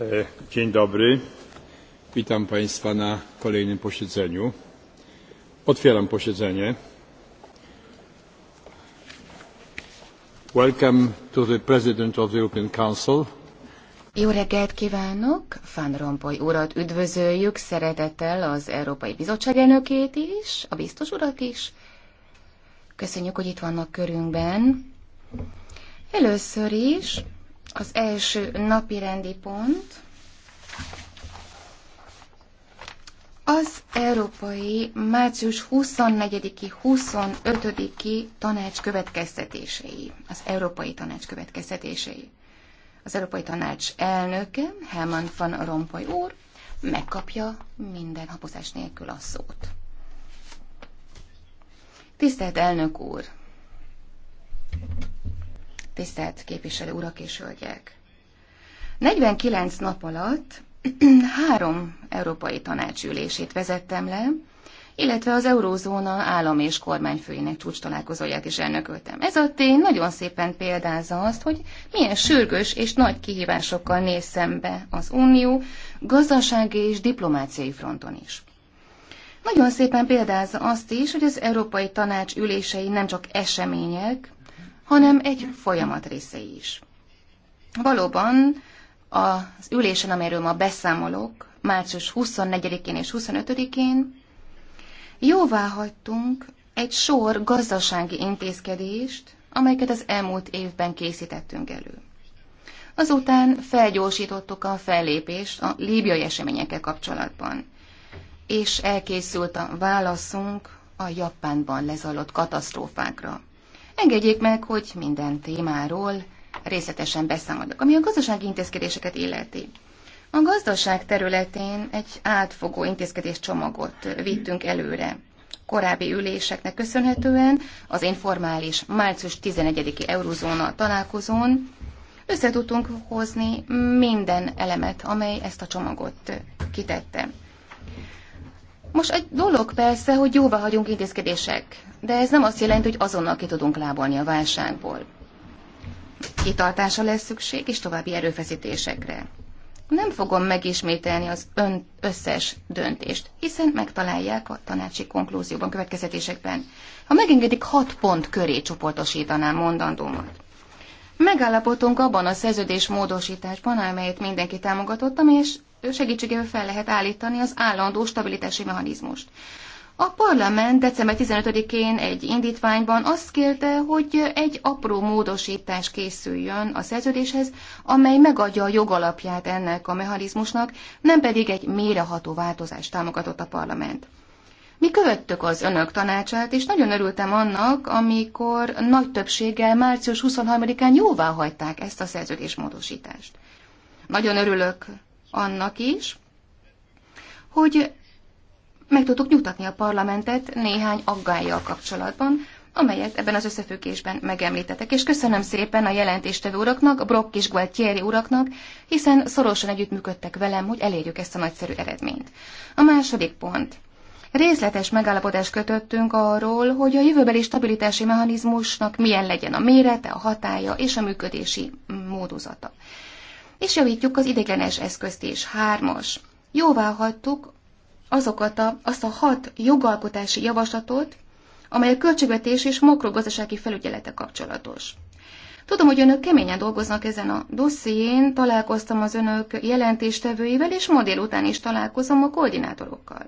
E, dzień dobry. Witam Państwa na kolejnym posiedzeniu. Otwieram posiedzenie. Welcome to the President of the European Council. Jó reggelt kívánok! Van Rompuy urat üdvözöljük szeretettel az Európai Bizottság elnökét is, a biztos urat is. Köszönjük, hogy itt vannak körünkben. Először is az első napi rendi pont az európai március 24-i 25-i tanács következtetései, az európai tanács következtetései. Az európai tanács elnöke, Helman van Rompoy úr, megkapja minden habozás nélkül a szót. Tisztelt elnök úr! Tisztelt képviselő urak és hölgyek! 49 nap alatt három európai tanácsülését vezettem le, illetve az eurózóna állam és kormányfőinek csúcs találkozóját is elnököltem. Ez a tény nagyon szépen példázza azt, hogy milyen sürgős és nagy kihívásokkal néz szembe az Unió gazdasági és diplomáciai fronton is. Nagyon szépen példázza azt is, hogy az Európai Tanács ülései nem csak események, hanem egy folyamat része is. Valóban az ülésen, amelyről ma beszámolok, március 24-én és 25-én jóvá hagytunk egy sor gazdasági intézkedést, amelyeket az elmúlt évben készítettünk elő. Azután felgyorsítottuk a fellépést a líbiai eseményekkel kapcsolatban, és elkészült a válaszunk a Japánban lezajlott katasztrófákra. Engedjék meg, hogy minden témáról részletesen beszámolok, ami a gazdasági intézkedéseket illeti. A gazdaság területén egy átfogó intézkedés csomagot vittünk előre. Korábbi üléseknek köszönhetően az informális március 11-i eurozóna találkozón összetudtunk hozni minden elemet, amely ezt a csomagot kitette. Most egy dolog persze, hogy jóvá hagyunk intézkedések, de ez nem azt jelenti, hogy azonnal ki tudunk lábolni a válságból. Kitartása lesz szükség, és további erőfeszítésekre. Nem fogom megismételni az ön összes döntést, hiszen megtalálják a tanácsi konklúzióban, következetésekben. Ha megengedik, hat pont köré csoportosítanám mondandómat. Megállapodtunk abban a szerződés módosításban, amelyet mindenki támogatott, és segítségével fel lehet állítani az állandó stabilitási mechanizmust. A parlament december 15-én egy indítványban azt kérte, hogy egy apró módosítás készüljön a szerződéshez, amely megadja a jogalapját ennek a mechanizmusnak, nem pedig egy méreható változást támogatott a parlament. Mi követtük az önök tanácsát, és nagyon örültem annak, amikor nagy többséggel március 23-án jóvá hagyták ezt a szerződésmódosítást. Nagyon örülök annak is, hogy meg tudtuk nyugtatni a parlamentet néhány aggályjal kapcsolatban, amelyet ebben az összefüggésben megemlítettek. És köszönöm szépen a jelentéstevő uraknak, Brock és Gualtieri uraknak, hiszen szorosan együttműködtek velem, hogy elérjük ezt a nagyszerű eredményt. A második pont. Részletes megállapodást kötöttünk arról, hogy a jövőbeli stabilitási mechanizmusnak milyen legyen a mérete, a hatája és a működési módozata és javítjuk az idegenes eszközt is. Hármas. Jóvá hagytuk azokat a, azt a hat jogalkotási javaslatot, amely a költségvetés és makrogazdasági felügyelete kapcsolatos. Tudom, hogy önök keményen dolgoznak ezen a dosszién, találkoztam az önök jelentéstevőivel, és ma délután is találkozom a koordinátorokkal.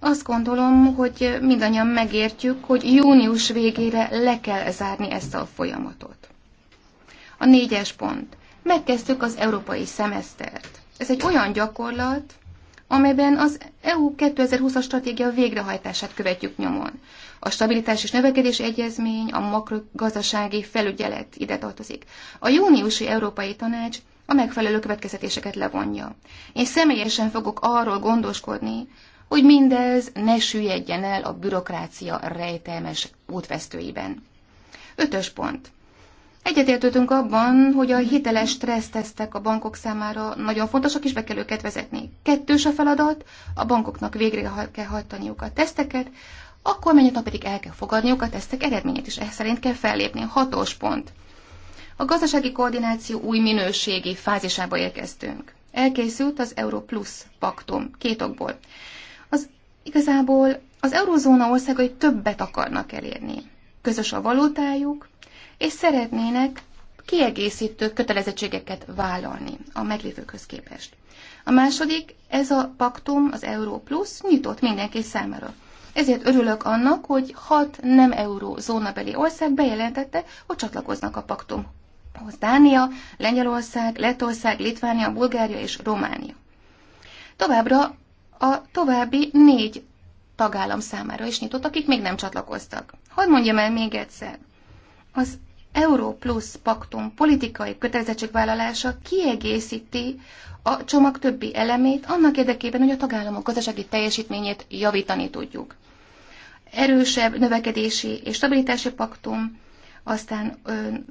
Azt gondolom, hogy mindannyian megértjük, hogy június végére le kell zárni ezt a folyamatot. A négyes pont megkezdtük az európai szemesztert. Ez egy olyan gyakorlat, amelyben az EU 2020-as stratégia végrehajtását követjük nyomon. A stabilitás és növekedés egyezmény, a makrogazdasági felügyelet ide tartozik. A júniusi Európai Tanács a megfelelő következetéseket levonja. Én személyesen fogok arról gondoskodni, hogy mindez ne süllyedjen el a bürokrácia rejtelmes útvesztőiben. Ötös pont. Egyetértünk abban, hogy a hiteles stressztesztek a bankok számára nagyon fontosak, és be kell őket vezetni. Kettős a feladat, a bankoknak végre kell hajtaniuk a teszteket, a mennyit pedig el kell fogadniuk a tesztek eredményét, és ehhez szerint kell fellépni. Hatos pont. A gazdasági koordináció új minőségi fázisába érkeztünk. Elkészült az Euro Plus paktum két okból. Az igazából az eurozóna országai többet akarnak elérni. Közös a valótájuk, és szeretnének kiegészítő kötelezettségeket vállalni a meglévőkhöz képest. A második, ez a paktum, az Euró Plus nyitott mindenki számára. Ezért örülök annak, hogy hat nem zónabeli ország bejelentette, hogy csatlakoznak a paktumhoz. Dánia, Lengyelország, Lettország, Litvánia, Bulgária és Románia. Továbbra a további négy tagállam számára is nyitott, akik még nem csatlakoztak. Hadd mondjam el még egyszer, az Euró Plus paktum politikai kötelezettségvállalása kiegészíti a csomag többi elemét annak érdekében, hogy a tagállamok gazdasági teljesítményét javítani tudjuk. Erősebb növekedési és stabilitási paktum, aztán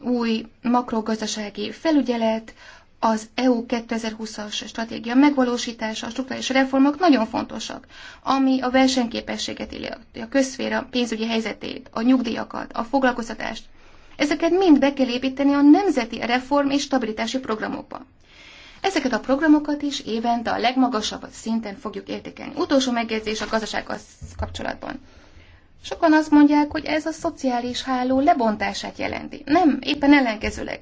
új makrogazdasági felügyelet, az EU 2020-as stratégia megvalósítása, a struktúrális reformok nagyon fontosak, ami a versenyképességet illeti, a közszféra pénzügyi helyzetét, a nyugdíjakat, a foglalkoztatást, Ezeket mind be kell építeni a nemzeti reform és stabilitási programokba. Ezeket a programokat is évente a legmagasabb szinten fogjuk értékelni. Utolsó megjegyzés a gazdasággal kapcsolatban. Sokan azt mondják, hogy ez a szociális háló lebontását jelenti. Nem, éppen ellenkezőleg.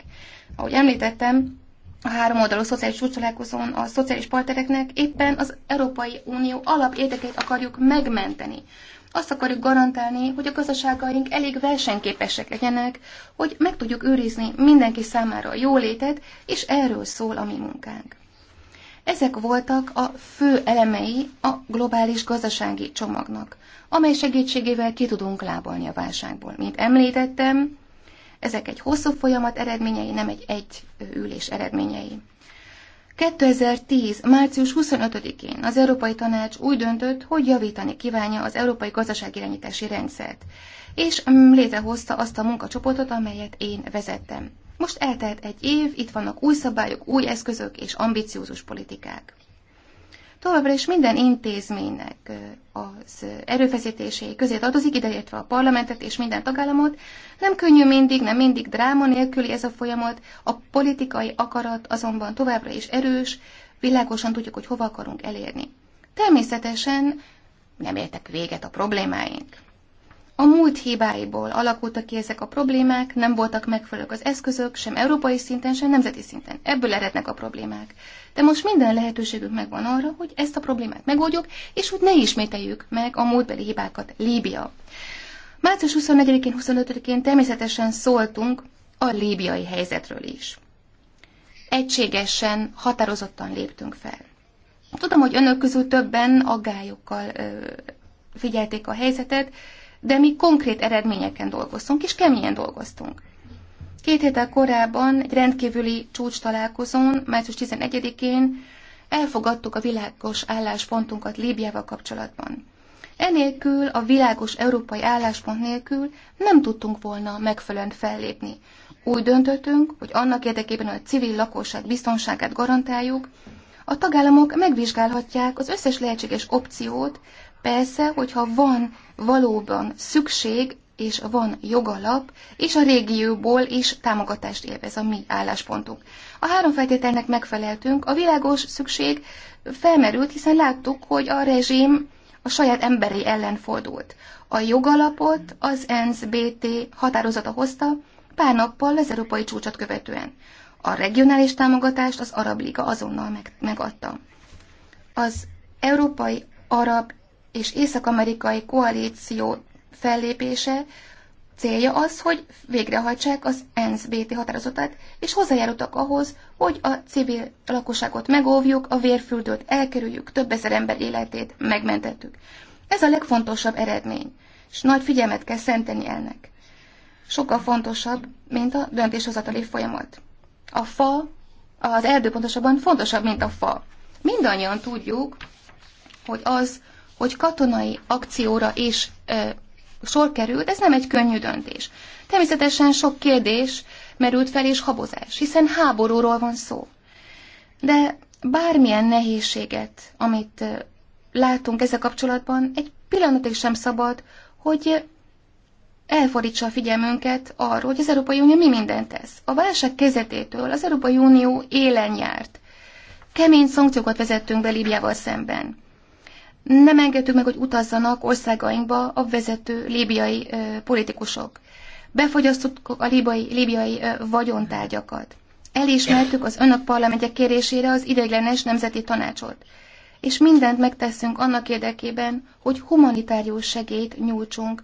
Ahogy említettem, a három oldalú szociális csúcsolálkozón a szociális partnereknek éppen az Európai Unió alapértékeit akarjuk megmenteni. Azt akarjuk garantálni, hogy a gazdaságaink elég versenyképesek legyenek, hogy meg tudjuk őrizni mindenki számára a jólétet, és erről szól a mi munkánk. Ezek voltak a fő elemei a globális gazdasági csomagnak, amely segítségével ki tudunk lábalni a válságból. Mint említettem, ezek egy hosszú folyamat eredményei, nem egy egy ülés eredményei. 2010. március 25-én az Európai Tanács úgy döntött, hogy javítani kívánja az európai gazdaságirányítási rendszert, és mm, létrehozta azt a munkacsoportot, amelyet én vezettem. Most eltelt egy év, itt vannak új szabályok, új eszközök és ambiciózus politikák továbbra is minden intézménynek az erőfeszítései közé tartozik, ideértve a parlamentet és minden tagállamot. Nem könnyű mindig, nem mindig dráma nélküli ez a folyamat, a politikai akarat azonban továbbra is erős, világosan tudjuk, hogy hova akarunk elérni. Természetesen nem értek véget a problémáink. A múlt hibáiból alakultak ki ezek a problémák, nem voltak megfelelők az eszközök, sem európai szinten, sem nemzeti szinten. Ebből erednek a problémák. De most minden lehetőségünk megvan arra, hogy ezt a problémát megoldjuk, és hogy ne ismételjük meg a múltbeli hibákat. Líbia. Március 24-én, 25-én természetesen szóltunk a líbiai helyzetről is. Egységesen, határozottan léptünk fel. Tudom, hogy önök közül többen aggályokkal ö, figyelték a helyzetet, de mi konkrét eredményeken dolgoztunk, és keményen dolgoztunk. Két héttel korábban egy rendkívüli csúcs találkozón, március 11-én elfogadtuk a világos álláspontunkat Líbiával kapcsolatban. Enélkül, a világos európai álláspont nélkül nem tudtunk volna megfelelően fellépni. Úgy döntöttünk, hogy annak érdekében, hogy a civil lakosság biztonságát garantáljuk, a tagállamok megvizsgálhatják az összes lehetséges opciót, Persze, hogyha van valóban szükség, és van jogalap, és a régióból is támogatást élvez a mi álláspontunk. A három feltételnek megfeleltünk, a világos szükség felmerült, hiszen láttuk, hogy a rezsim a saját emberi ellen fordult. A jogalapot az ENSZ-BT határozata hozta pár nappal az európai csúcsot követően. A regionális támogatást az Arab Liga azonnal meg, megadta. Az Európai Arab és észak-amerikai koalíció fellépése célja az, hogy végrehajtsák az ENSZ BT határozatát, és hozzájárultak ahhoz, hogy a civil lakosságot megóvjuk, a vérfürdőt elkerüljük, több ezer ember életét megmentettük. Ez a legfontosabb eredmény, és nagy figyelmet kell szenteni ennek. Sokkal fontosabb, mint a döntéshozatali folyamat. A fa, az erdő pontosabban fontosabb, mint a fa. Mindannyian tudjuk, hogy az, hogy katonai akcióra is ö, sor került, ez nem egy könnyű döntés. Természetesen sok kérdés merült fel és habozás, hiszen háborúról van szó. De bármilyen nehézséget, amit látunk ezzel kapcsolatban, egy pillanatig sem szabad, hogy elfordítsa a figyelmünket arról, hogy az Európai Unió mi mindent tesz. A válság kezetétől az Európai Unió élen járt. Kemény szankciókat vezettünk be Líbiával szemben nem engedtük meg, hogy utazzanak országainkba a vezető líbiai politikusok. Befogyasztottuk a líbiai, líbiai vagyontárgyakat. Elismertük az önök parlamentje kérésére az ideiglenes nemzeti tanácsot. És mindent megteszünk annak érdekében, hogy humanitárius segélyt nyújtsunk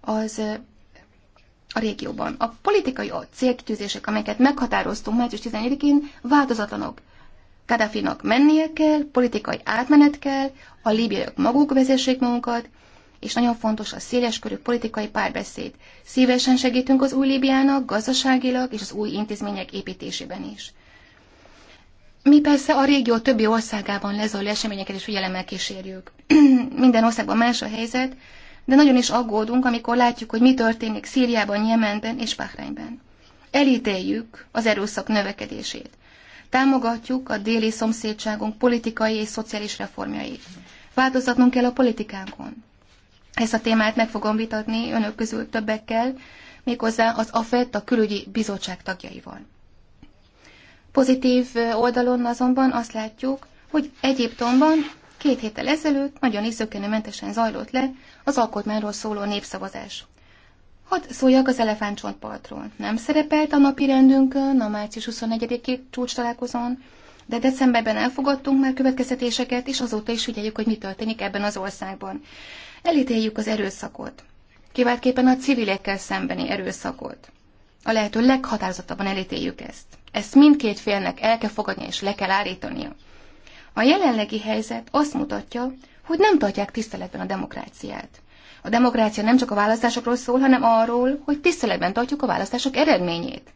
az a régióban. A politikai célkitűzések, amelyeket meghatároztunk március 14-én, változatlanok. Kadafinak mennie kell, politikai átmenet kell, a líbiaiak maguk vezessék magukat, és nagyon fontos a széleskörű politikai párbeszéd. Szívesen segítünk az új Líbiának gazdaságilag és az új intézmények építésében is. Mi persze a régió többi országában lezajló eseményeket is figyelemmel kísérjük. Minden országban más a helyzet, de nagyon is aggódunk, amikor látjuk, hogy mi történik Szíriában, Jemenben és Bahreinben. Elítéljük az erőszak növekedését. Támogatjuk a déli szomszédságunk politikai és szociális reformjait. Változtatnunk kell a politikánkon. Ezt a témát meg fogom vitatni önök közül többekkel, méghozzá az AFET, a külügyi bizottság tagjaival. Pozitív oldalon azonban azt látjuk, hogy Egyiptomban két héttel ezelőtt nagyon is zajlott le az alkotmányról szóló népszavazás. Hadd szóljak az elefántcsontpartról. Nem szerepelt a napi rendünkön, a március 24-i csúcs találkozón, de decemberben elfogadtunk már következtetéseket, és azóta is figyeljük, hogy mi történik ebben az országban. Elítéljük az erőszakot, kiváltképpen a civilekkel szembeni erőszakot. A lehető leghatározottabban elítéljük ezt. Ezt mindkét félnek el kell fogadnia és le kell állítania. A jelenlegi helyzet azt mutatja, hogy nem tartják tiszteletben a demokráciát. A demokrácia nem csak a választásokról szól, hanem arról, hogy tiszteletben tartjuk a választások eredményét.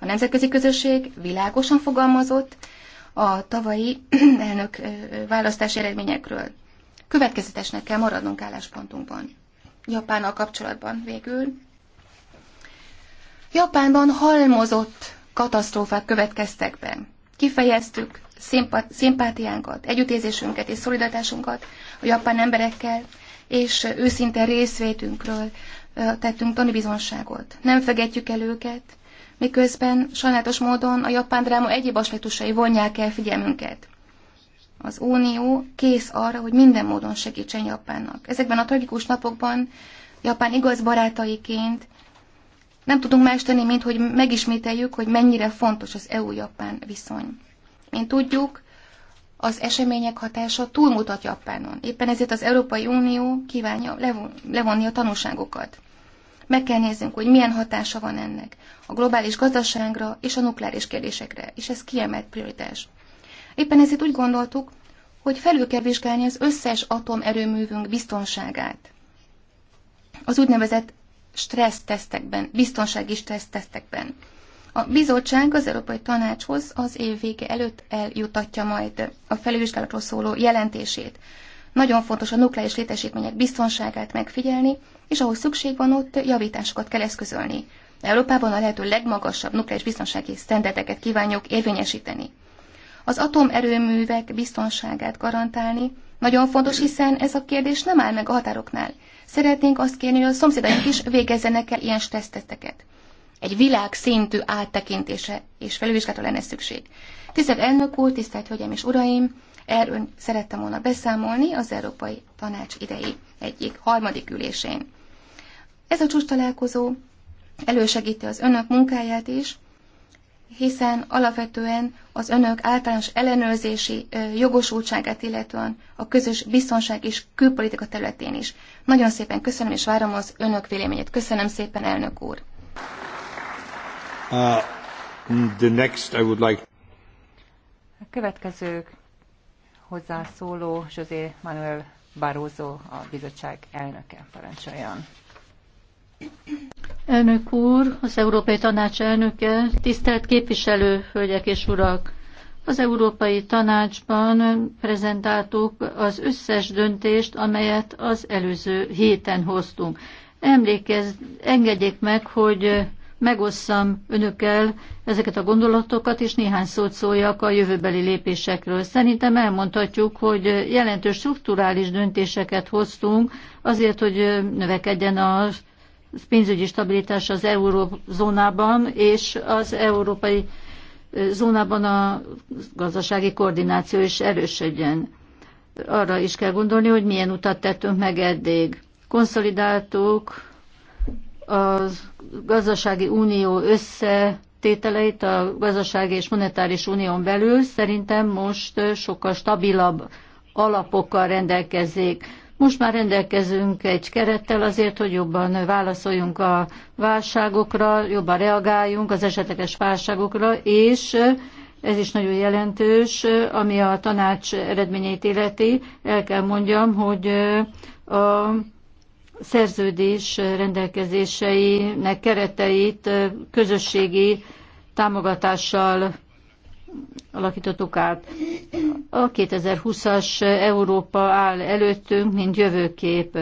A nemzetközi közösség világosan fogalmazott a tavalyi elnök választási eredményekről. Következetesnek kell maradnunk álláspontunkban. Japánnal kapcsolatban végül. Japánban halmozott katasztrófák következtek be. Kifejeztük szimpátiánkat, együttérzésünket és szolidaritásunkat a japán emberekkel, és őszinte részvétünkről tettünk tanúbizonságot. Nem fegetjük el őket, miközben sajnálatos módon a japán dráma egyéb aspektusai vonják el figyelmünket. Az Unió kész arra, hogy minden módon segítsen Japánnak. Ezekben a tragikus napokban Japán igaz barátaiként nem tudunk más tenni, mint hogy megismételjük, hogy mennyire fontos az EU-Japán viszony. Mint tudjuk, az események hatása túlmutat Japánon. Éppen ezért az Európai Unió kívánja levonni a tanulságokat. Meg kell néznünk, hogy milyen hatása van ennek a globális gazdaságra és a nukleáris kérdésekre, és ez kiemelt prioritás. Éppen ezért úgy gondoltuk, hogy felül kell vizsgálni az összes atomerőművünk biztonságát. Az úgynevezett stressztesztekben, biztonsági stressztesztekben. A bizottság az Európai Tanácshoz az év vége előtt eljutatja majd a felülvizsgálatról szóló jelentését. Nagyon fontos a nukleáris létesítmények biztonságát megfigyelni, és ahol szükség van, ott javításokat kell eszközölni. Európában a lehető legmagasabb nukleáris biztonsági sztenderdeket kívánjuk érvényesíteni. Az atomerőművek biztonságát garantálni nagyon fontos, hiszen ez a kérdés nem áll meg a határoknál. Szeretnénk azt kérni, hogy a szomszédaink is végezzenek el ilyen teszteket egy világszintű áttekintése és felülvizsgálatra lenne szükség. Tisztelt elnök úr, tisztelt hölgyeim és uraim, erről szerettem volna beszámolni az Európai Tanács idei egyik harmadik ülésén. Ez a csúcs találkozó elősegíti az önök munkáját is, hiszen alapvetően az önök általános ellenőrzési jogosultságát, illetően a közös biztonság és külpolitika területén is. Nagyon szépen köszönöm, és várom az önök véleményét. Köszönöm szépen, elnök úr! Uh, the next I would like... A következő hozzászóló José Manuel Barroso, a bizottság elnöke. Parancsoljon! Elnök úr, az Európai Tanács elnöke, tisztelt képviselő, hölgyek és urak! Az Európai Tanácsban prezentáltuk az összes döntést, amelyet az előző héten hoztunk. Emlékezz, engedjék meg, hogy megosszam önökkel ezeket a gondolatokat, és néhány szót szóljak a jövőbeli lépésekről. Szerintem elmondhatjuk, hogy jelentős strukturális döntéseket hoztunk azért, hogy növekedjen a pénzügyi stabilitás az eurózónában, és az európai zónában a gazdasági koordináció is erősödjen. Arra is kell gondolni, hogy milyen utat tettünk meg eddig. Konszolidáltuk az gazdasági unió összetételeit a gazdasági és monetáris unión belül szerintem most sokkal stabilabb alapokkal rendelkezik. Most már rendelkezünk egy kerettel azért, hogy jobban válaszoljunk a válságokra, jobban reagáljunk az esetleges válságokra, és ez is nagyon jelentős, ami a tanács eredményeit illeti. El kell mondjam, hogy a szerződés rendelkezéseinek kereteit közösségi támogatással alakítottuk át. A 2020-as Európa áll előttünk, mint jövőkép.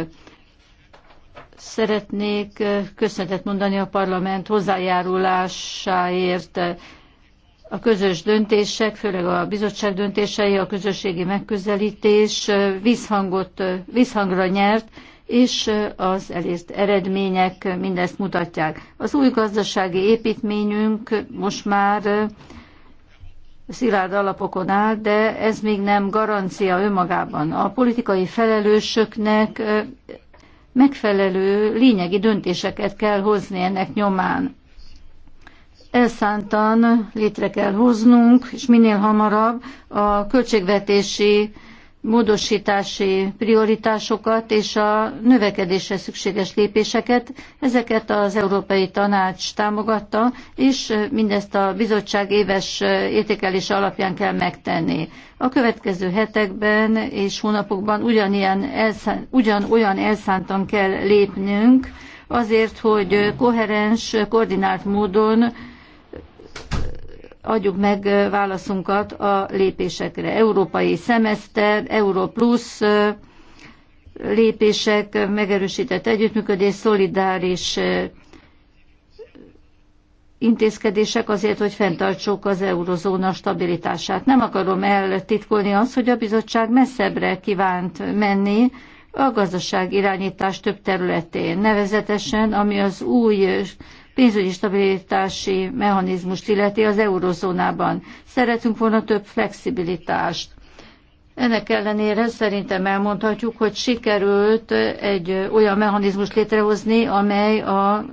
Szeretnék köszönetet mondani a parlament hozzájárulásáért. A közös döntések, főleg a bizottság döntései, a közösségi megközelítés visszhangot, visszhangra nyert, és az elért eredmények mindezt mutatják. Az új gazdasági építményünk most már szilárd alapokon áll, de ez még nem garancia önmagában. A politikai felelősöknek megfelelő lényegi döntéseket kell hozni ennek nyomán. Elszántan létre kell hoznunk, és minél hamarabb a költségvetési módosítási prioritásokat és a növekedésre szükséges lépéseket. Ezeket az Európai Tanács támogatta, és mindezt a bizottság éves értékelése alapján kell megtenni. A következő hetekben és hónapokban ugyanilyen elszán, ugyanolyan elszántan kell lépnünk, azért, hogy koherens, koordinált módon adjuk meg válaszunkat a lépésekre. Európai szemeszter, Euró plusz lépések, megerősített együttműködés, szolidáris intézkedések azért, hogy fenntartsuk az eurozóna stabilitását. Nem akarom eltitkolni azt, hogy a bizottság messzebbre kívánt menni a gazdaság irányítás több területén, nevezetesen ami az új pénzügyi stabilitási mechanizmust illeti az eurozónában. Szeretünk volna több flexibilitást. Ennek ellenére szerintem elmondhatjuk, hogy sikerült egy olyan mechanizmus létrehozni, amely a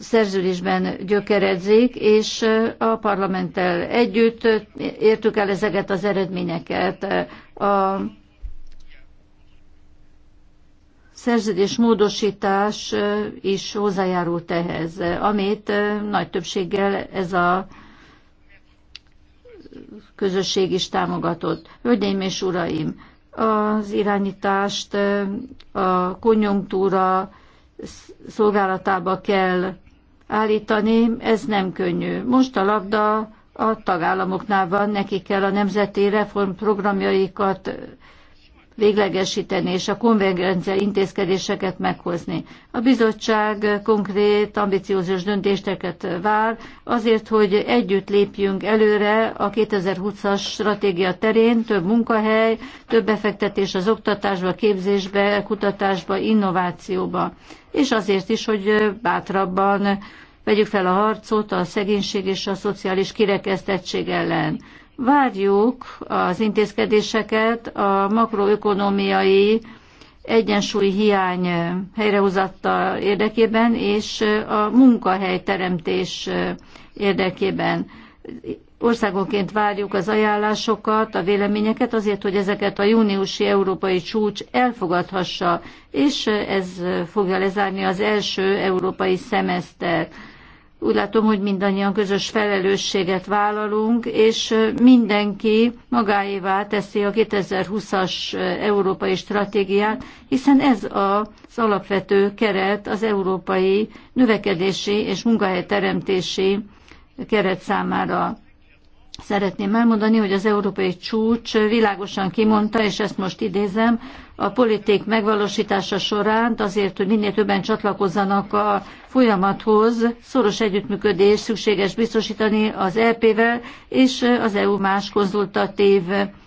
szerződésben gyökeredzik, és a parlamenttel együtt értük el ezeket az eredményeket. A szerződés módosítás is hozzájárult ehhez, amit nagy többséggel ez a közösség is támogatott. Hölgyeim és uraim, az irányítást a konjunktúra szolgálatába kell állítani, ez nem könnyű. Most a labda a tagállamoknál van, nekik kell a nemzeti reformprogramjaikat véglegesíteni és a konvergencia intézkedéseket meghozni. A bizottság konkrét, ambiciózus döntéseket vár azért, hogy együtt lépjünk előre a 2020-as stratégia terén, több munkahely, több befektetés az oktatásba, képzésbe, kutatásba, innovációba. És azért is, hogy bátrabban vegyük fel a harcot a szegénység és a szociális kirekesztettség ellen. Várjuk az intézkedéseket a makroökonomiai egyensúly hiány helyrehozatta érdekében és a munkahelyteremtés érdekében. Országonként várjuk az ajánlásokat, a véleményeket azért, hogy ezeket a júniusi európai csúcs elfogadhassa, és ez fogja lezárni az első európai szemesztert. Úgy látom, hogy mindannyian közös felelősséget vállalunk, és mindenki magáévá teszi a 2020-as európai stratégiát, hiszen ez az alapvető keret az európai növekedési és munkahelyteremtési keret számára. Szeretném elmondani, hogy az európai csúcs világosan kimondta, és ezt most idézem, a politik megvalósítása során azért, hogy minél többen csatlakozzanak a folyamathoz, szoros együttműködés szükséges biztosítani az EP-vel és az EU más konzultatív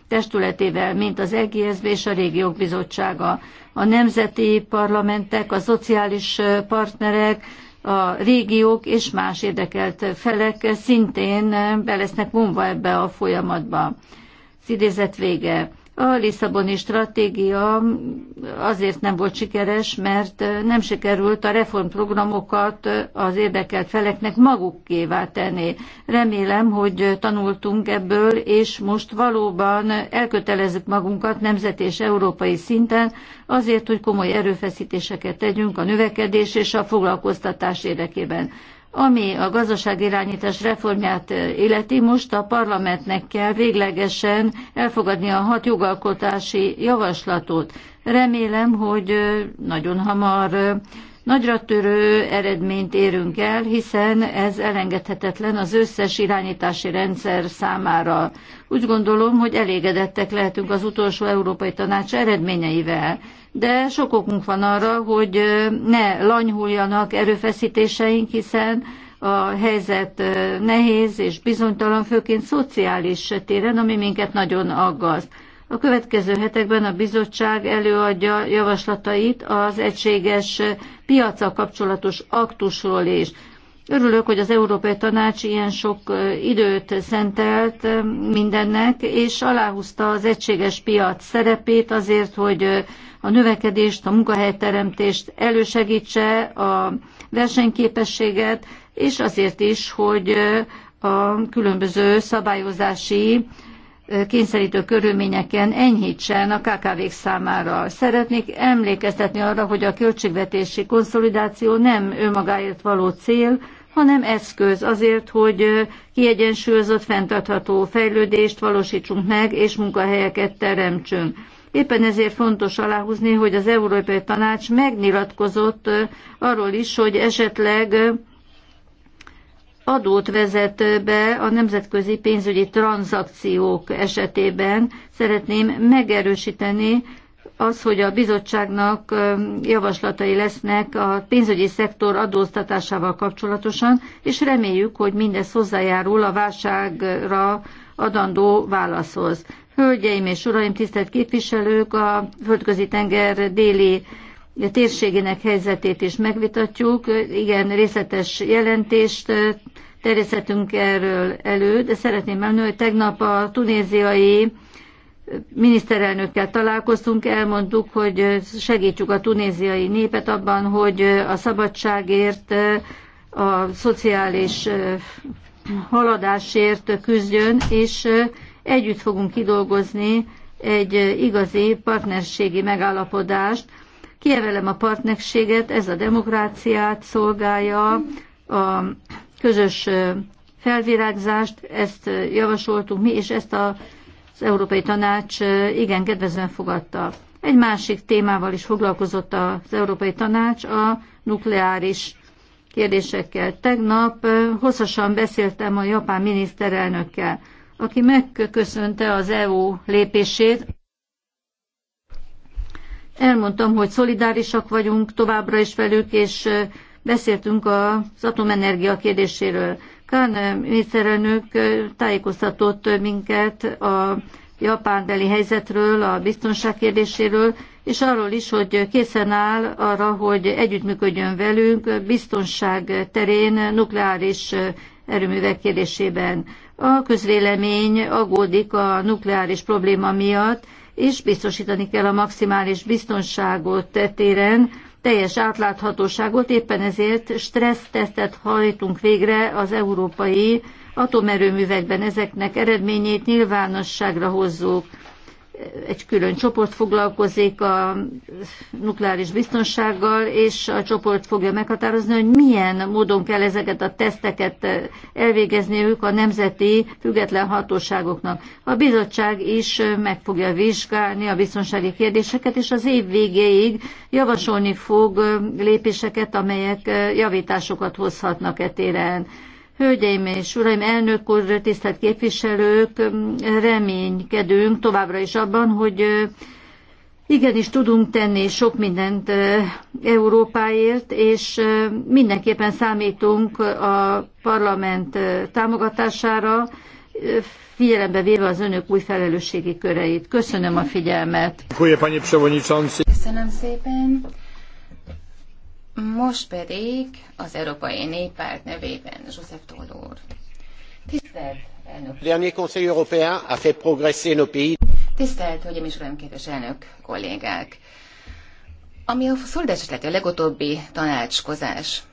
testületével, mint az EGSB és a Régiók Bizottsága. A nemzeti parlamentek, a szociális partnerek, a régiók és más érdekelt felek szintén be lesznek vonva ebbe a folyamatba. Az idézet vége. A Lisszaboni stratégia azért nem volt sikeres, mert nem sikerült a reformprogramokat az érdekelt feleknek magukévá tenni. Remélem, hogy tanultunk ebből, és most valóban elkötelezzük magunkat nemzet és európai szinten azért, hogy komoly erőfeszítéseket tegyünk a növekedés és a foglalkoztatás érdekében. Ami a gazdaságirányítás reformját illeti, most a parlamentnek kell véglegesen elfogadni a hat jogalkotási javaslatot. Remélem, hogy nagyon hamar Nagyra törő eredményt érünk el, hiszen ez elengedhetetlen az összes irányítási rendszer számára. Úgy gondolom, hogy elégedettek lehetünk az utolsó Európai Tanács eredményeivel, de sok okunk van arra, hogy ne lanyhuljanak erőfeszítéseink, hiszen a helyzet nehéz és bizonytalan, főként szociális téren, ami minket nagyon aggaszt. A következő hetekben a bizottság előadja javaslatait az egységes piaca kapcsolatos aktusról is. Örülök, hogy az Európai Tanács ilyen sok időt szentelt mindennek, és aláhúzta az egységes piac szerepét azért, hogy a növekedést, a munkahelyteremtést elősegítse, a versenyképességet, és azért is, hogy a különböző szabályozási kényszerítő körülményeken enyhítsen a KKV-k számára. Szeretnék emlékeztetni arra, hogy a költségvetési konszolidáció nem önmagáért való cél, hanem eszköz azért, hogy kiegyensúlyozott, fenntartható fejlődést valósítsunk meg, és munkahelyeket teremtsünk. Éppen ezért fontos aláhúzni, hogy az Európai Tanács megnyilatkozott arról is, hogy esetleg adót vezet be a nemzetközi pénzügyi tranzakciók esetében. Szeretném megerősíteni az, hogy a bizottságnak javaslatai lesznek a pénzügyi szektor adóztatásával kapcsolatosan, és reméljük, hogy mindez hozzájárul a válságra adandó válaszhoz. Hölgyeim és uraim, tisztelt képviselők, a földközi tenger déli térségének helyzetét is megvitatjuk. Igen, részletes jelentést terjeszthetünk erről elő, de szeretném elmondani, hogy tegnap a tunéziai miniszterelnökkel találkoztunk, elmondtuk, hogy segítjük a tunéziai népet abban, hogy a szabadságért, a szociális haladásért küzdjön, és együtt fogunk kidolgozni egy igazi partnerségi megállapodást. Kievelem a partnerséget, ez a demokráciát szolgálja, a közös felvirágzást, ezt javasoltuk mi, és ezt a, az Európai Tanács igen kedvezően fogadta. Egy másik témával is foglalkozott az Európai Tanács, a nukleáris kérdésekkel. Tegnap hosszasan beszéltem a japán miniszterelnökkel, aki megköszönte az EU lépését. Elmondtam, hogy szolidárisak vagyunk továbbra is velük, és Beszéltünk az atomenergia kérdéséről. Kán eh, miniszterelnök eh, tájékoztatott eh, minket a japánbeli helyzetről, a biztonság kérdéséről, és arról is, hogy készen áll arra, hogy együttműködjön velünk biztonság terén, nukleáris erőművek kérdésében. A közvélemény aggódik a nukleáris probléma miatt, és biztosítani kell a maximális biztonságot e téren, teljes átláthatóságot, éppen ezért stressztesztet hajtunk végre az európai atomerőművekben. Ezeknek eredményét nyilvánosságra hozzuk egy külön csoport foglalkozik a nukleáris biztonsággal, és a csoport fogja meghatározni, hogy milyen módon kell ezeket a teszteket eh, elvégezniük a nemzeti független hatóságoknak. A bizottság is eh, meg fogja vizsgálni a biztonsági kérdéseket, és az év végéig javasolni fog eh, lépéseket, amelyek javításokat hozhatnak e téren. Hölgyeim és uraim, elnök úr, tisztelt képviselők, reménykedünk továbbra is abban, hogy igenis tudunk tenni sok mindent Európáért, és mindenképpen számítunk a parlament támogatására, figyelembe véve az önök új felelősségi köreit. Köszönöm a figyelmet. Köszönöm szépen. Most pedig az Európai Néppárt nevében Joseph Toll úr. Tisztelt elnök! Tisztelt Hölgyeim és kedves elnök kollégák! Ami a szolidaritás lett a legutóbbi tanácskozás,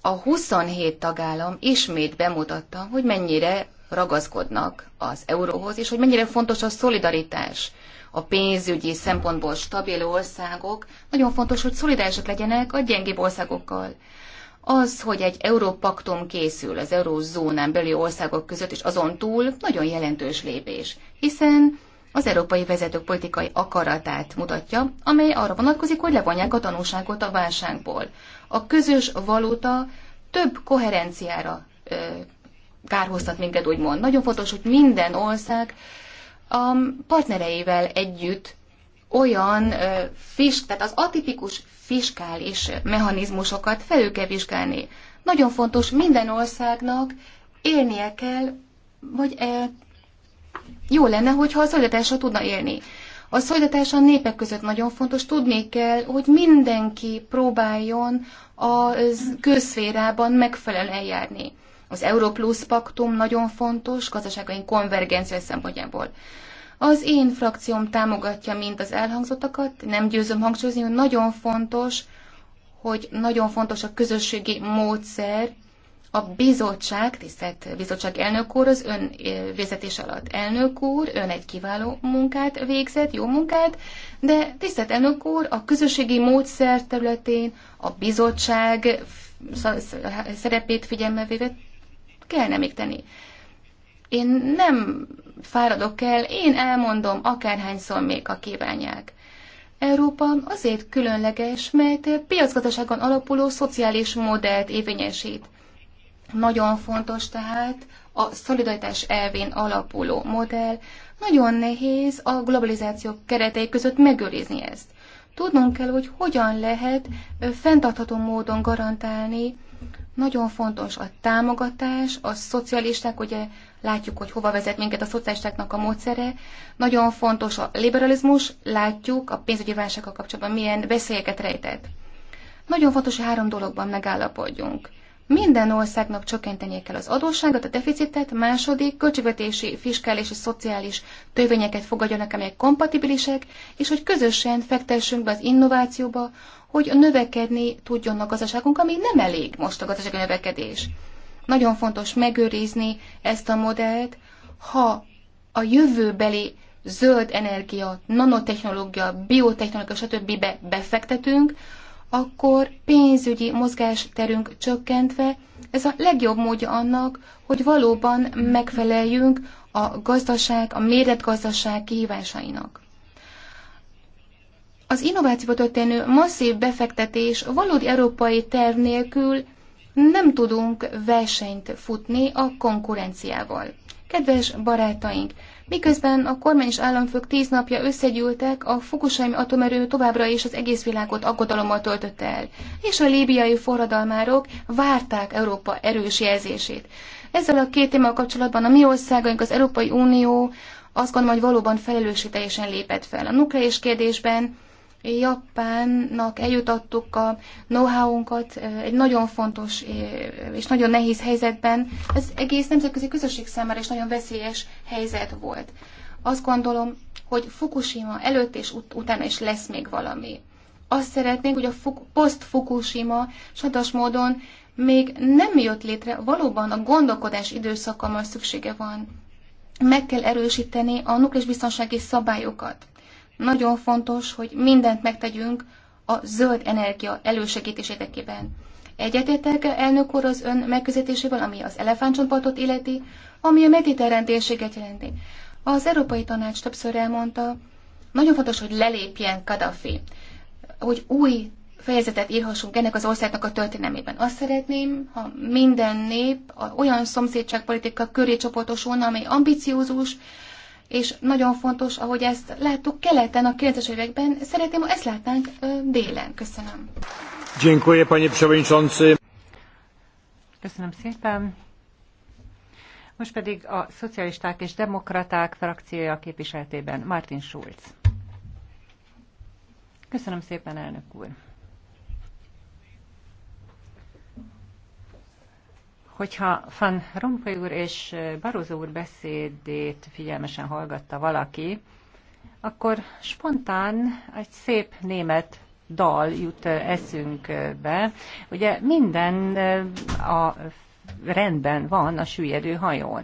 a 27 tagállam ismét bemutatta, hogy mennyire ragaszkodnak az euróhoz, és hogy mennyire fontos a szolidaritás a pénzügyi szempontból stabil országok, nagyon fontos, hogy szolidárisak legyenek a gyengébb országokkal. Az, hogy egy európaktum készül az eurózónán belüli országok között és azon túl, nagyon jelentős lépés, hiszen az európai vezetők politikai akaratát mutatja, amely arra vonatkozik, hogy levonják a tanulságot a válságból. A közös valuta több koherenciára ö, kárhoztat minket, úgymond. Nagyon fontos, hogy minden ország a partnereivel együtt olyan fisk, tehát az atipikus fiskális mechanizmusokat felül kell vizsgálni. Nagyon fontos minden országnak élnie kell, vagy e, jó lenne, hogyha a szolidatással tudna élni. A szolidatás a népek között nagyon fontos, tudni kell, hogy mindenki próbáljon a közszférában megfelelően járni. Az Európlusz paktum nagyon fontos gazdasági konvergencia szempontjából. Az én frakcióm támogatja mind az elhangzottakat, nem győzöm hangsúlyozni, hogy nagyon fontos, hogy nagyon fontos a közösségi módszer, a bizottság, tisztelt bizottság elnök úr, az ön vezetés alatt elnök úr, ön egy kiváló munkát végzett, jó munkát, de tisztelt elnök úr, a közösségi módszer területén a bizottság szerepét figyelme véve kellene még tenni. Én nem fáradok el, én elmondom akárhányszor még, ha kívánják. Európa azért különleges, mert piacgazdaságon alapuló szociális modellt évényesít. Nagyon fontos tehát a szolidaritás elvén alapuló modell. Nagyon nehéz a globalizáció keretei között megőrizni ezt. Tudnunk kell, hogy hogyan lehet fenntartható módon garantálni nagyon fontos a támogatás, a szocialisták, ugye látjuk, hogy hova vezet minket a szocialistáknak a módszere. Nagyon fontos a liberalizmus, látjuk a pénzügyi válsággal kapcsolatban milyen veszélyeket rejtett. Nagyon fontos, hogy három dologban megállapodjunk. Minden országnak csökkentenie kell az adósságot, a deficitet, második költségvetési, fiskális és szociális törvényeket fogadjanak, amelyek kompatibilisek, és hogy közösen fektessünk be az innovációba, hogy növekedni tudjon a gazdaságunk, ami nem elég most a gazdasági növekedés. Nagyon fontos megőrizni ezt a modellt, ha a jövőbeli zöld energia, nanotechnológia, biotechnológia, stb. Be befektetünk, akkor pénzügyi mozgásterünk csökkentve ez a legjobb módja annak, hogy valóban megfeleljünk a gazdaság, a méretgazdaság kihívásainak. Az innovációba történő masszív befektetés valódi európai terv nélkül nem tudunk versenyt futni a konkurenciával. Kedves barátaink, miközben a kormány és államfők tíz napja összegyűltek, a Fukushima atomerő továbbra is az egész világot aggodalommal töltötte el, és a líbiai forradalmárok várták Európa erős jelzését. Ezzel a két témával kapcsolatban a mi országaink, az Európai Unió azt gondolom, hogy valóban felelősségteljesen lépett fel. A nukleáris kérdésben Japánnak eljutottuk a know-how-unkat eh, egy nagyon fontos eh, és nagyon nehéz helyzetben. Ez egész nemzetközi közösség számára is nagyon veszélyes helyzet volt. Azt gondolom, hogy Fukushima előtt és ut- utána is lesz még valami. Azt szeretnénk, hogy a post-Fukushima sajnos módon még nem jött létre, valóban a gondolkodás időszaka szüksége van. Meg kell erősíteni a nukleáris biztonsági szabályokat nagyon fontos, hogy mindent megtegyünk a zöld energia elősegítés érdekében. Egyetértek elnök úr az ön megközelítésével, ami az elefántcsontpartot illeti, ami a mediterrán térséget jelenti. Az Európai Tanács többször elmondta, nagyon fontos, hogy lelépjen Kadafi, hogy új fejezetet írhassunk ennek az országnak a történelmében. Azt szeretném, ha minden nép olyan szomszédságpolitika köré csoportosulna, amely ambiciózus, és nagyon fontos, ahogy ezt láttuk keleten a 90-es években, szeretném, ha ezt látnánk délen. Köszönöm. Dziękuję, panie przewodniczący. Köszönöm szépen. Most pedig a szocialisták és demokraták frakciója képviseletében Martin Schulz. Köszönöm szépen, elnök úr. Hogyha Van Rompuy úr és Barozó úr beszédét figyelmesen hallgatta valaki, akkor spontán egy szép német dal jut eszünkbe. Ugye minden a rendben van a süllyedő hajón.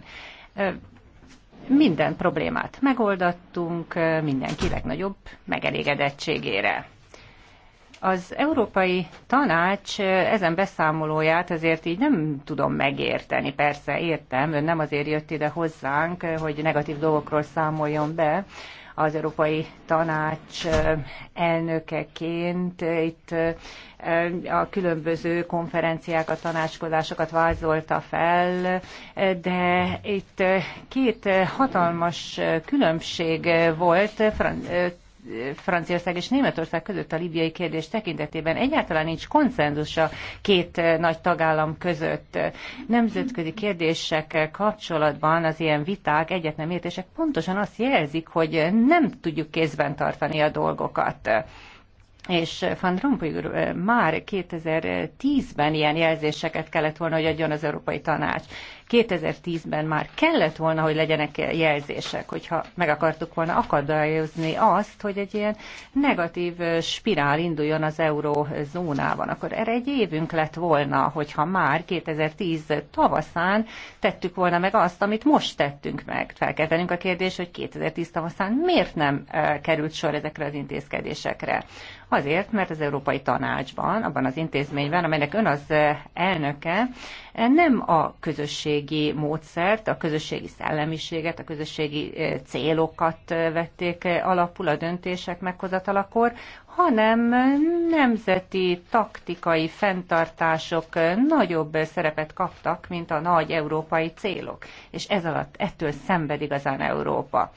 Minden problémát megoldattunk mindenki legnagyobb megelégedettségére. Az Európai Tanács ezen beszámolóját azért így nem tudom megérteni. Persze értem, ön nem azért jött ide hozzánk, hogy negatív dolgokról számoljon be, az Európai Tanács elnökeként itt a különböző konferenciákat, tanácskozásokat vázolta fel, de itt két hatalmas különbség volt Franciaország és Németország között a libiai kérdés tekintetében egyáltalán nincs konszenzus a két eh, nagy tagállam között. Nemzetközi kérdések eh, kapcsolatban az ilyen viták, egyetlen értések pontosan azt jelzik, hogy nem tudjuk kézben tartani a dolgokat és eh, Van Rompuy úr eh, már 2010-ben ilyen jelzéseket kellett volna, hogy adjon az Európai Tanács. 2010-ben már kellett volna, hogy legyenek jelzések, hogyha meg akartuk volna akadályozni azt, hogy egy ilyen negatív eh, spirál induljon az eurózónában. Akkor erre egy évünk lett volna, hogyha már 2010 tavaszán tettük volna meg azt, amit most tettünk meg. Fel kell tennünk a kérdés, hogy 2010 tavaszán miért nem került sor ezekre az intézkedésekre. Azért, mert az Európai Tanácsban, abban az intézményben, amelynek ön az eh, elnöke, eh, nem a közösségi módszert, a közösségi szellemiséget, a közösségi eh, célokat vették alapul a döntések meghozatalakor, hanem nemzeti taktikai fenntartások nagyobb szerepet kaptak, mint a nagy európai célok. És ez alatt ettől szenved igazán Európa.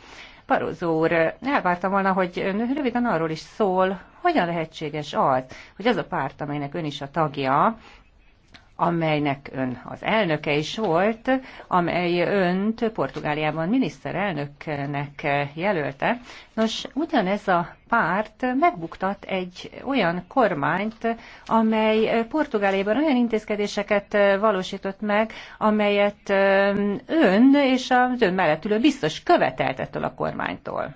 Parozó úr, elvártam volna, hogy röviden arról is szól, hogyan lehetséges az, hogy az a párt, amelynek ön is a tagja, amelynek ön az elnöke is volt, amely önt Portugáliában miniszterelnöknek jelölte. Nos, ugyanez a párt megbuktat egy olyan kormányt, amely Portugáliában olyan intézkedéseket valósított meg, amelyet ön és az ön mellett ülő biztos követelt ettől a kormánytól.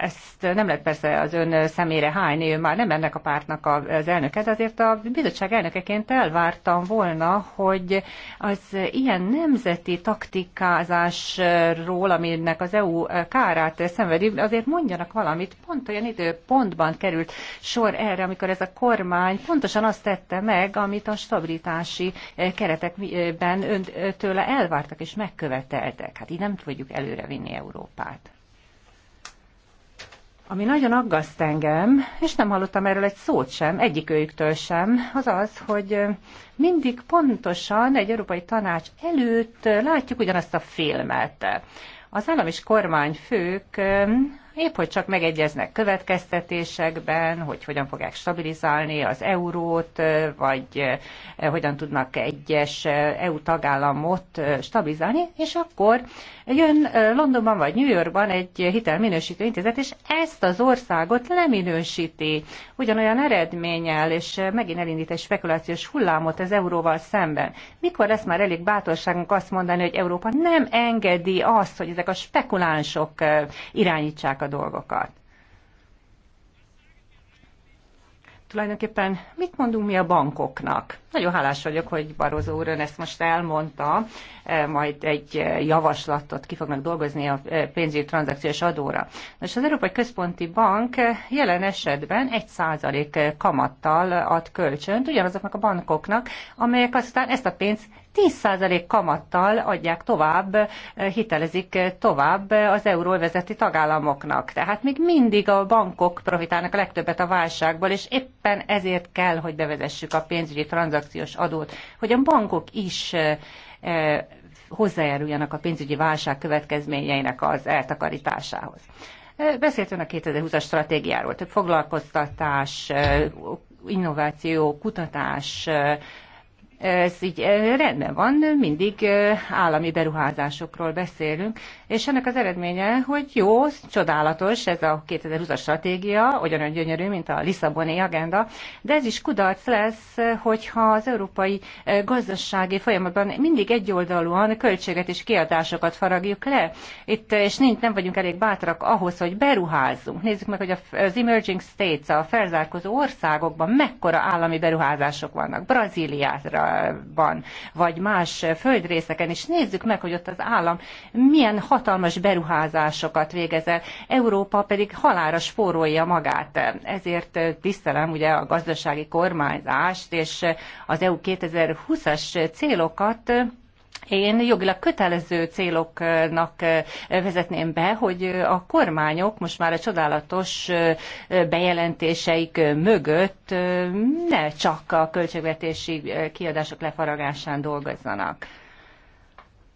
ezt nem lehet persze az ön szemére hányni, ő már nem ennek a pártnak az elnöke, de azért a bizottság elnökeként elvártam volna, hogy az ilyen nemzeti taktikázásról, aminek az EU kárát szenvedi, azért mondjanak valamit. Pont olyan időpontban került sor erre, amikor ez a kormány pontosan azt tette meg, amit a stabilitási keretekben öntőle elvártak és megköveteltek. Hát így nem tudjuk előrevinni Európát. Ami nagyon aggaszt engem, és nem hallottam erről egy szót sem, egyik őjüktől sem, az az, hogy mindig pontosan egy európai tanács előtt látjuk ugyanazt a filmet. Az állam és kormányfők épp hogy csak megegyeznek következtetésekben, hogy hogyan fogják stabilizálni az eurót, vagy hogyan tudnak egyes EU tagállamot stabilizálni, és akkor jön Londonban vagy New Yorkban egy hitelminősítő intézet, és ezt az országot leminősíti ugyanolyan eredménnyel, és megint elindít egy spekulációs hullámot az euróval szemben. Mikor lesz már elég bátorságunk azt mondani, hogy Európa nem engedi azt, hogy ezek a spekulánsok irányítsák a dolgokat. Tulajdonképpen mit mondunk mi a bankoknak? Nagyon hálás vagyok, hogy Barozó úr ezt most elmondta, e, majd egy e, javaslatot ki fognak dolgozni a e, pénzügyi tranzakciós adóra. Most az Európai Központi Bank jelen esetben 1% kamattal ad kölcsönt ugyanazoknak a bankoknak, amelyek aztán ezt a pénzt 10% kamattal adják tovább, eh, hitelezik tovább az vezeti tagállamoknak. Tehát még mindig a bankok profitálnak a legtöbbet a válságból, és éppen ezért kell, hogy bevezessük a pénzügyi tranzakciós adót, hogy a bankok is eh, eh, hozzájáruljanak a pénzügyi válság következményeinek az eltakarításához. Beszéltünk a 2020-as stratégiáról, több foglalkoztatás, innováció, kutatás, ez így rendben van, mindig állami beruházásokról beszélünk, és ennek az eredménye, hogy jó, csodálatos ez a 2020-as stratégia, olyan gyönyörű, mint a Lisszaboni agenda, de ez is kudarc lesz, hogyha az európai gazdasági folyamatban mindig egyoldalúan költséget és kiadásokat faragjuk le, itt, és nincs, nem vagyunk elég bátrak ahhoz, hogy beruházzunk. Nézzük meg, hogy az emerging states, a felzárkozó országokban mekkora állami beruházások vannak. Brazíliára, Európában, vagy más földrészeken, és nézzük meg, hogy ott az állam milyen hatalmas beruházásokat végez el, Európa pedig halára spórolja magát. Ezért tisztelem ugye a gazdasági kormányzást és az EU 2020-as célokat, én jogilag kötelező céloknak vezetném be, hogy a kormányok most már a csodálatos bejelentéseik mögött ne csak a költségvetési kiadások lefaragásán dolgozzanak.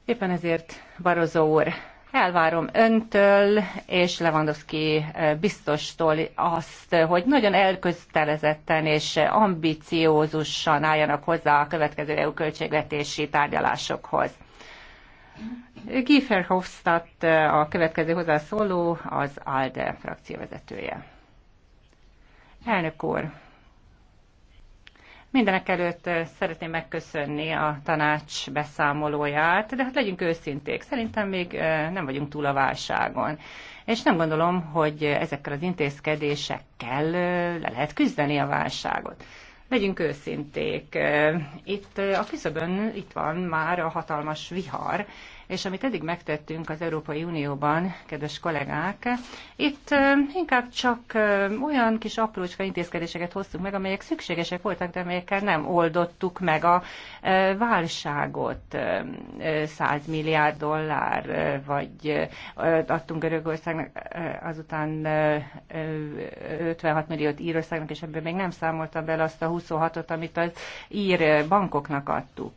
Éppen ezért, Barozó úr, elvárom öntől és Lewandowski eh, biztostól azt, hogy nagyon elköztelezetten és ambiciózusan álljanak hozzá a következő EU költségvetési tárgyalásokhoz. Giefer Verhofstadt eh, a következő hozzászóló az ALDE frakcióvezetője. Elnök úr, Mindenek előtt eh, szeretném megköszönni a tanács beszámolóját, de hát legyünk őszinték, szerintem még eh, nem vagyunk túl a válságon. És nem gondolom, hogy ezekkel az intézkedésekkel eh, le lehet küzdeni a válságot. Legyünk őszinték, itt a küszöbön itt van már a hatalmas vihar, és amit eddig megtettünk az Európai Unióban, kedves kollégák, itt inkább csak olyan kis aprócska intézkedéseket hoztunk meg, amelyek szükségesek voltak, de amelyekkel nem oldottuk meg a válságot. 100 milliárd dollár, vagy adtunk Görögországnak, azután 56 milliót Írországnak, és ebből még nem számolta bele azt a 26-ot, amit az ír bankoknak adtuk.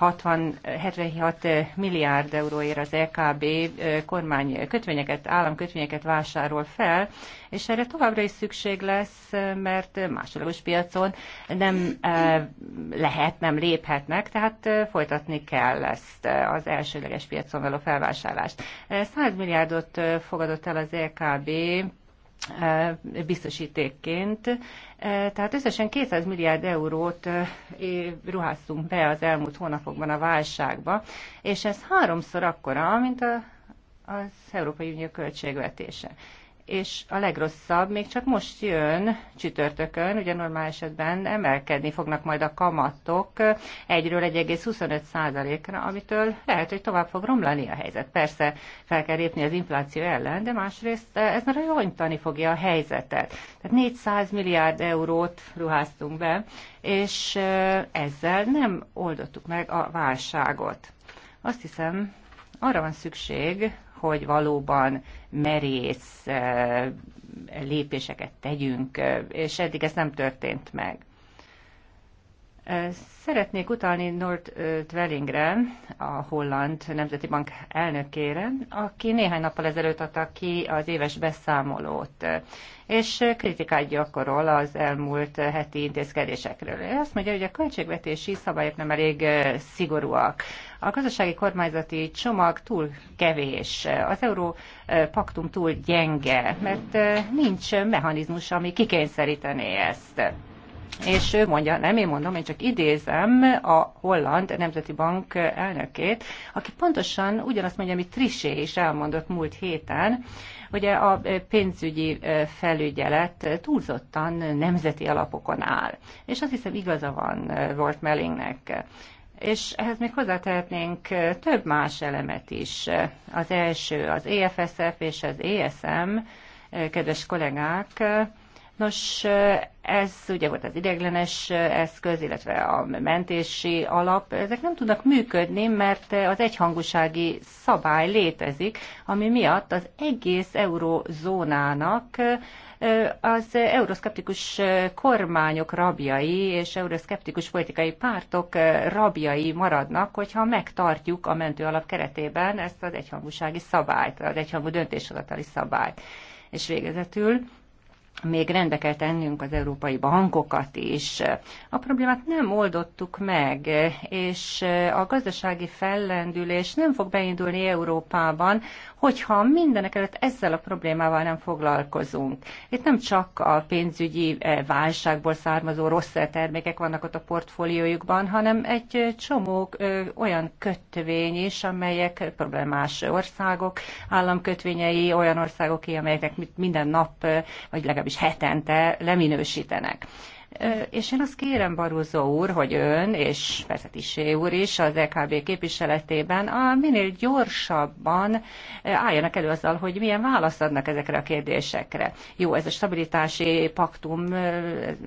60, 76 eh, milliárd euróért az EKB eh, kormány kötvényeket, államkötvényeket vásárol fel, és erre továbbra is szükség lesz, mert másodlagos piacon nem eh, lehet, nem léphetnek, tehát folytatni kell ezt az elsőleges piacon való felvásárlást. 100 milliárdot fogadott el az EKB Eh, biztosítékként. Eh, tehát összesen 200 milliárd eurót eh, ruháztunk be az elmúlt hónapokban a válságba, és ez háromszor akkora, mint a, az Európai Unió költségvetése és a legrosszabb még csak most jön csütörtökön, ugye normál esetben emelkedni fognak majd a kamatok egyről 1,25%-ra, amitől lehet, hogy tovább fog romlani a helyzet. Persze fel kell lépni az infláció ellen, de másrészt eh, ez már rontani fogja a helyzetet. Tehát 400 milliárd eurót ruháztunk be, és eh, ezzel nem oldottuk meg a válságot. Azt hiszem, arra van szükség, hogy valóban merész eh, lépéseket tegyünk, eh, és eddig ez nem történt meg. Szeretnék utalni Nord Dwellingre, a holland nemzeti bank elnökére, aki néhány nappal ezelőtt adta ki az éves beszámolót, és kritikát gyakorol az elmúlt heti intézkedésekről. azt mondja, hogy a költségvetési szabályok nem elég szigorúak. A gazdasági kormányzati csomag túl kevés, az euró paktum túl gyenge, mert nincs mechanizmus, ami kikényszerítené ezt és ő mondja, nem én mondom, én csak idézem a Holland Nemzeti Bank elnökét, aki pontosan ugyanazt mondja, amit Trisé is elmondott múlt héten, ugye a pénzügyi felügyelet túlzottan nemzeti alapokon áll. És azt hiszem igaza van volt Mellingnek. És ehhez még hozzátehetnénk több más elemet is. Az első az EFSF és az ESM, kedves kollégák, Nos, ez ugye volt az ideglenes eszköz, illetve a mentési alap, ezek nem tudnak működni, mert az egyhangúsági szabály létezik, ami miatt az egész eurozónának az euroszkeptikus kormányok rabjai és euroszkeptikus politikai pártok rabjai maradnak, hogyha megtartjuk a mentőalap keretében ezt az egyhangúsági szabályt, az egyhangú döntéshozatali szabályt. És végezetül még rendbe kell tennünk az európai bankokat is. A problémát nem oldottuk meg, és a gazdasági fellendülés nem fog beindulni Európában, hogyha mindenek előtt ezzel a problémával nem foglalkozunk. Itt nem csak a pénzügyi eh, válságból származó rossz termékek vannak ott a portfóliójukban, hanem egy eh, csomó eh, olyan kötvény is, amelyek problémás országok, államkötvényei, olyan országoké, amelyeknek minden nap, vagy legalábbis hetente leminősítenek. És én azt kérem, Barúzó úr, hogy ön, és persze Tisé úr is az EKB képviseletében a minél gyorsabban álljanak elő azzal, hogy milyen választ adnak ezekre a kérdésekre. Jó, ez a stabilitási paktum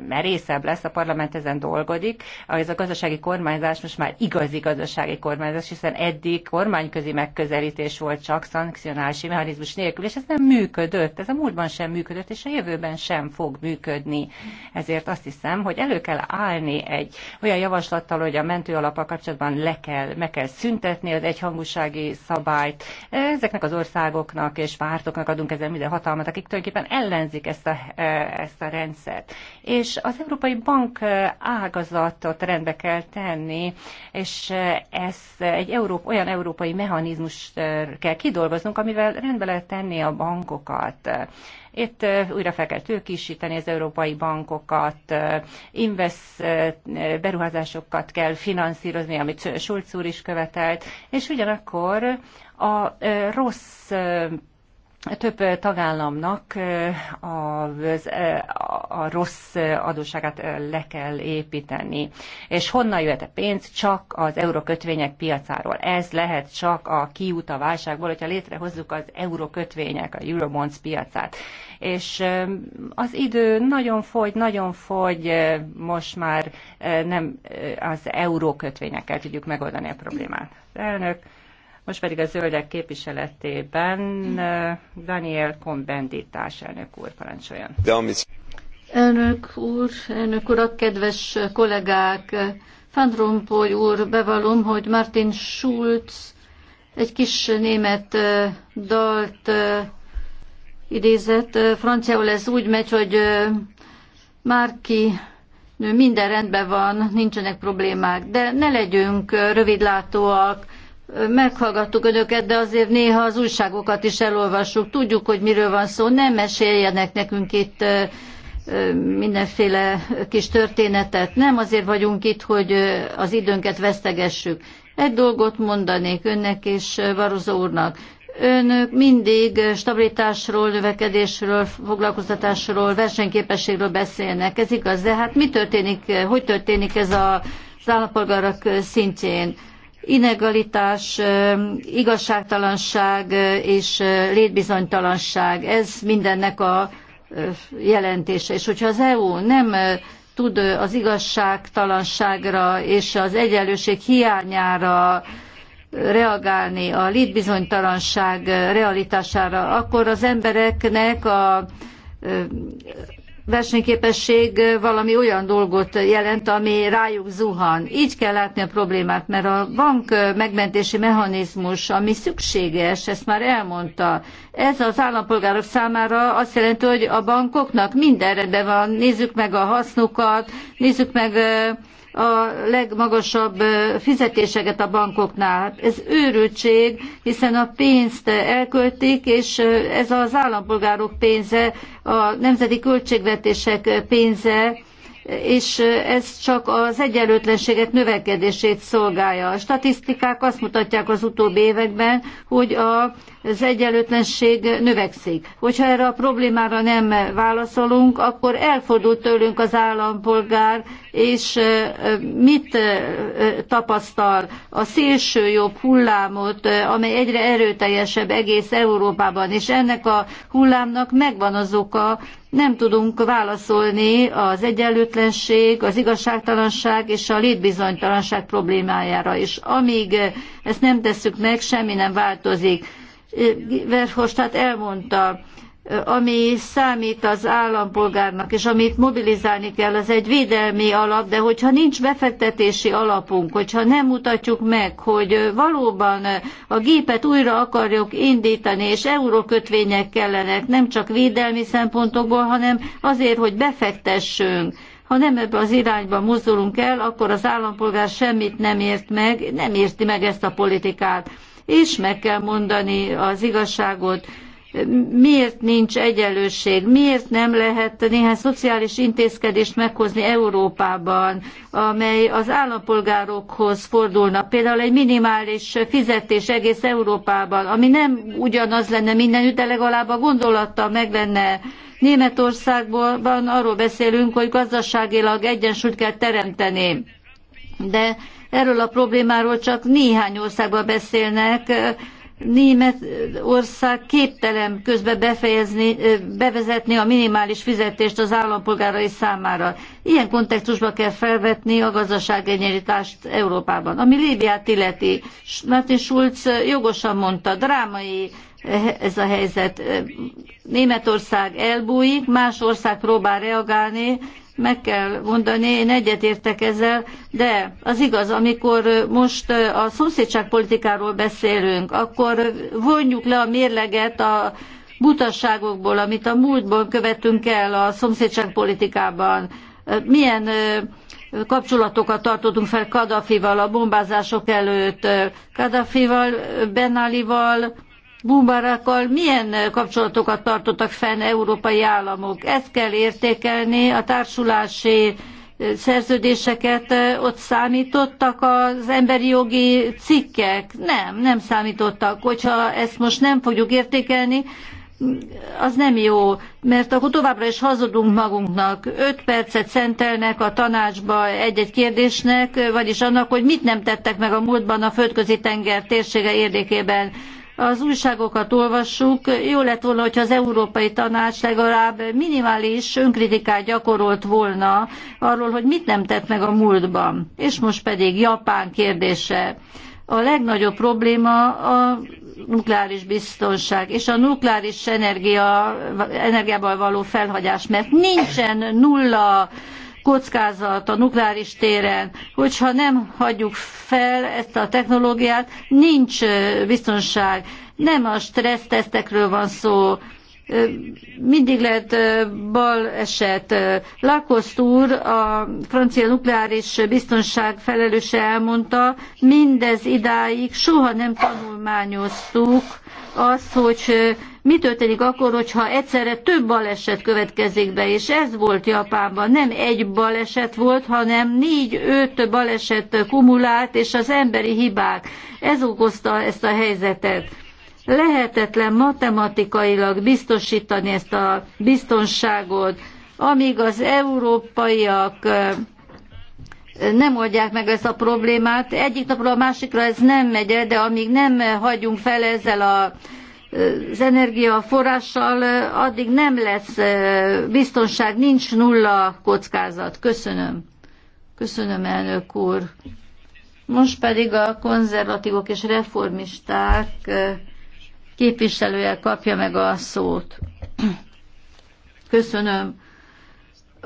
merészebb lesz, a parlament ezen dolgodik. Ez a gazdasági kormányzás most már igazi gazdasági kormányzás, hiszen eddig kormányközi megközelítés volt csak szankcionálási mechanizmus nélkül, és ez nem működött. Ez a múltban sem működött, és a jövőben sem fog működni. Ezért azt hiszem, hiszem, hogy elő kell állni egy olyan javaslattal, hogy a mentőalappal kapcsolatban le kell, meg kell szüntetni az egyhangúsági szabályt. Ezeknek az országoknak és pártoknak adunk ezzel minden hatalmat, akik tulajdonképpen ellenzik ezt a, ezt a rendszert. És az Európai Bank ágazatot rendbe kell tenni, és ez egy Európa, olyan európai mechanizmust kell kidolgoznunk, amivel rendbe lehet tenni a bankokat itt újra fel kell tőkisíteni az európai bankokat, invest beruházásokat kell finanszírozni, amit Schulz úr is követelt, és ugyanakkor a rossz több tagállamnak a, a rossz adósságát le kell építeni. És honnan jöhet a pénz? Csak az eurokötvények piacáról. Ez lehet csak a kiút a válságból, hogyha létrehozzuk az eurokötvények, a eurobonds piacát. És az idő nagyon fogy, nagyon fogy, most már nem az eurókötvényekkel tudjuk megoldani a problémát. Elnök. Most pedig a zöldek képviseletében Daniel Kombendit társelnök úr parancsoljon. Elnök úr, elnök urak, kedves kollégák! Van Rompuy úr, bevallom, hogy Martin Schulz egy kis német dalt idézett. Franciául ez úgy megy, hogy Márki minden rendben van, nincsenek problémák, de ne legyünk rövidlátóak, meghallgattuk önöket, de azért néha az újságokat is elolvassuk. Tudjuk, hogy miről van szó. Nem meséljenek nekünk itt mindenféle kis történetet. Nem azért vagyunk itt, hogy az időnket vesztegessük. Egy dolgot mondanék önnek és Barozó úrnak. Önök mindig stabilitásról, növekedésről, foglalkoztatásról, versenyképességről beszélnek. Ez igaz, de hát mi történik, hogy történik ez az állampolgárok szintjén? inegalitás, igazságtalanság és létbizonytalanság. Ez mindennek a jelentése. És hogyha az EU nem tud az igazságtalanságra és az egyenlőség hiányára reagálni, a létbizonytalanság realitására, akkor az embereknek a versenyképesség valami olyan dolgot jelent, ami rájuk zuhan. Így kell látni a problémát, mert a bank megmentési mechanizmus, ami szükséges, ezt már elmondta, ez az állampolgárok számára azt jelenti, hogy a bankoknak minden rendben van, nézzük meg a hasznukat, nézzük meg a legmagasabb fizetéseket a bankoknál. Hát ez őrültség, hiszen a pénzt elköltik, és ez az állampolgárok pénze, a nemzeti költségvetések pénze, és ez csak az egyenlőtlenségek növekedését szolgálja. A statisztikák azt mutatják az utóbbi években, hogy az egyenlőtlenség növekszik. Hogyha erre a problémára nem válaszolunk, akkor elfordult tőlünk az állampolgár, és mit tapasztal a szélső jobb hullámot, amely egyre erőteljesebb egész Európában, és ennek a hullámnak megvan az oka, nem tudunk válaszolni az egyenlőtlenség, az igazságtalanság és a létbizonytalanság problémájára is. Amíg ezt nem tesszük meg, semmi nem változik. Verhofstadt elmondta, ami számít az állampolgárnak, és amit mobilizálni kell, az egy védelmi alap, de hogyha nincs befektetési alapunk, hogyha nem mutatjuk meg, hogy valóban a gépet újra akarjuk indítani, és eurókötvények kellenek, nem csak védelmi szempontokból, hanem azért, hogy befektessünk, ha nem ebbe az irányba mozdulunk el, akkor az állampolgár semmit nem ért meg, nem érti meg ezt a politikát. És meg kell mondani az igazságot, miért nincs egyenlőség, miért nem lehet néhány szociális intézkedést meghozni Európában, amely az állampolgárokhoz fordulna. Például egy minimális fizetés egész Európában, ami nem ugyanaz lenne mindenütt, de legalább a gondolattal meg lenne Németországban arról beszélünk, hogy gazdaságilag egyensúlyt kell teremteni. De erről a problémáról csak néhány országban beszélnek, Németország képtelen közbe befejezni, bevezetni a minimális fizetést az állampolgárai számára. Ilyen kontextusba kell felvetni a gazdasággenyítást Európában. Ami Líbiát illeti, Martin Schulz jogosan mondta, drámai ez a helyzet. Németország elbújik, más ország próbál reagálni, meg kell mondani, én egyetértek ezzel, de az igaz, amikor most a szomszédságpolitikáról beszélünk, akkor vonjuk le a mérleget a butasságokból, amit a múltból követünk el a szomszédságpolitikában. Milyen kapcsolatokat tartottunk fel Kadafival a bombázások előtt, Kadafival, Benalival, Mubarakkal milyen kapcsolatokat tartottak fenn európai államok. Ezt kell értékelni, a társulási eh, szerződéseket eh, ott számítottak az emberi jogi cikkek? Nem, nem számítottak. Hogyha ezt most nem fogjuk értékelni, mm, az nem jó, mert akkor továbbra is hazudunk magunknak. Öt percet szentelnek a tanácsba egy-egy kérdésnek, eh, vagyis annak, hogy mit nem tettek meg a múltban a földközi tenger térsége érdekében az újságokat olvassuk, jó lett volna, hogyha az Európai Tanács legalább minimális önkritikát gyakorolt volna arról, hogy mit nem tett meg a múltban. És most pedig Japán kérdése. A legnagyobb probléma a nukleáris biztonság és a nukleáris energia, energiával való felhagyás, mert nincsen nulla kockázat a nukleáris téren, hogyha nem hagyjuk fel ezt a technológiát, nincs biztonság. Nem a stressztesztekről van szó, mindig lehet baleset. Lacoste úr, a francia nukleáris biztonság felelőse elmondta, mindez idáig soha nem tanulmányoztuk az, hogy mi történik akkor, hogyha egyszerre több baleset következik be, és ez volt Japánban. Nem egy baleset volt, hanem négy-öt baleset kumulált, és az emberi hibák. Ez okozta ezt a helyzetet. Lehetetlen matematikailag biztosítani ezt a biztonságot, amíg az európaiak nem oldják meg ezt a problémát. Egyik napról a másikra ez nem megy de amíg nem hagyunk fel ezzel a az energiaforrással addig nem lesz biztonság, nincs nulla kockázat. Köszönöm. Köszönöm, elnök úr. Most pedig a konzervatívok és reformisták képviselője kapja meg a szót. Köszönöm.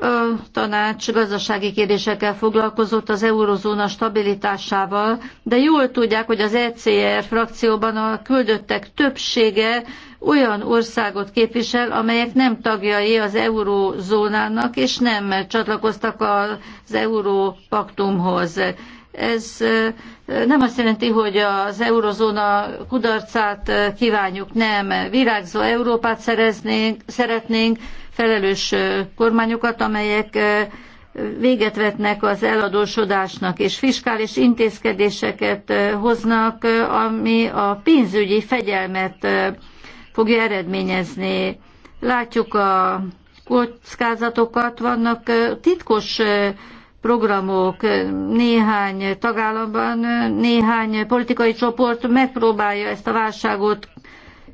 A tanács gazdasági kérdésekkel foglalkozott az eurozóna stabilitásával, de jól tudják, hogy az ECR frakcióban a küldöttek többsége olyan országot képvisel, amelyek nem tagjai az eurozónának, és nem csatlakoztak az európaktumhoz. Ez nem azt jelenti, hogy az eurozóna kudarcát kívánjuk, nem. Virágzó Európát szeretnénk felelős kormányokat, amelyek véget vetnek az eladósodásnak, és fiskális intézkedéseket hoznak, ami a pénzügyi fegyelmet fogja eredményezni. Látjuk a kockázatokat, vannak titkos programok néhány tagállamban, néhány politikai csoport megpróbálja ezt a válságot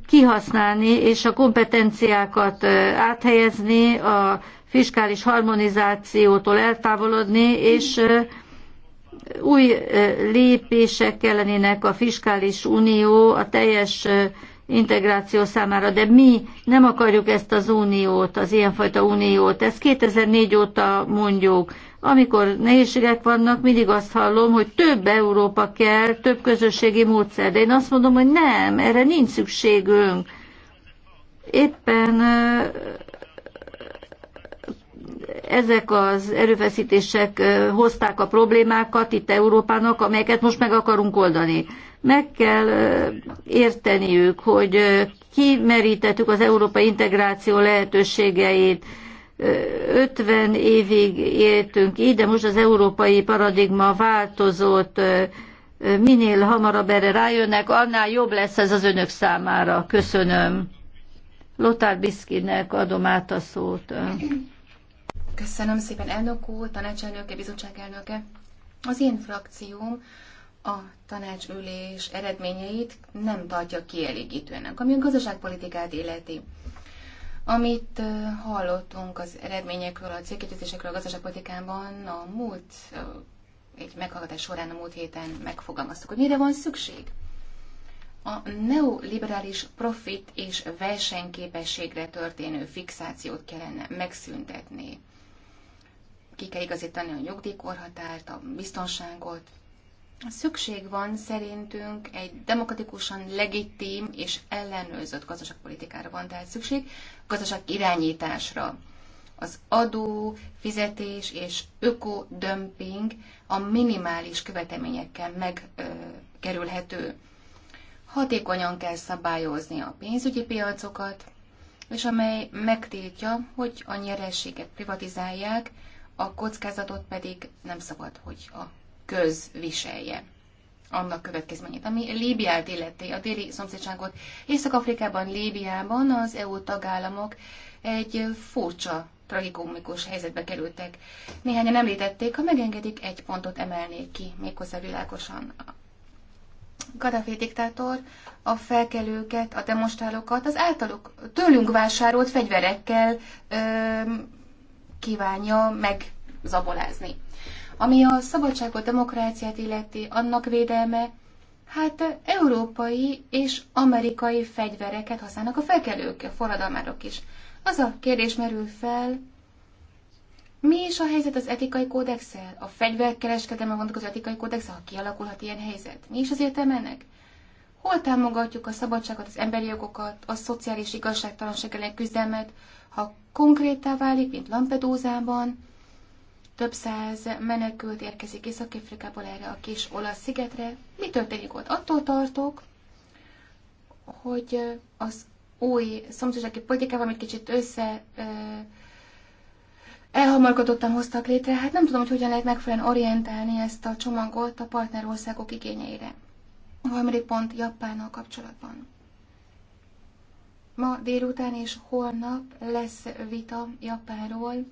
kihasználni és a kompetenciákat áthelyezni, a fiskális harmonizációtól eltávolodni, és új lépések kellenének a fiskális unió, a teljes integráció számára, de mi nem akarjuk ezt az uniót, az ilyenfajta uniót. Ezt 2004 óta mondjuk. Amikor nehézségek vannak, mindig azt hallom, hogy több Európa kell, több közösségi módszer. De én azt mondom, hogy nem, erre nincs szükségünk. Éppen ezek az erőfeszítések hozták a problémákat itt Európának, amelyeket most meg akarunk oldani. Meg kell érteniük, hogy kimerítettük az európai integráció lehetőségeit, 50 évig éltünk így, de most az európai paradigma változott, minél hamarabb erre rájönnek, annál jobb lesz ez az önök számára. Köszönöm. Lothar Biszkinek adom át a szót. Köszönöm szépen, elnök úr, tanácselnöke, bizottság elnöke. Az én frakcióm a tanácsülés eredményeit nem tartja kielégítőnek, ami a gazdaságpolitikát illeti. Amit hallottunk az eredményekről, a célkitűzésekről a gazdaságpolitikában a múlt, egy meghallgatás során a múlt héten megfogalmaztuk, hogy mire van szükség. A neoliberális profit és versenyképességre történő fixációt kellene megszüntetni. Ki kell igazítani a nyugdíjkorhatárt, a biztonságot, Szükség van szerintünk egy demokratikusan legitim és ellenőrzött gazdaságpolitikára van tehát szükség, gazdaság irányításra. Az adó, fizetés és ökodömping a minimális követelményekkel megkerülhető. Hatékonyan kell szabályozni a pénzügyi piacokat, és amely megtiltja, hogy a nyerességet privatizálják, a kockázatot pedig nem szabad, hogy a közviselje annak következményét, ami Líbiát illeti, a déli szomszédságot. Észak-Afrikában, Líbiában az EU tagállamok egy furcsa, tragikomikus helyzetbe kerültek. Néhányan említették, ha megengedik, egy pontot emelnék ki, méghozzá világosan. Gaddafi diktátor a felkelőket, a demonstrálókat az általuk tőlünk vásárolt fegyverekkel ö, kívánja megzabolázni. Ami a szabadságot, demokráciát illeti, annak védelme, hát európai és amerikai fegyvereket használnak a felkelők, a forradalmárok is. Az a kérdés merül fel, mi is a helyzet az etikai kódexel? A fegyverkereskedelme az etikai kódexel, ha kialakulhat ilyen helyzet? Mi is az értelme ennek? Hol támogatjuk a szabadságot, az emberi jogokat, a szociális igazságtalanság ellen küzdelmet, ha konkrétá válik, mint Lampedózában, több száz menekült érkezik Észak-Afrikából erre a kis olasz szigetre. Mi történik ott? Attól tartok, hogy az új szomszédsági politikával, amit kicsit össze elhamarkodottan hoztak létre, hát nem tudom, hogy hogyan lehet megfelelően orientálni ezt a csomagot a partnerországok igényeire. A harmadik pont Japánnal kapcsolatban. Ma délután és holnap lesz vita Japánról,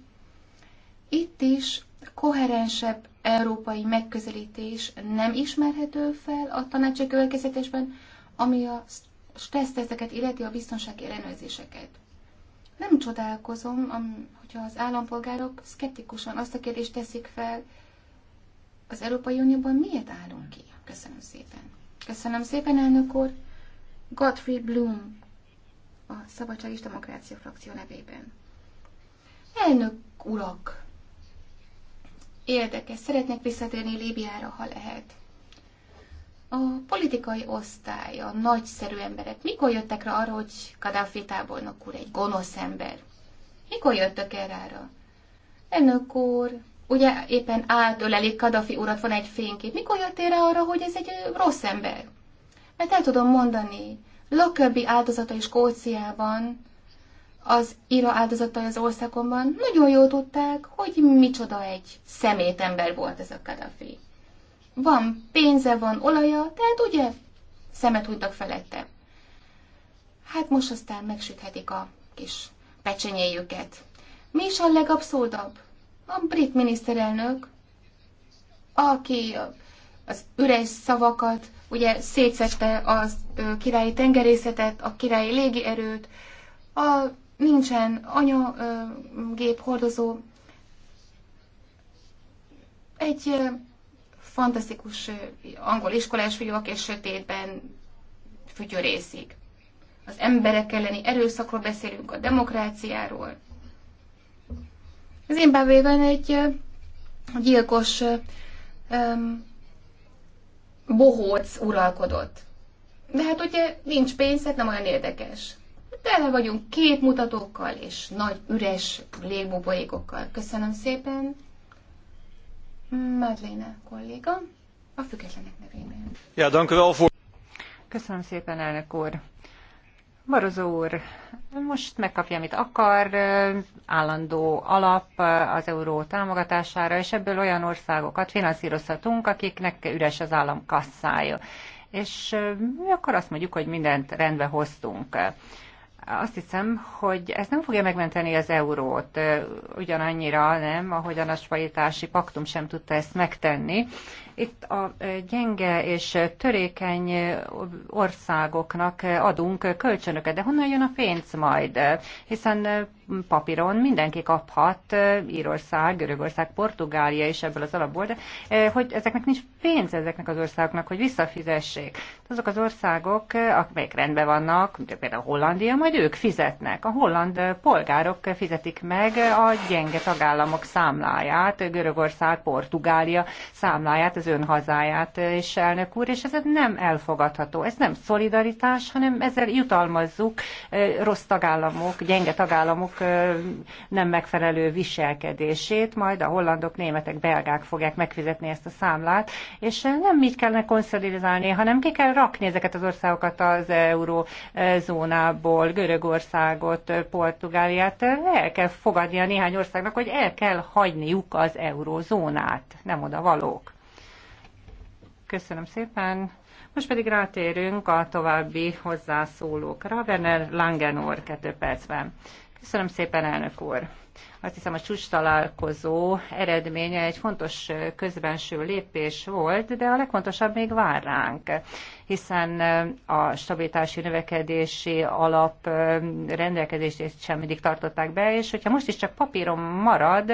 itt is koherensebb európai megközelítés nem ismerhető fel a tanácsi következetesben, ami a stresszteszteket illeti a biztonsági ellenőrzéseket. Nem csodálkozom, hogyha az állampolgárok szkeptikusan azt a kérdést teszik fel, az Európai Unióban miért állunk ki? Köszönöm szépen. Köszönöm szépen, elnök úr. Godfrey Bloom, a Szabadság és Demokrácia frakció nevében. Elnök urak, érdekes. Szeretnék visszatérni Líbiára, ha lehet. A politikai osztály, a nagyszerű emberek mikor jöttek rá arra, hogy Kadhafi tábornok úr egy gonosz ember? Mikor jöttök erre rá? Elnök úr, ugye éppen átölelik Kadhafi urat, van egy fénykép. Mikor jöttél rá arra, hogy ez egy rossz ember? Mert el tudom mondani, Lockerbie áldozata is Skóciában az IRA áldozatai az országomban nagyon jól tudták, hogy micsoda egy ember volt ez a Kadafi. Van pénze, van olaja, tehát ugye szemet hunytak felette. Hát most aztán megsüthetik a kis pecsenyéjüket. Mi is a legabszurdabb? A brit miniszterelnök, aki az üres szavakat, ugye szétszette a királyi tengerészetet, a királyi légierőt, a nincsen anyagép hordozó. Egy fantasztikus angol iskolás fiú és sötétben fütyörészik. Az emberek elleni erőszakról beszélünk, a demokráciáról. Az Zimbabvében egy gyilkos um, bohóc uralkodott. De hát ugye nincs pénz, hát nem olyan érdekes tele vagyunk képmutatókkal és nagy üres légbuborékokkal. Köszönöm szépen, Madlena kolléga, a függetlenek nevében. Ja, Köszönöm szépen, elnök úr. Barozó úr, most megkapja, amit akar, állandó alap az euró támogatására, és ebből olyan országokat finanszírozhatunk, akiknek üres az állam kasszája. És akkor azt mondjuk, hogy mindent rendbe hoztunk azt hiszem, hogy ez nem fogja megmenteni az eurót ugyanannyira, nem, ahogyan a sparitási paktum sem tudta ezt megtenni. Itt a gyenge és törékeny országoknak adunk kölcsönöket, de honnan jön a pénz majd? Hiszen papíron mindenki kaphat, Írország, Görögország, Portugália is ebből az alapból, de hogy ezeknek nincs pénz ezeknek az országoknak, hogy visszafizessék. Azok az országok, amelyek rendben vannak, például Hollandia, majd hogy ők fizetnek. A holland polgárok fizetik meg a gyenge tagállamok számláját, Görögország, Portugália számláját, az ön hazáját és elnök úr, és ez nem elfogadható. Ez nem szolidaritás, hanem ezzel jutalmazzuk rossz tagállamok, gyenge tagállamok nem megfelelő viselkedését, majd a hollandok, németek, belgák fogják megfizetni ezt a számlát, és nem mit kellene konszolidizálni, hanem ki kell rakni ezeket az országokat az eurózónából. Görögországot, Portugáliát, el kell fogadnia néhány országnak, hogy el kell hagyniuk az eurózónát, Nem oda valók. Köszönöm szépen. Most pedig rátérünk a további hozzászólókra. Werner Langenor, kettő percben. Köszönöm szépen, elnök úr. Azt hiszem, a csúcs találkozó eredménye egy fontos közbenső lépés volt, de a legfontosabb még vár ránk, hiszen a stabilitási növekedési alap rendelkezését sem mindig tartották be, és hogyha most is csak papírom marad,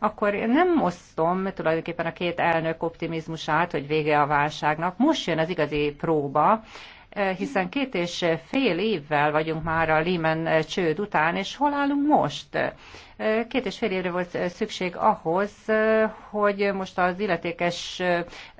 akkor nem osztom tulajdonképpen a két elnök optimizmusát, hogy vége a válságnak. Most jön az igazi próba, hiszen két és fél évvel vagyunk már a Lehman csőd után, és hol állunk most? Két és fél évre volt szükség ahhoz, hogy most az illetékes,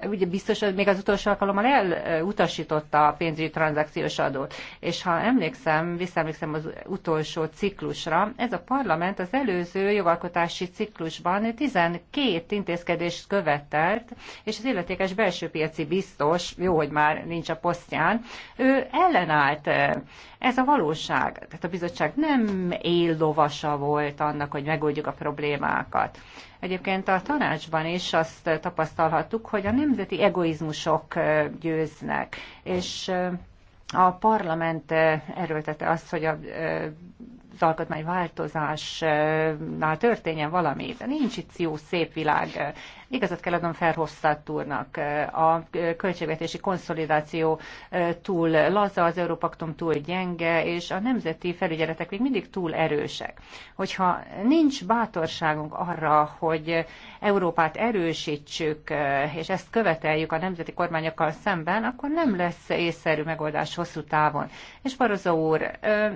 ugye biztos, hogy még az utolsó alkalommal elutasította a pénzügyi tranzakciós adót. És ha emlékszem, visszaemlékszem az utolsó ciklusra, ez a parlament az előző jogalkotási ciklusban 12 intézkedést követelt, és az illetékes belső piaci biztos, jó, hogy már nincs a posztján, ő ellenállt ez a valóság. Tehát a bizottság nem él lovasa volt annak, hogy megoldjuk a problémákat. Egyébként a tanácsban is azt tapasztalhattuk, hogy a nemzeti egoizmusok győznek, és a parlament erőltette azt, hogy a az alkotmányváltozásnál történjen valami, de nincs itt jó szép világ Igazat kell adnom Ferhosszát úrnak. A költségvetési konszolidáció túl laza, az Európaktum túl gyenge, és a nemzeti felügyeletek még mindig túl erősek. Hogyha nincs bátorságunk arra, hogy Európát erősítsük, és ezt követeljük a nemzeti kormányokkal szemben, akkor nem lesz észszerű megoldás hosszú távon. És Barozó úr,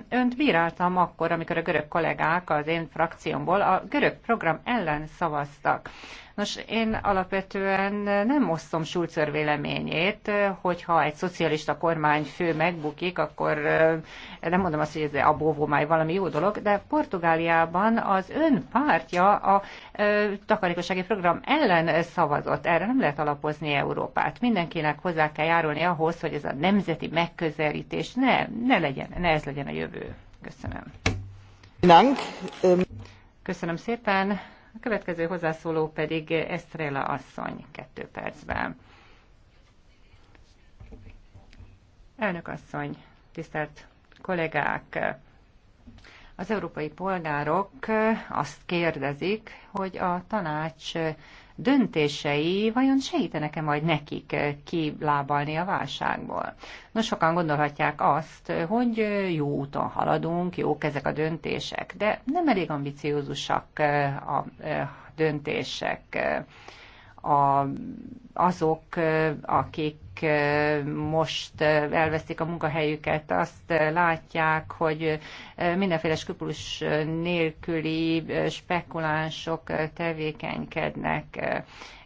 önt bíráltam akkor, amikor a görög kollégák az én frakciómból a görög program ellen szavaztak. Nos, én alapvetően nem osztom Schulzer véleményét, hogyha egy szocialista kormány fő megbukik, akkor nem mondom azt, hogy ez a bóvomáj valami jó dolog, de Portugáliában az ön pártja a takarékossági program ellen szavazott. Erre nem lehet alapozni Európát. Mindenkinek hozzá kell járulni ahhoz, hogy ez a nemzeti megközelítés ne, ne, legyen, ne ez legyen a jövő. Köszönöm. Köszönöm szépen. A következő hozzászóló pedig Estrella asszony, kettő percben. Elnök asszony, tisztelt kollégák! Az európai polgárok azt kérdezik, hogy a tanács döntései vajon segítenek-e majd nekik eh, kilábalni a válságból? Nos, sokan gondolhatják azt, eh, hogy eh, jó úton haladunk, jók ezek a döntések, de nem elég ambiciózusak a döntések a, azok, akik Eh, most eh, elveszik a munkahelyüket, azt eh, látják, hogy mindenféle skrupulus nélküli spekulánsok tevékenykednek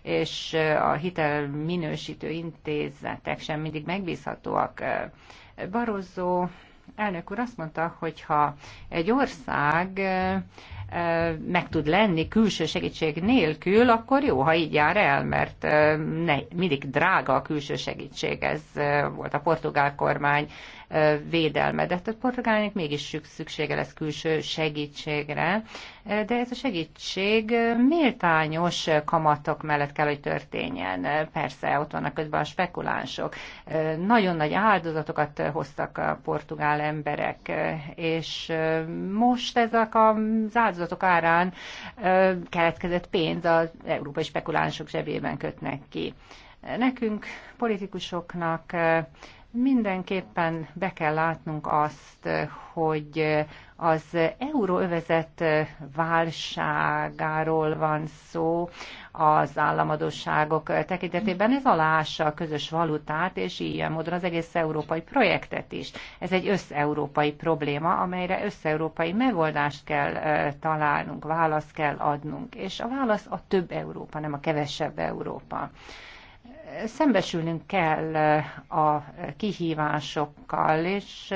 és a hitelminősítő intézetek sem mindig megbízhatóak. Barozó elnök úr azt mondta, hogy ha egy ország meg tud lenni külső segítség nélkül, akkor jó, ha így jár el, mert ne, mindig drága a külső segítség. Ez volt a portugál kormány védelme. De hát a portugálnak mégis szüksége lesz külső segítségre, de ez a segítség méltányos kamatok mellett kell, hogy történjen. Persze, ott vannak közben a spekulánsok. Nagyon nagy áldozatokat hoztak a portugál emberek, és most ezek az áldozatok árán keletkezett pénz az európai spekulánsok zsebében kötnek ki. Nekünk, politikusoknak Mindenképpen be kell látnunk azt, hogy az euróövezet válságáról van szó az államadóságok tekintetében. Ez alássa a közös valutát, és ilyen módon az egész európai projektet is. Ez egy összeurópai probléma, amelyre összeurópai megoldást kell találnunk, választ kell adnunk. És a válasz a több Európa, nem a kevesebb Európa szembesülnünk kell eh, a kihívásokkal, és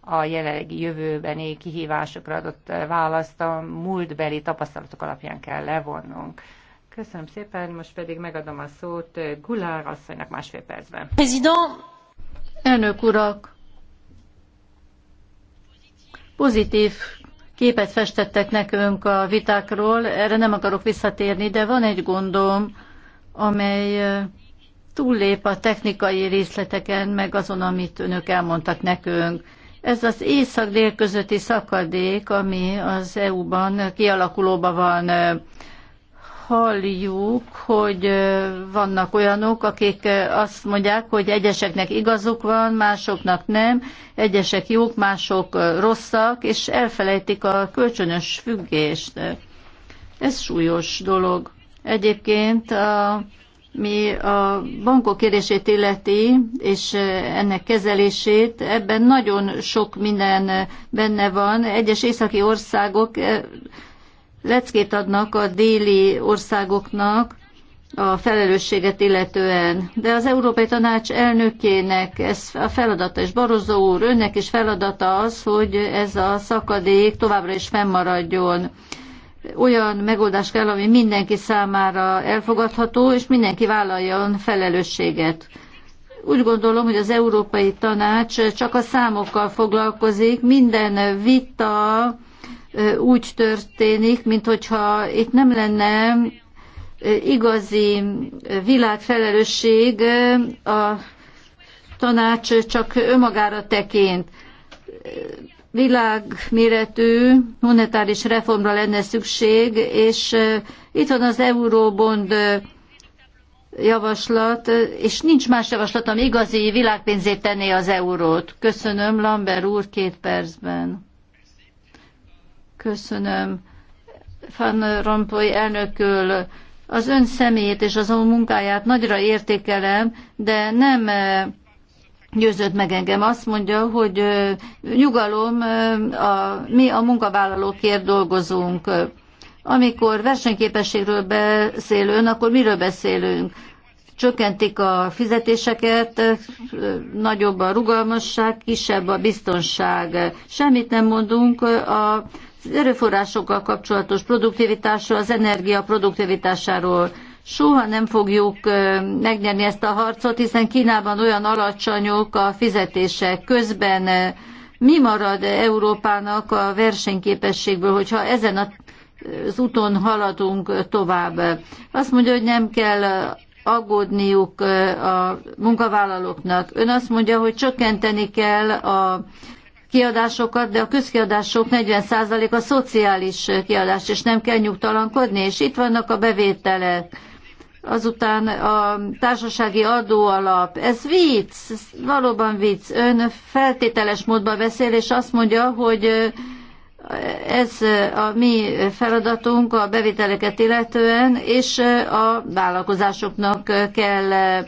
a jelenlegi jövőbeni kihívásokra adott eh, választ a múltbeli tapasztalatok alapján kell levonnunk. Köszönöm szépen, most pedig megadom a szót eh, Gulár asszonynak másfél percben. Prezident! Elnök urak! Pozitív képet festettek nekünk a vitákról, erre nem akarok visszatérni, de van egy gondom, amely túllép a technikai részleteken, meg azon, amit önök elmondtak nekünk. Ez az észak-dél közötti szakadék, ami az EU-ban kialakulóban van, halljuk, hogy vannak olyanok, akik azt mondják, hogy egyeseknek igazuk van, másoknak nem, egyesek jók, mások rosszak, és elfelejtik a kölcsönös függést. Ez súlyos dolog. Egyébként a, mi a bankok kérdését illeti, és ennek kezelését, ebben nagyon sok minden benne van. Egyes északi országok eh, leckét adnak a déli országoknak a felelősséget illetően. De az Európai Tanács elnökének ez a feladata, és Barozó úr, önnek is feladata az, hogy ez a szakadék továbbra is fennmaradjon olyan megoldás kell, ami mindenki számára elfogadható, és mindenki vállaljon felelősséget. Úgy gondolom, hogy az Európai Tanács csak a számokkal foglalkozik, minden vita úgy történik, mint hogyha itt nem lenne igazi világfelelősség, a tanács csak önmagára tekint világméretű monetáris reformra lenne szükség, és itt van az Euróbond javaslat, és nincs más javaslat, ami igazi világpénzét tenné az eurót. Köszönöm, Lambert úr, két percben. Köszönöm. Van Rompuy elnökül az ön személyét és ön munkáját nagyra értékelem, de nem győzött meg engem. Azt mondja, hogy nyugalom, a, mi a munkavállalókért dolgozunk. Amikor versenyképességről beszél ön, akkor miről beszélünk? Csökkentik a fizetéseket, nagyobb a rugalmasság, kisebb a biztonság. Semmit nem mondunk a az erőforrásokkal kapcsolatos produktivitásról, az energia produktivitásáról soha nem fogjuk megnyerni ezt a harcot, hiszen Kínában olyan alacsonyok a fizetések közben. Mi marad Európának a versenyképességből, hogyha ezen az úton haladunk tovább. Azt mondja, hogy nem kell aggódniuk a munkavállalóknak. Ön azt mondja, hogy csökkenteni kell a kiadásokat, de a közkiadások 40% a szociális kiadás, és nem kell nyugtalankodni, és itt vannak a bevételek azután a társasági adóalap. Ez vicc, ez valóban vicc. Ön feltételes módban beszél, és azt mondja, hogy ez a mi feladatunk a bevételeket illetően, és a vállalkozásoknak kell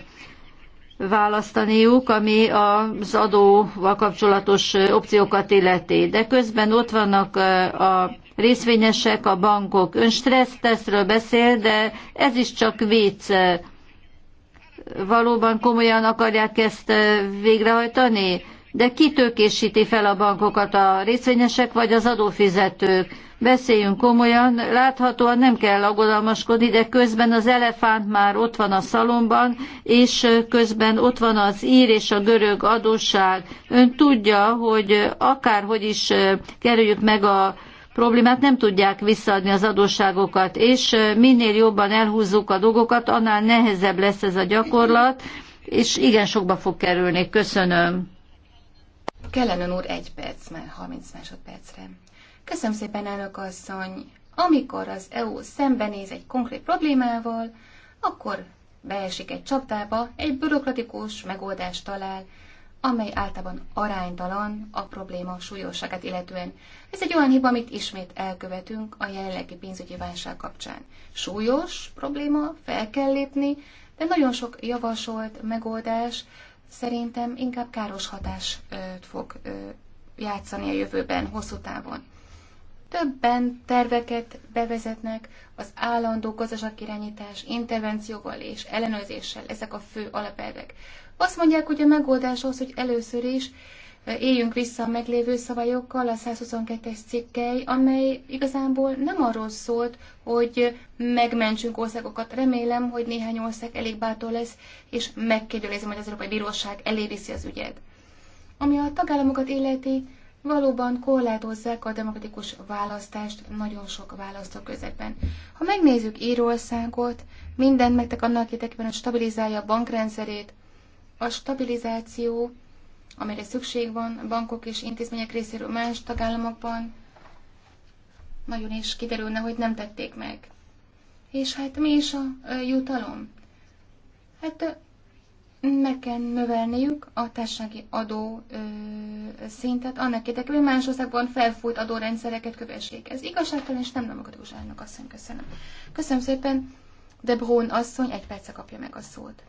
választaniuk, ami az adóval kapcsolatos opciókat illeti. De közben ott vannak a részvényesek a bankok. Ön stressztesztről beszél, de ez is csak vicc. Valóban komolyan akarják ezt végrehajtani? De ki tőkésíti fel a bankokat, a részvényesek vagy az adófizetők? Beszéljünk komolyan, láthatóan nem kell aggodalmaskodni, de közben az elefánt már ott van a szalomban, és közben ott van az ír és a görög adósság. Ön tudja, hogy akárhogy is kerüljük meg a problémát, nem tudják visszaadni az adósságokat, és minél jobban elhúzzuk a dolgokat, annál nehezebb lesz ez a gyakorlat, és igen sokba fog kerülni. Köszönöm. Kellenen úr, egy perc már, 30 másodpercre. Köszönöm szépen, elnök asszony. Amikor az EU szembenéz egy konkrét problémával, akkor beesik egy csapdába, egy bürokratikus megoldást talál, amely általában aránytalan a probléma súlyosságát illetően. Ez egy olyan hiba, amit ismét elkövetünk a jelenlegi pénzügyi válság kapcsán. Súlyos probléma, fel kell lépni, de nagyon sok javasolt megoldás szerintem inkább káros hatást fog játszani a jövőben, hosszú távon. Többen terveket bevezetnek az állandó gazdaságirányítás intervencióval és ellenőrzéssel, ezek a fő alapelvek. Azt mondják, hogy a megoldás az, hogy először is e, éljünk vissza a meglévő szabályokkal, a 122-es cikkely, amely igazából nem arról szólt, hogy megmentsünk országokat. Remélem, hogy néhány ország elég bátor lesz, és megkérdőjelezem, hogy az Európai Bíróság eléviszi az ügyet. Ami a tagállamokat illeti, valóban korlátozzák a demokratikus választást nagyon sok választó közepén. Ha megnézzük Írországot, mindent megtek annak érdekében, hogy stabilizálja a bankrendszerét, a stabilizáció, amire szükség van bankok és intézmények részéről más tagállamokban, nagyon is kiderülne, hogy nem tették meg. És hát mi is a jutalom? Hát meg kell növelniük a társasági adó ö, szintet, annak érdekében, hogy más országban felfújt adórendszereket kövessék. Ez igazságtalan és nem demokratikus elnök asszony, köszönöm. Köszönöm szépen, de Brón asszony egy perce kapja meg a szót.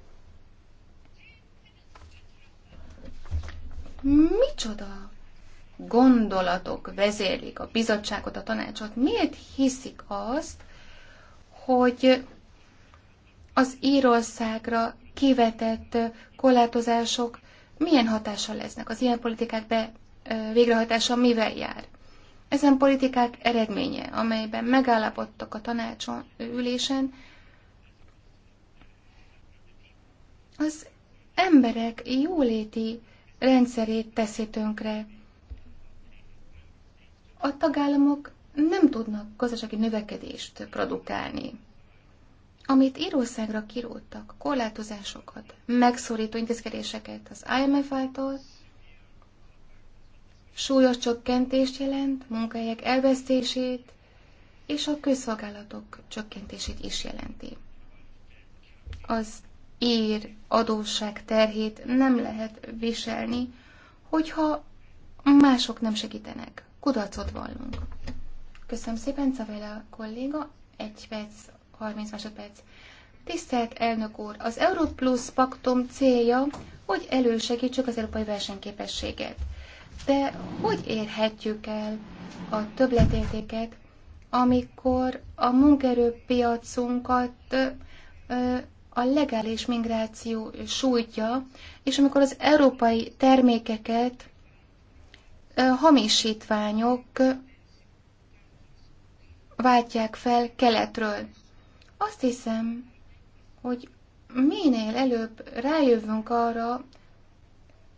Micsoda gondolatok vezérlik a bizottságot, a tanácsot? Miért hiszik azt, hogy az Írországra kivetett korlátozások milyen hatással lesznek? Az ilyen politikák be, végrehajtása mivel jár? Ezen politikák eredménye, amelyben megállapodtak a tanácson ülésen, az emberek jóléti rendszerét teszi tönkre. A tagállamok nem tudnak gazdasági növekedést produkálni. Amit Írószágra kiróttak, korlátozásokat, megszorító intézkedéseket az IMF által, súlyos csökkentést jelent, munkahelyek elvesztését és a közszolgálatok csökkentését is jelenti. Az ér adósság terhét nem lehet viselni, hogyha mások nem segítenek. Kudarcot vallunk. Köszönöm szépen, Cavella kolléga. Egy perc, 30 másodperc. Tisztelt elnök úr, az Europlus paktum célja, hogy elősegítsük az európai versenyképességet. De hogy érhetjük el a többletértéket, amikor a munkerőpiacunkat ö, ö, a legális migráció sújtja, és amikor az európai termékeket hamisítványok váltják fel keletről. Azt hiszem, hogy minél előbb rájövünk arra,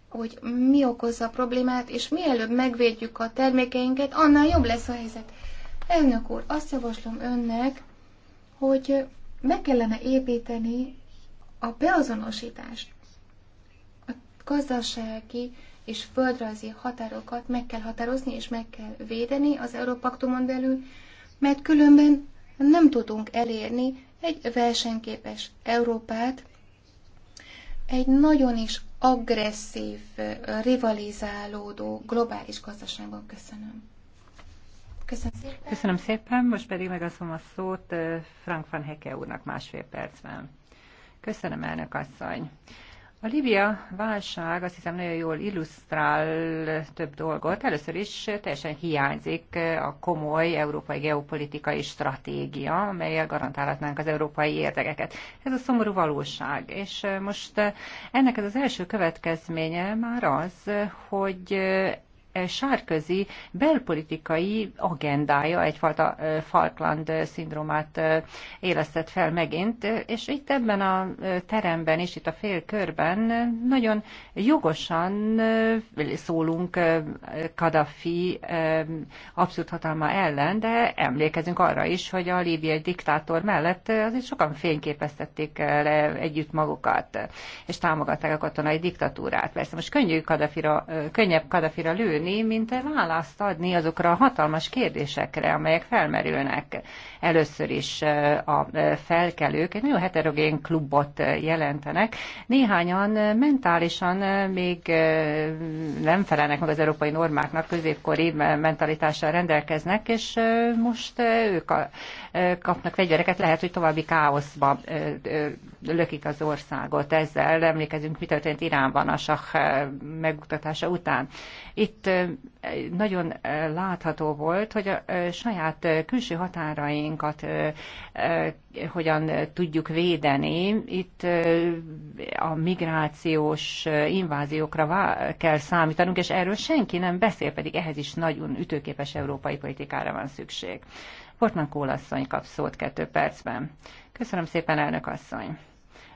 hogy mi okozza a problémát, és mielőbb megvédjük a termékeinket, annál jobb lesz a helyzet. Elnök úr, azt javaslom önnek, hogy meg kellene építeni a beazonosítást. A gazdasági és földrajzi határokat meg kell határozni és meg kell védeni az Európaktumon belül, mert különben nem tudunk elérni egy versenyképes Európát, egy nagyon is agresszív, rivalizálódó globális gazdaságban. Köszönöm. Köszönöm szépen. Köszönöm szépen. Most pedig megaszom a szót Frank van Heke úrnak másfél percben. Köszönöm, elnök asszony. A Libia válság azt hiszem nagyon jól illusztrál több dolgot. Először is teljesen hiányzik a komoly európai geopolitikai stratégia, amelyel garantálhatnánk az európai érdekeket. Ez a szomorú valóság. És most ennek ez az első következménye már az, hogy E, sárközi belpolitikai agendája egyfajta e, Falkland szindrómát e, élesztett fel megint, és itt ebben a teremben és itt a félkörben nagyon jogosan szólunk Kadhafi abszolút hatalma ellen, de emlékezünk arra is, hogy a líbiai diktátor mellett azért sokan fényképeztették le együtt magukat, és támogatták a katonai diktatúrát. Persze most könnyű Kadafira, könnyebb Kadafira lőni, tenni, mint választ adni azokra a hatalmas kérdésekre, amelyek felmerülnek. Először is a felkelők egy nagyon heterogén klubot jelentenek. Néhányan mentálisan még nem felelnek meg az európai normáknak, középkori mentalitással rendelkeznek, és most ők a kapnak fegyvereket, lehet, hogy további káoszba lökik az országot. Ezzel emlékezünk, mi történt Iránban a sah megmutatása után. Itt nagyon látható volt, hogy a saját külső határainkat hogyan tudjuk védeni. Itt a migrációs inváziókra kell számítanunk, és erről senki nem beszél, pedig ehhez is nagyon ütőképes európai politikára van szükség. Portman asszony kap szót kettő percben. Köszönöm szépen, elnök asszony.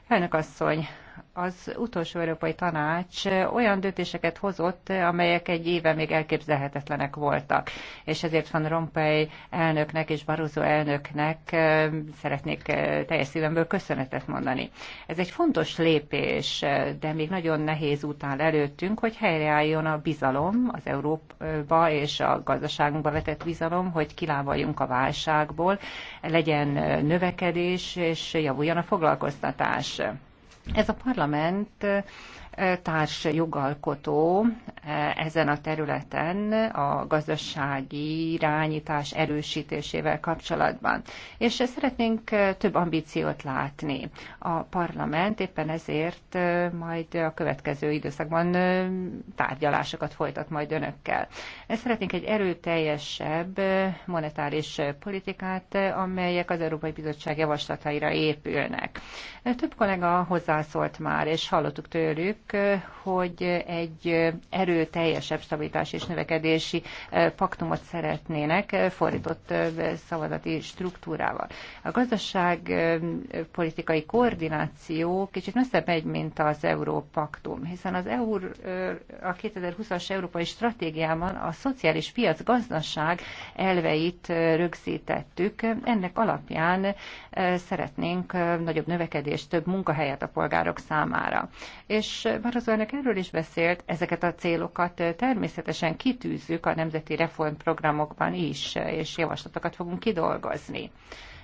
Elnök asszony, az utolsó Európai Tanács olyan döntéseket hozott, amelyek egy éve még elképzelhetetlenek voltak. És ezért Van Rompuy elnöknek és Barroso elnöknek szeretnék teljes szívemből köszönetet mondani. Ez egy fontos lépés, de még nagyon nehéz után előttünk, hogy helyreálljon a bizalom az Európa és a gazdaságunkba vetett bizalom, hogy kilávaljunk a válságból, legyen növekedés és javuljon a foglalkoztatás. Ez a parlament társ jogalkotó e, ezen a területen a gazdasági irányítás erősítésével kapcsolatban. És szeretnénk e, több ambíciót látni. A parlament éppen ezért e, majd a következő időszakban tárgyalásokat folytat majd önökkel. Szeretnénk egy erőteljesebb monetáris politikát, amelyek az Európai Bizottság javaslataira épülnek. Több kollega hozzászólt már, és hallottuk tőlük, hogy egy erőteljesebb stabilitás és növekedési eh, paktumot szeretnének eh, fordított eh, szavazati struktúrával. A gazdaság politikai koordináció kicsit messzebb megy, mint az Európaktum, hiszen az EU, a 2020-as európai stratégiában a szociális piac gazdaság elveit rögzítettük. Ennek alapján szeretnénk nagyobb növekedést, több munkahelyet a polgárok számára. És Barozó erről is beszélt, ezeket a célokat természetesen kitűzzük a nemzeti reformprogramokban is, és javaslatokat fogunk kidolgozni.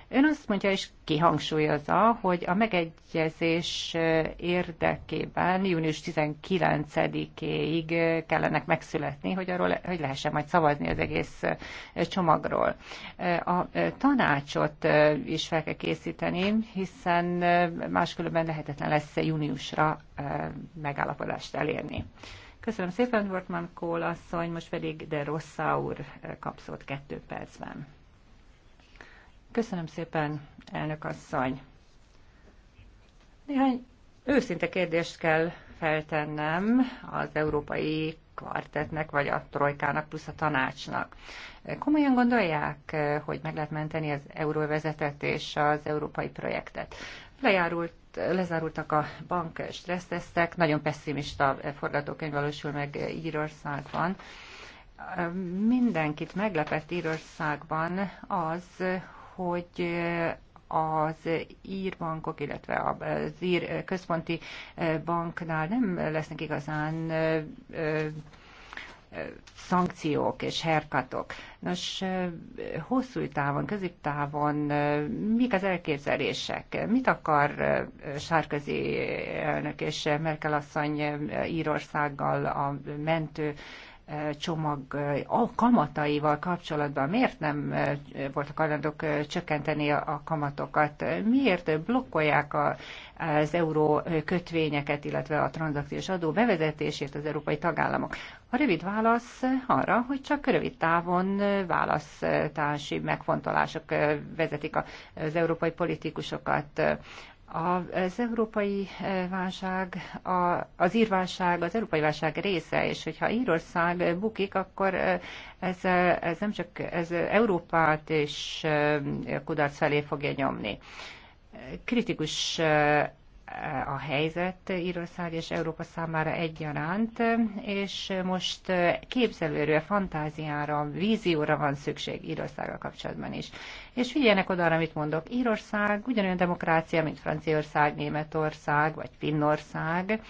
Ön azt mondja és kihangsúlyozza, hogy a megegyezés érdekében június 19-éig kellenek megszületni, hogy arról hogy lehessen majd szavazni az egész csomagról. A tanácsot is fel kell készíteni, hiszen máskülönben lehetetlen lesz júniusra megállapodást elérni. Köszönöm szépen, Wortmann Kohl asszony, most pedig de Rossa úr kapszott kettő percben. Köszönöm szépen, elnök asszony. Néhány őszinte kérdést kell feltennem az európai kvartetnek, vagy a trojkának, plusz a tanácsnak. Komolyan gondolják, hogy meg lehet menteni az euróvezetet és az európai projektet. Lejárult lezárultak a bank stressztesztek, nagyon pessimista forgatókönyv valósul meg Írországban. Mindenkit meglepett Írországban az, hogy eh, az írbankok, illetve az ír központi eh, banknál nem lesznek igazán eh, szankciók és herkatok. Nos, hosszú távon, középtávon mik az elképzelések? Mit akar Sárközi elnök és Merkel asszony Írországgal a mentő csomag a kamataival kapcsolatban miért nem voltak hajlandók csökkenteni a kamatokat? Miért blokkolják a, az euró kötvényeket, illetve a tranzakciós adó bevezetését az európai tagállamok? A rövid válasz arra, hogy csak rövid távon választási megfontolások vezetik az európai politikusokat. Az európai eh, válság, az írválság az európai válság része, és hogyha Írország bukik, akkor eh, ez, eh, ez nem csak ez Európát és kudarc felé fogja nyomni. Kritikus a helyzet Írország és Európa számára egyaránt, és most képzelőre, fantáziára, vízióra van szükség Írországgal kapcsolatban is. És figyeljenek oda, amit mondok. Írország ugyanolyan demokrácia, mint Franciaország, Németország vagy Finnország,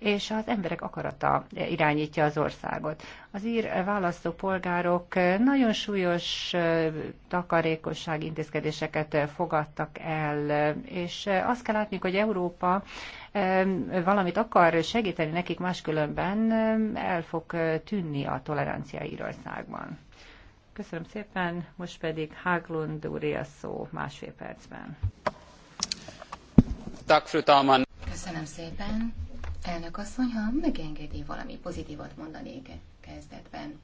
és az emberek akarata irányítja az országot. Az ír választópolgárok nagyon súlyos takarékosság intézkedéseket fogadtak el, és azt kell látni, hogy Európa valamit akar segíteni nekik, máskülönben el fog tűnni a tolerancia Írországban. Köszönöm szépen, most pedig Haglund úré a szó másfél percben. Köszönöm szépen. Elnök asszony, ha megengedi valami pozitívat mondanék kezdetben.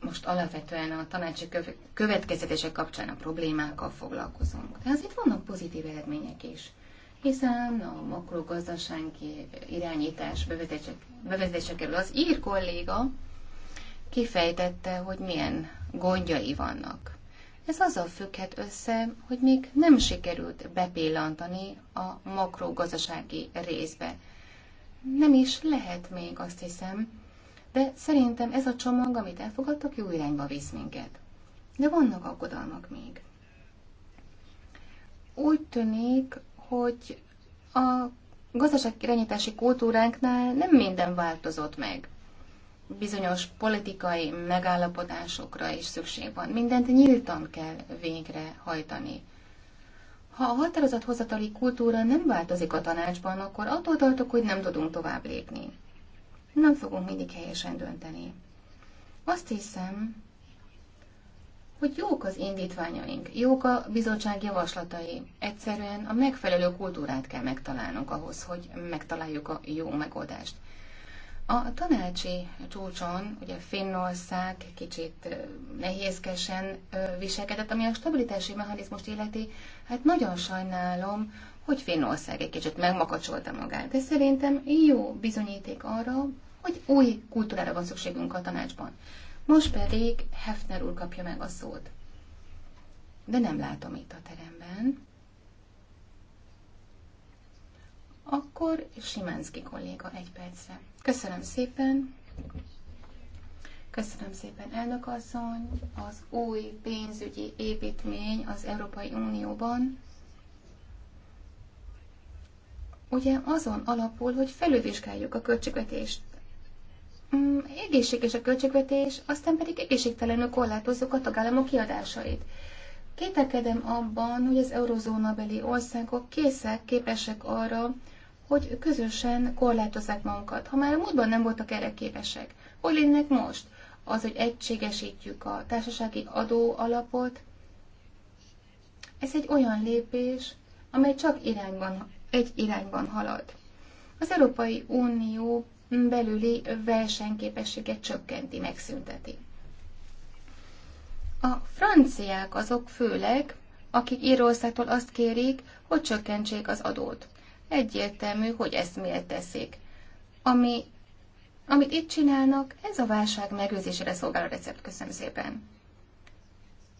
Most alapvetően a tanácsi következetések kapcsán a problémákkal foglalkozunk. De azért vannak pozitív eredmények is, hiszen a makrogazdasági irányítás bevezetése kerül. Az ír kolléga kifejtette, hogy milyen gondjai vannak ez azzal függhet össze, hogy még nem sikerült bepillantani a makrogazdasági részbe. Nem is lehet még, azt hiszem, de szerintem ez a csomag, amit elfogadtak, jó irányba visz minket. De vannak aggodalmak még. Úgy tűnik, hogy a gazdaságirányítási kultúránknál nem minden változott meg bizonyos politikai megállapodásokra is szükség van. Mindent nyíltan kell végrehajtani. Ha a határozathozatali kultúra nem változik a tanácsban, akkor attól tartok, hogy nem tudunk tovább lépni. Nem fogunk mindig helyesen dönteni. Azt hiszem, hogy jók az indítványaink, jók a bizottság javaslatai. Egyszerűen a megfelelő kultúrát kell megtalálnunk ahhoz, hogy megtaláljuk a jó megoldást. A tanácsi csúcson ugye Finnország kicsit nehézkesen viselkedett, ami a stabilitási mechanizmust illeti, hát nagyon sajnálom, hogy Finnország egy kicsit megmakacsolta magát, de szerintem jó bizonyíték arra, hogy új kultúrára van szükségünk a tanácsban. Most pedig Hefner úr kapja meg a szót. De nem látom itt a teremben. Akkor Simánszki kolléga egy percre. Köszönöm szépen. Köszönöm szépen, elnök asszony. Az új pénzügyi építmény az Európai Unióban ugye azon alapul, hogy felülvizsgáljuk a költségvetést. Mm, egészséges a költségvetés, aztán pedig egészségtelenül korlátozzuk a tagállamok kiadásait. Kételkedem abban, hogy az eurozónabeli országok készek, képesek arra, hogy közösen korlátozzák magunkat. Ha már a múltban nem voltak erre képesek, hogy lennek most? Az, hogy egységesítjük a társasági adó alapot, ez egy olyan lépés, amely csak irányban, egy irányban halad. Az Európai Unió belüli versenyképességet csökkenti, megszünteti. A franciák azok főleg, akik Írországtól azt kérik, hogy csökkentsék az adót egyértelmű, hogy ezt miért teszik. Ami, amit itt csinálnak, ez a válság megőrzésére a recept. Köszönöm szépen.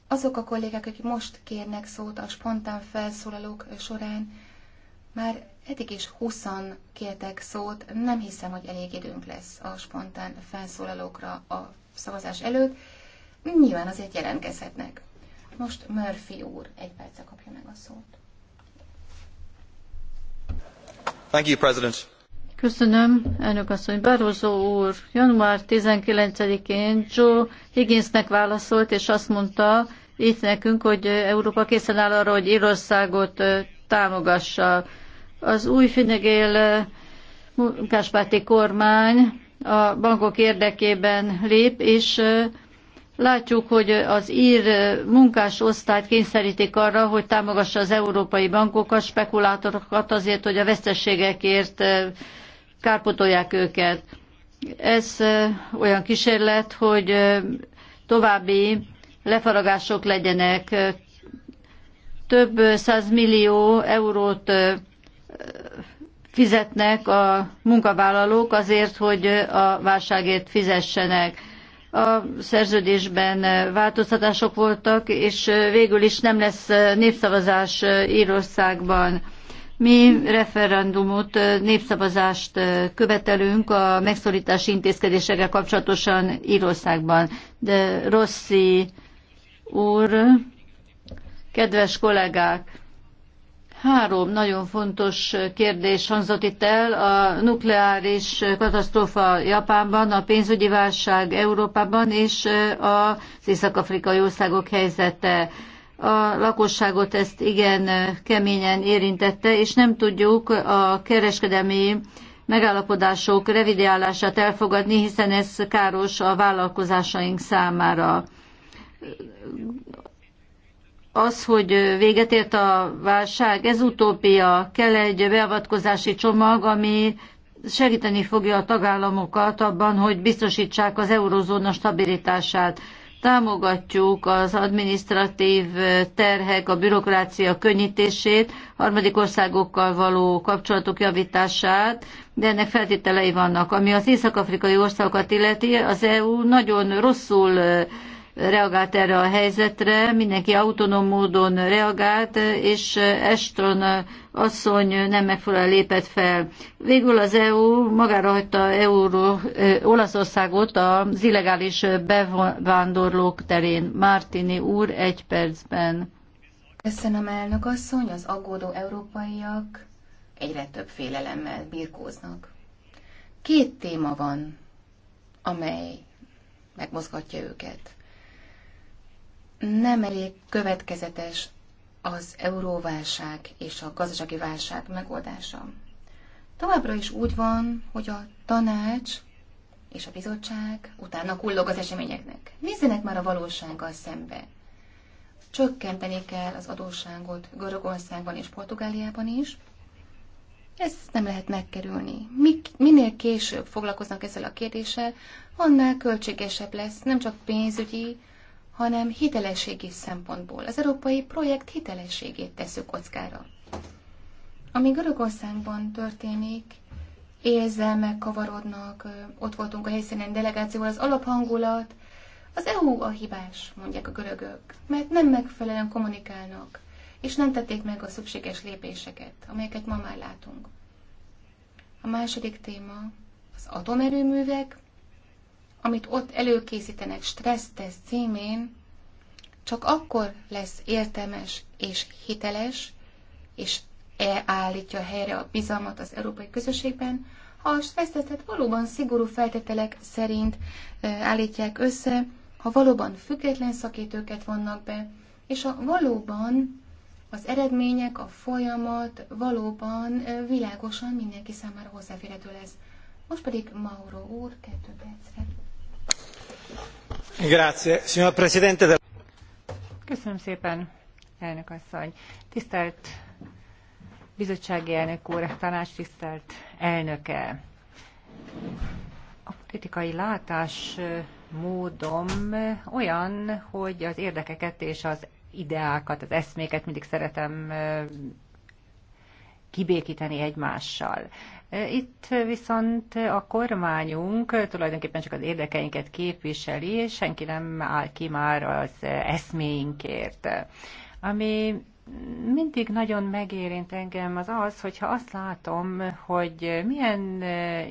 Azok a kollégák, akik most kérnek szót a spontán felszólalók során, már eddig is 20 kértek szót, nem hiszem, hogy elég időnk lesz a spontán felszólalókra a szavazás előtt. Nyilván azért jelentkezhetnek. Most Murphy úr egy perce kapja meg a szót. You, Köszönöm, elnök asszony. Barroso úr január 19-én Joe Higginsnek válaszolt, és azt mondta itt nekünk, hogy Európa készen áll arra, hogy Írországot támogassa. Az új Finegél munkáspárti kormány a bankok érdekében lép, és Látjuk, hogy az ír munkásosztályt kényszerítik arra, hogy támogassa az európai bankokat, spekulátorokat azért, hogy a veszteségekért eh, kárpotolják őket. Ez eh, olyan kísérlet, hogy eh, további lefaragások legyenek. Több százmillió eurót fizetnek a munkavállalók azért, hogy a válságért fizessenek a szerződésben változtatások voltak, és végül is nem lesz népszavazás Írországban. Mi referendumot, népszavazást követelünk a megszorítási intézkedésekkel kapcsolatosan Írországban. De Rossi úr, kedves kollégák, Három nagyon fontos kérdés hangzott itt el, a nukleáris katasztrófa Japánban, a pénzügyi válság Európában és az észak-afrikai országok helyzete. A lakosságot ezt igen keményen érintette, és nem tudjuk a kereskedelmi megállapodások revidiálását elfogadni, hiszen ez káros a vállalkozásaink számára az, hogy véget ért a válság, ez utópia, kell egy beavatkozási csomag, ami segíteni fogja a tagállamokat abban, hogy biztosítsák az eurozóna stabilitását. Támogatjuk az administratív terhek, a bürokrácia könnyítését, harmadik országokkal való kapcsolatok javítását, de ennek feltételei vannak. Ami az észak-afrikai országokat illeti, az EU nagyon rosszul reagált erre a helyzetre, mindenki autonóm módon reagált, és Eston asszony nem megfelelően lépett fel. Végül az EU magára hagyta Euró, Olaszországot az illegális bevándorlók terén. Martini úr, egy percben. Köszönöm, elnök asszony, az aggódó európaiak egyre több félelemmel birkóznak. Két téma van, amely megmozgatja őket nem elég következetes az euróválság és a gazdasági válság megoldása. Továbbra is úgy van, hogy a tanács és a bizottság utána kullog az eseményeknek. Nézzenek már a valósággal szembe. Csökkenteni kell az adósságot Görögországban és Portugáliában is. Ezt nem lehet megkerülni. Mik, minél később foglalkoznak ezzel a kérdéssel, annál költségesebb lesz, nem csak pénzügyi, hanem hitelességi szempontból. Az európai projekt hitelességét tesszük kockára. Ami Görögországban történik, érzelmek kavarodnak, ott voltunk a helyszínen delegációval, az alaphangulat, az EU a hibás, mondják a görögök, mert nem megfelelően kommunikálnak, és nem tették meg a szükséges lépéseket, amelyeket ma már látunk. A második téma az atomerőművek, amit ott előkészítenek stressztesz címén, csak akkor lesz értelmes és hiteles, és elállítja helyre a bizalmat az európai közösségben, ha a stressztesztet valóban szigorú feltételek szerint állítják össze, ha valóban független szakítőket vannak be, és ha valóban az eredmények, a folyamat valóban világosan mindenki számára hozzáférhető lesz. Most pedig Mauro úr, kettő percre. Köszönöm szépen, elnök asszony. Tisztelt bizottsági elnök úr, tanács tisztelt elnöke. A politikai látás módom olyan, hogy az érdekeket és az ideákat, az eszméket mindig szeretem kibékíteni egymással. Itt viszont a kormányunk tulajdonképpen csak az érdekeinket képviseli, és senki nem áll ki már az eszméinkért. Ami mindig nagyon megérint engem az az, hogyha azt látom, hogy milyen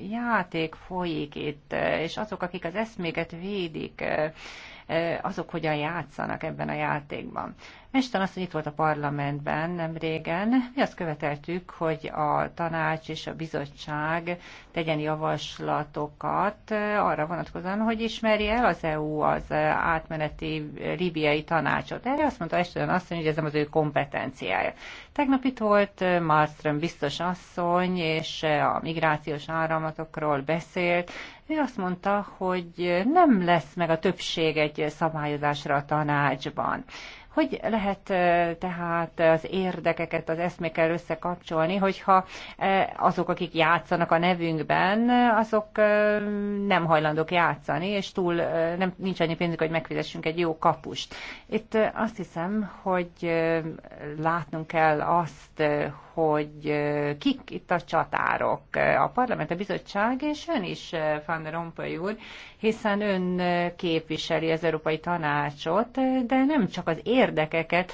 játék folyik itt, és azok, akik az eszméket védik, azok hogyan játszanak ebben a játékban. Mestan azt, hogy itt volt a parlamentben nem régen, mi azt követeltük, hogy a tanács és a bizottság tegyen javaslatokat arra vonatkozóan, hogy ismerje el az EU az átmeneti libiai tanácsot. Erre azt mondta Eston azt, hogy ez nem az ő kompetenciája. Tegnap itt volt Malmström biztos asszony, és a migrációs áramlatokról beszélt, ő azt mondta, hogy nem lesz meg a többség egy szabályozásra a tanácsban. Hogy lehet tehát az érdekeket az eszmékkel összekapcsolni, hogyha azok, akik játszanak a nevünkben, azok nem hajlandók játszani, és túl nem, nincs annyi pénzük, hogy megfizessünk egy jó kapust. Itt azt hiszem, hogy látnunk kell azt, hogy kik itt a csatárok, a parlament, a bizottság, és ön is, Van Rompuy úr, hiszen ön képviseli az Európai Tanácsot, de nem csak az érdekeket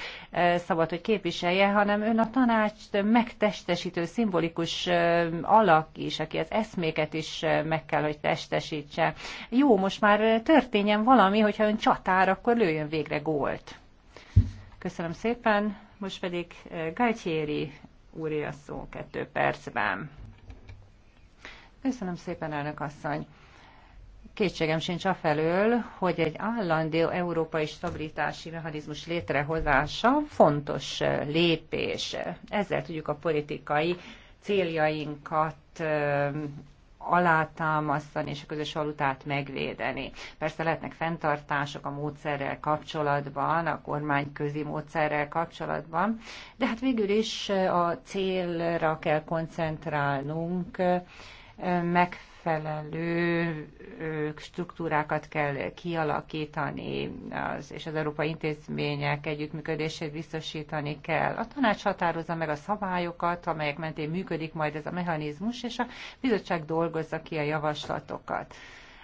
szabad, hogy képviselje, hanem ön a tanács megtestesítő, szimbolikus alak is, aki az eszméket is meg kell, hogy testesítse. Jó, most már történjen valami, hogyha ön csatár, akkor lőjön végre gólt. Köszönöm szépen, most pedig Gajtjéri úri a szó kettő percben. Köszönöm szépen, elnök asszony. Kétségem sincs afelől, hogy egy állandó európai stabilitási mechanizmus létrehozása fontos eh, lépés. Ezzel tudjuk a politikai céljainkat eh, alátámasztani és a közös valutát megvédeni. Persze lehetnek fenntartások a módszerrel kapcsolatban, a kormányközi módszerrel kapcsolatban, de hát végül is eh, a célra kell koncentrálnunk, eh, megfelelően megfelelő struktúrákat kell kialakítani, az, és az európai intézmények együttműködését biztosítani kell. A tanács határozza meg a szabályokat, amelyek mentén működik majd ez a mechanizmus, és a bizottság dolgozza ki a javaslatokat.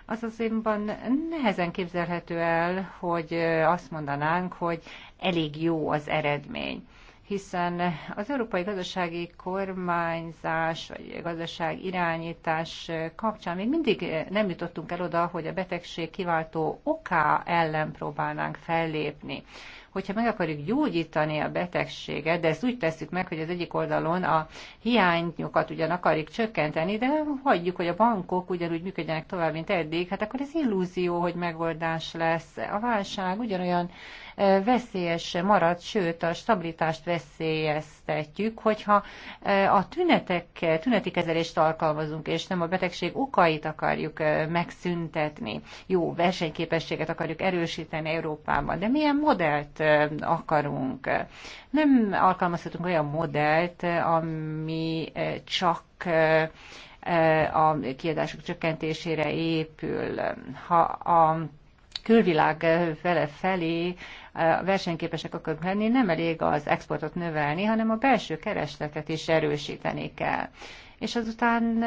Az azonban nehezen képzelhető el, hogy azt mondanánk, hogy elég jó az eredmény hiszen az európai gazdasági kormányzás vagy gazdaság irányítás kapcsán még mindig nem jutottunk el oda, hogy a betegség kiváltó oká ellen próbálnánk fellépni. Hogyha meg akarjuk gyógyítani a betegséget, de ezt úgy tesszük meg, hogy az egyik oldalon a hiányokat ugyan akarjuk csökkenteni, de hagyjuk, hogy a bankok ugyanúgy működjenek tovább, mint eddig, hát akkor ez illúzió, hogy megoldás lesz. A válság ugyanolyan veszélyes marad, sőt a stabilitást veszélyeztetjük, hogyha a tünetek, tüneti kezelést alkalmazunk, és nem a betegség okait akarjuk megszüntetni. Jó, versenyképességet akarjuk erősíteni Európában, de milyen modellt akarunk? Nem alkalmazhatunk olyan modellt, ami csak a kiadások csökkentésére épül. Ha a külvilág vele eh, felé eh, versenyképesek akarunk lenni, nem elég az exportot növelni, hanem a belső keresletet is erősíteni kell és azután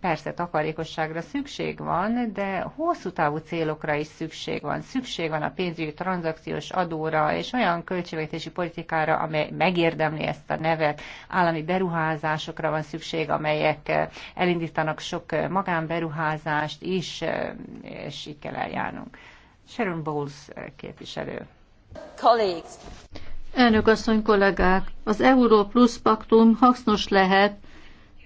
persze takarékosságra szükség van, de hosszú távú célokra is szükség van. Szükség van a pénzügyi tranzakciós adóra és olyan költségvetési politikára, amely megérdemli ezt a nevet. Állami beruházásokra van szükség, amelyek elindítanak sok magánberuházást is, és így kell eljárnunk. Sharon Bowles képviselő. Colleagues. Elnök asszony kollégák, az Euró Plus Paktum hasznos lehet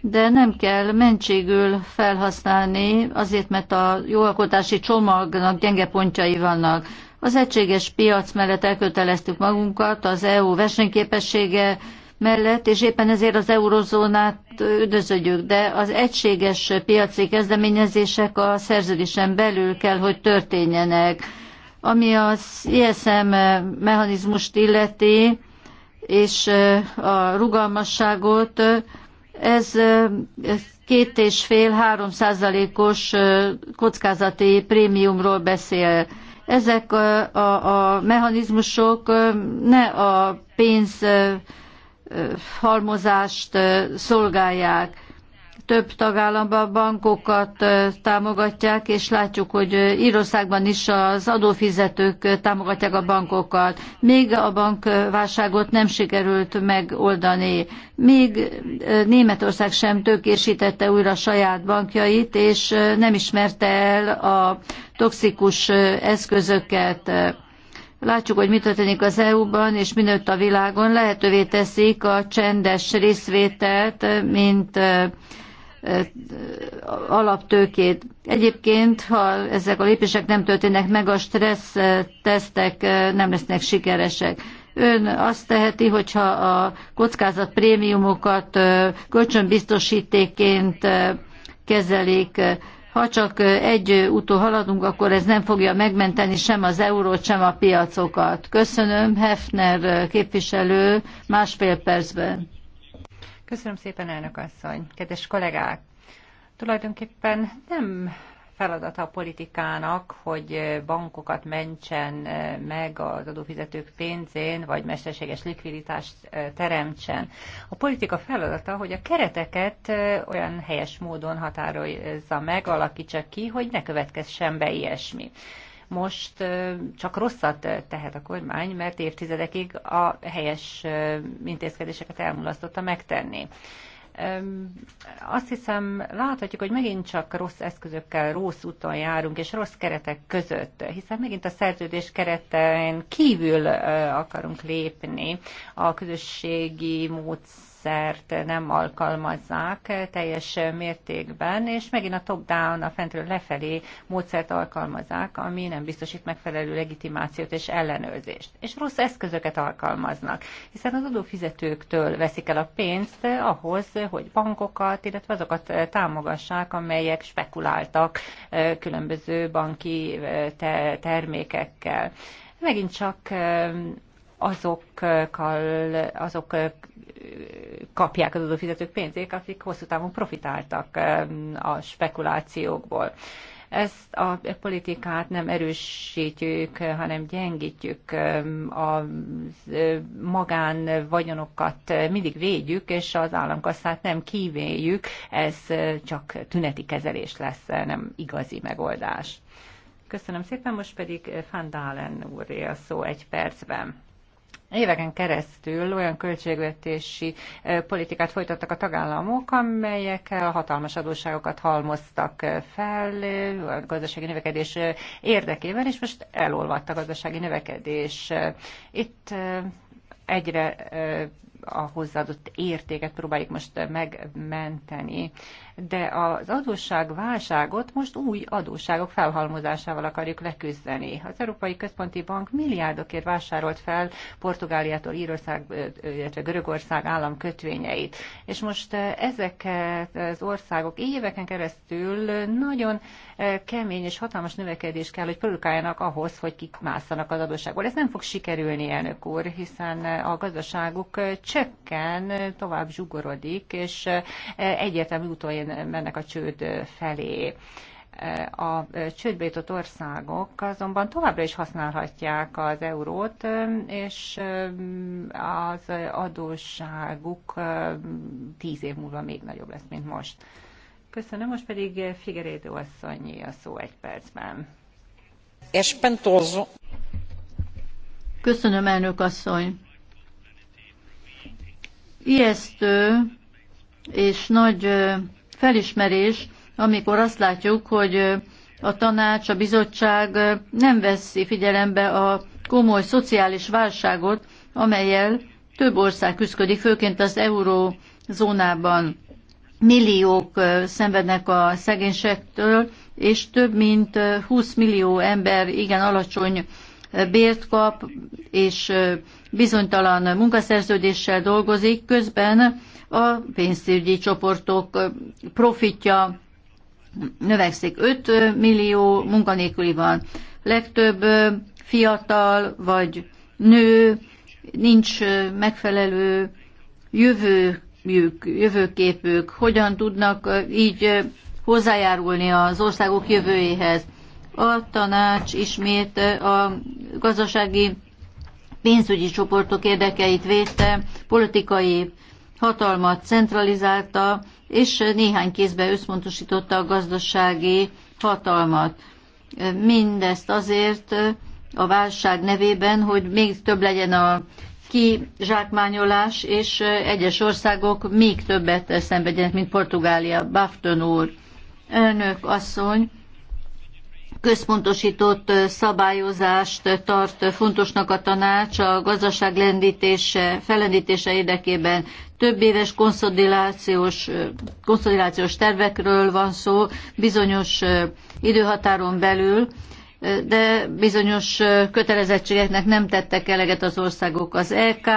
de nem kell mentségül felhasználni, azért mert a jóalkotási csomagnak gyenge pontjai vannak. Az egységes piac mellett elköteleztük magunkat, az EU versenyképessége mellett, és éppen ezért az eurozónát üdözödjük, de az egységes piaci kezdeményezések a szerződésen belül kell, hogy történjenek. Ami az ISM mechanizmust illeti, és a rugalmasságot, ez két és fél, három százalékos kockázati prémiumról beszél. Ezek a, a, a mechanizmusok ne a pénz halmozást szolgálják több tagállamban bankokat támogatják, és látjuk, hogy Írországban is az adófizetők támogatják a bankokat. Még a bankválságot nem sikerült megoldani. Még Németország sem tökésítette újra saját bankjait, és nem ismerte el a toxikus eszközöket. Látjuk, hogy mi történik az EU-ban és mindenütt a világon. Lehetővé teszik a csendes részvételt, mint alaptőkét. Egyébként, ha ezek a lépések nem történnek meg, a stressz tesztek nem lesznek sikeresek. Ön azt teheti, hogyha a kockázat prémiumokat kölcsönbiztosítéként kezelik, ha csak egy utó haladunk, akkor ez nem fogja megmenteni sem az eurót, sem a piacokat. Köszönöm, Hefner képviselő, másfél percben. Köszönöm szépen, elnök asszony. Kedves kollégák, tulajdonképpen nem feladata a politikának, hogy bankokat mentsen eh, meg az adófizetők pénzén, vagy mesterséges likviditást eh, teremtsen. A politika feladata, hogy a kereteket eh, olyan helyes módon határozza meg, alakítsa ki, hogy ne következzen be ilyesmi most csak rosszat tehet a kormány, mert évtizedekig a helyes intézkedéseket elmulasztotta megtenni. Azt hiszem, láthatjuk, hogy megint csak rossz eszközökkel, rossz úton járunk, és rossz keretek között, hiszen megint a szerződés kereten kívül akarunk lépni a közösségi módszer módszert nem alkalmazzák teljes mértékben, és megint a top-down, a fentről lefelé módszert alkalmazzák, ami nem biztosít megfelelő legitimációt és ellenőrzést. És rossz eszközöket alkalmaznak, hiszen az adófizetőktől veszik el a pénzt ahhoz, hogy bankokat, illetve azokat támogassák, amelyek spekuláltak különböző banki termékekkel megint csak azokkal, azok kapják az adófizetők pénzét, akik hosszú távon profitáltak a spekulációkból. Ezt a politikát nem erősítjük, hanem gyengítjük, a magán vagyonokat mindig védjük, és az államkasszát nem kívéljük, ez csak tüneti kezelés lesz, nem igazi megoldás. Köszönöm szépen, most pedig Van Dalen úr a szó egy percben éveken keresztül olyan költségvetési politikát folytattak a tagállamok, a hatalmas adósságokat halmoztak fel a gazdasági növekedés érdekében, és most elolvadt a gazdasági növekedés. Itt egyre a hozzáadott értéket próbáljuk most megmenteni. De az válságot most új adósságok felhalmozásával akarjuk leküzdeni. Az Európai Központi Bank milliárdokért vásárolt fel Portugáliától Írország, illetve Görögország állam kötvényeit. És most ezeket az országok éveken keresztül nagyon kemény és hatalmas növekedés kell, hogy produkáljanak ahhoz, hogy kik mászanak az adósságból. Ez nem fog sikerülni, elnök úr, hiszen a gazdaságuk csökken, tovább zsugorodik, és egyértelmű úton mennek a csőd felé a csődbe jutott országok azonban továbbra is használhatják az eurót, és az adósságuk tíz év múlva még nagyobb lesz, mint most. Köszönöm, most pedig Figueredo asszonyi a szó egy percben. Köszönöm, elnök asszony ijesztő és nagy felismerés, amikor azt látjuk, hogy a tanács, a bizottság nem veszi figyelembe a komoly szociális válságot, amelyel több ország küzdik, főként az eurózónában. Milliók szenvednek a szegénységtől, és több mint 20 millió ember igen alacsony bért kap, és bizonytalan munkaszerződéssel dolgozik, közben a pénzügyi csoportok profitja növekszik. 5 millió munkanélküli van. Legtöbb fiatal vagy nő, nincs megfelelő jövőjük, jövőképük, hogyan tudnak így hozzájárulni az országok jövőjéhez. A tanács ismét a gazdasági pénzügyi csoportok érdekeit védte, politikai hatalmat centralizálta, és néhány kézbe összpontosította a gazdasági hatalmat. Mindezt azért a válság nevében, hogy még több legyen a kizsákmányolás, és egyes országok még többet szenvedjenek, mint Portugália. Bafton úr, elnök asszony, központosított szabályozást tart fontosnak a tanács a gazdaság lendítése, felendítése érdekében. Több éves konszolidációs, konszolidációs tervekről van szó bizonyos időhatáron belül, de bizonyos kötelezettségeknek nem tettek eleget az országok. Az EK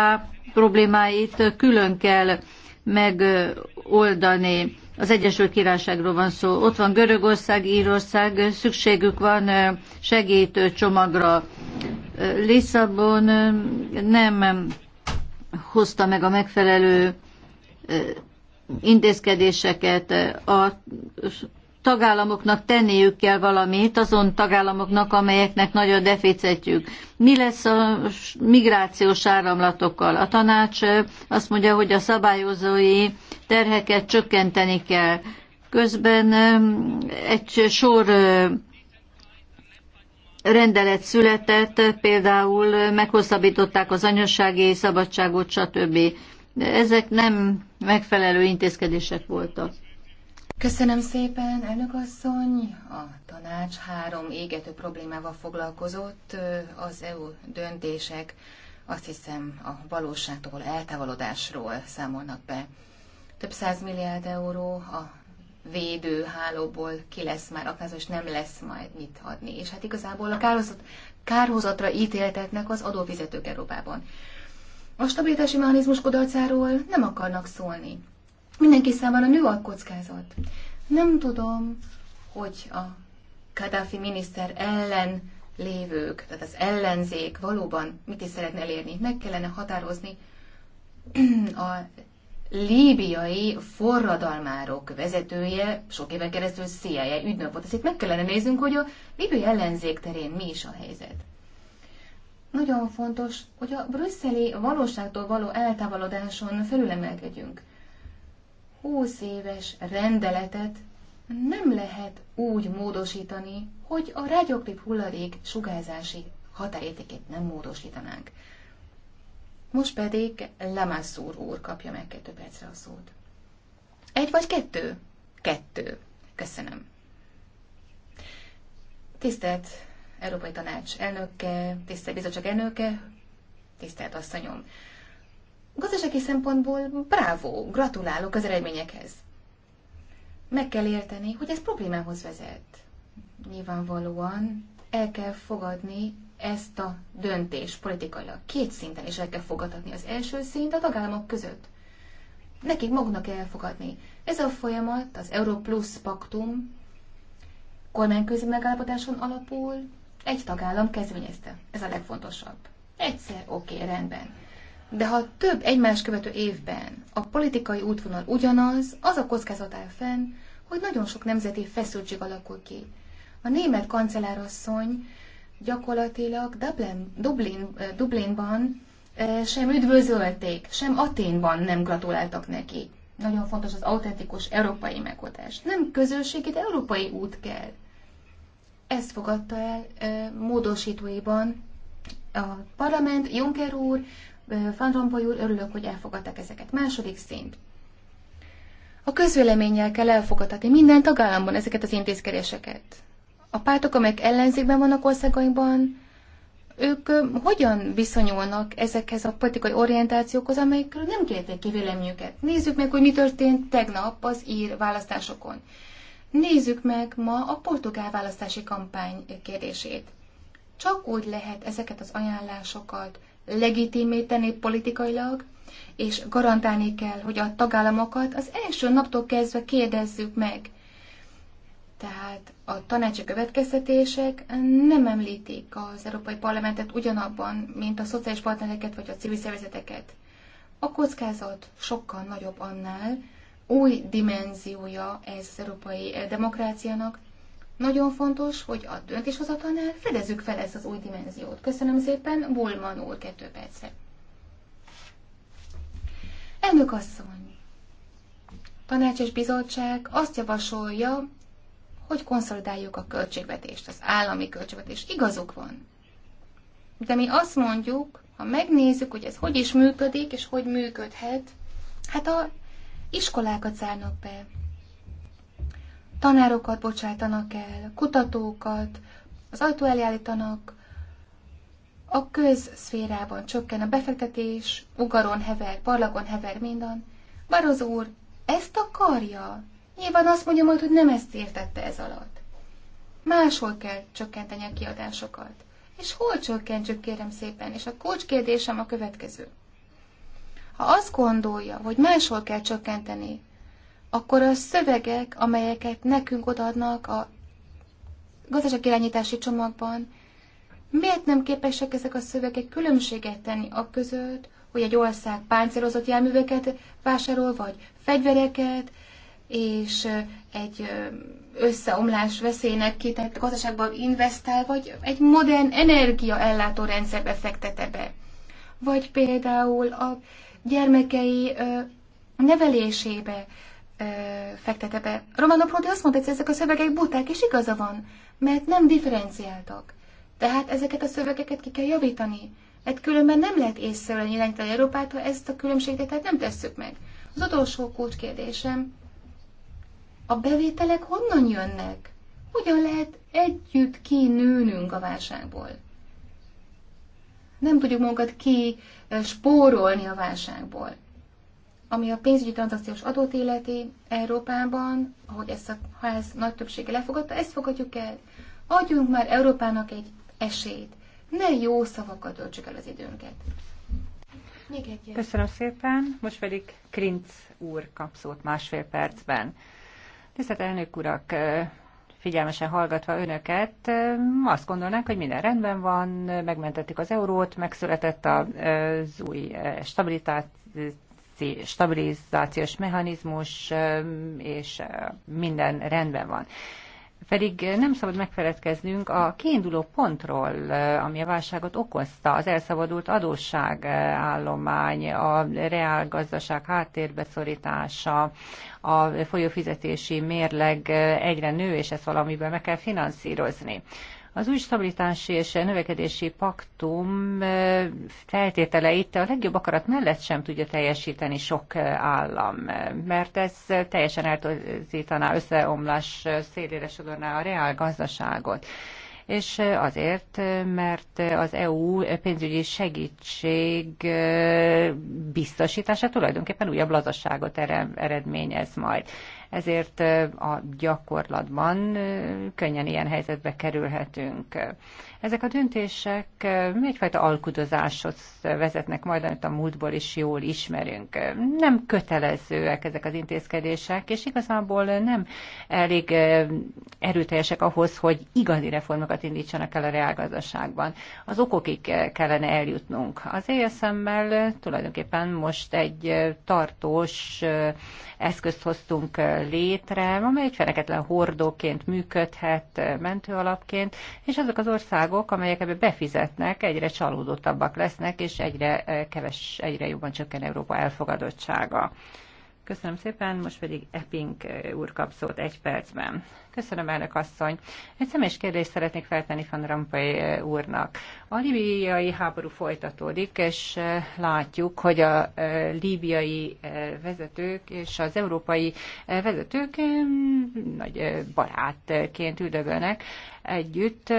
problémáit külön kell megoldani az Egyesült Királyságról van szó. Ott van Görögország, Írország, szükségük van segítő csomagra. Lisszabon nem hozta meg a megfelelő intézkedéseket. A tagállamoknak tenniük kell valamit, azon tagállamoknak, amelyeknek nagy a deficitjük. Mi lesz a migrációs áramlatokkal? A tanács azt mondja, hogy a szabályozói terheket csökkenteni kell. Közben egy sor rendelet született, például meghosszabbították az anyossági szabadságot, stb. Ezek nem megfelelő intézkedések voltak. Köszönöm szépen, elnök asszony! A tanács három égető problémával foglalkozott, az EU döntések azt hiszem a valóságtól eltávolodásról számolnak be. Több száz milliárd euró a védőhálóból ki lesz már akár és nem lesz majd mit adni. És hát igazából a kárhozat, kárhozatra ítéltetnek az adófizetők Európában. A stabilitási mechanizmus kudarcáról nem akarnak szólni. Mindenki számára nő a kockázat. Nem tudom, hogy a Kadáfi miniszter ellen lévők, tehát az ellenzék valóban mit is szeretne elérni. Meg kellene határozni a líbiai forradalmárok vezetője, sok éve keresztül CIA ügynök volt. Ezt meg kellene néznünk, hogy a líbiai ellenzék terén mi is a helyzet. Nagyon fontos, hogy a brüsszeli valóságtól való eltávolodáson felülemelkedjünk. 20 éves rendeletet nem lehet úgy módosítani, hogy a rágyoklip hulladék sugárzási határértékét nem módosítanánk. Most pedig Lamassur úr kapja meg kettő percre a szót. Egy vagy kettő? Kettő. Köszönöm. Tisztelt Európai Tanács elnöke, tisztelt bizottság elnöke, tisztelt asszonyom. Gazdasági szempontból bravo, gratulálok az eredményekhez. Meg kell érteni, hogy ez problémához vezet. Nyilvánvalóan el kell fogadni ezt a döntés politikailag. Két szinten is el kell fogadni. Az első szint a tagállamok között. Nekik maguknak kell elfogadni. Ez a folyamat az Euro Plus paktum kormányközi megállapodáson alapul, egy tagállam kezdeményezte. Ez a legfontosabb. Egyszer, oké, okay, rendben. De ha több egymás követő évben a politikai útvonal ugyanaz, az a kockázat áll fenn, hogy nagyon sok nemzeti feszültség alakul ki. A német kancellárasszony gyakorlatilag Dublin, Dublin, eh, Dublinban eh, sem üdvözölték, sem Aténban nem gratuláltak neki. Nagyon fontos az autentikus európai megoldás. Nem közösségi, de európai út kell. Ezt fogadta el eh, módosítóiban a parlament, Juncker úr, van Rompuy úr, örülök, hogy elfogadták ezeket. Második szint. A közvéleménnyel kell elfogadni minden tagállamban ezeket az intézkedéseket. A pártok, amelyek ellenzékben vannak országainkban, ők hogyan viszonyulnak ezekhez a politikai orientációkhoz, amelyekről nem kérték ki véleményüket. Nézzük meg, hogy mi történt tegnap az ír választásokon. Nézzük meg ma a portugál választási kampány kérdését. Csak úgy lehet ezeket az ajánlásokat legitimé tenni politikailag, és garantálni kell, hogy a tagállamokat az első naptól kezdve kérdezzük meg. Tehát a tanácsi következtetések nem említik az Európai Parlamentet ugyanabban, mint a szociális partnereket vagy a civil szervezeteket. A kockázat sokkal nagyobb annál, új dimenziója ez az európai eh, demokráciának, nagyon fontos, hogy a döntéshozatalnál fedezzük fel ezt az új dimenziót. Köszönöm szépen, Bulman úr, kettő percre. Elnök asszony, tanácsos bizottság azt javasolja, hogy konszolidáljuk a költségvetést, az állami költségvetést. Igazuk van. De mi azt mondjuk, ha megnézzük, hogy ez hogy is működik, és hogy működhet, hát a iskolákat zárnak be, tanárokat bocsájtanak el, kutatókat, az ajtó eljállítanak, a közszférában csökken a befektetés, ugaron hever, parlagon hever minden. Barozó úr, ezt akarja? Nyilván azt mondja majd, hogy nem ezt értette ez alatt. Máshol kell csökkenteni a kiadásokat. És hol csökkentsük, kérem szépen? És a kérdésem a következő. Ha azt gondolja, hogy máshol kell csökkenteni, akkor a szövegek, amelyeket nekünk odaadnak a gazdaságirányítási csomagban, miért nem képesek ezek a szövegek különbséget tenni a között, hogy egy ország páncélozott járműveket vásárol, vagy fegyvereket, és egy összeomlás veszélynek kitett gazdaságban investál, vagy egy modern energiaellátó rendszerbe fektete be. Vagy például a gyermekei nevelésébe, fektete be. Romano Prodi azt mondta, hogy ezek a szövegek buták, és igaza van, mert nem differenciáltak. Tehát ezeket a szövegeket ki kell javítani, mert különben nem lehet észszerűen irányítani Európát, ha ezt a tehát nem tesszük meg. Az utolsó kulcskérdésem, a bevételek honnan jönnek? Hogyan lehet együtt kinőnünk a válságból? Nem tudjuk magunkat ki spórolni a válságból. Ami a pénzügyi tranzakciós adót illeti Európában, ahogy ezt a ház nagy többsége lefogadta, ezt fogadjuk el. Adjunk már Európának egy esélyt. Ne jó szavakkal töltsük el az időnket. Még egy Köszönöm szépen. Most pedig Krinc úr kap szót másfél percben. Tisztelt elnök urak, figyelmesen hallgatva önöket, azt gondolnánk, hogy minden rendben van, megmentettük az eurót, megszületett az új stabilitás stabilizációs mechanizmus, és minden rendben van. Pedig nem szabad megfeledkeznünk a kiinduló pontról, ami a válságot okozta, az elszabadult adósságállomány, a gazdaság háttérbeszorítása, a folyófizetési mérleg egyre nő, és ezt valamiben meg kell finanszírozni. Az új stabilitási és növekedési paktum feltételeit a legjobb akarat mellett sem tudja teljesíteni sok állam, mert ez teljesen eltorzítaná, összeomlás szélére sodorná a reál gazdaságot és azért, mert az EU pénzügyi segítség biztosítása tulajdonképpen újabb lazasságot eredményez majd ezért a gyakorlatban könnyen ilyen helyzetbe kerülhetünk. Ezek a döntések egyfajta alkudozáshoz vezetnek majd, amit a múltból is jól ismerünk. Nem kötelezőek ezek az intézkedések, és igazából nem elég erőteljesek ahhoz, hogy igazi reformokat indítsanak el a reálgazdaságban. Az okokig kellene eljutnunk. Az ESM-mel tulajdonképpen most egy tartós eszközt hoztunk létre, amely feneketlen hordóként működhet, mentőalapként, és azok az országok, amelyek ebbe befizetnek, egyre csalódottabbak lesznek, és egyre, eh, keves, egyre jobban csökken Európa elfogadottsága. Köszönöm szépen, most pedig Epping úr kap szót egy percben. Köszönöm, elnök asszony. Egy személyes kérdést szeretnék feltenni Van Rampai úrnak. A líbiai háború folytatódik, és látjuk, hogy a líbiai vezetők és az európai vezetők nagy barátként üldögölnek együtt.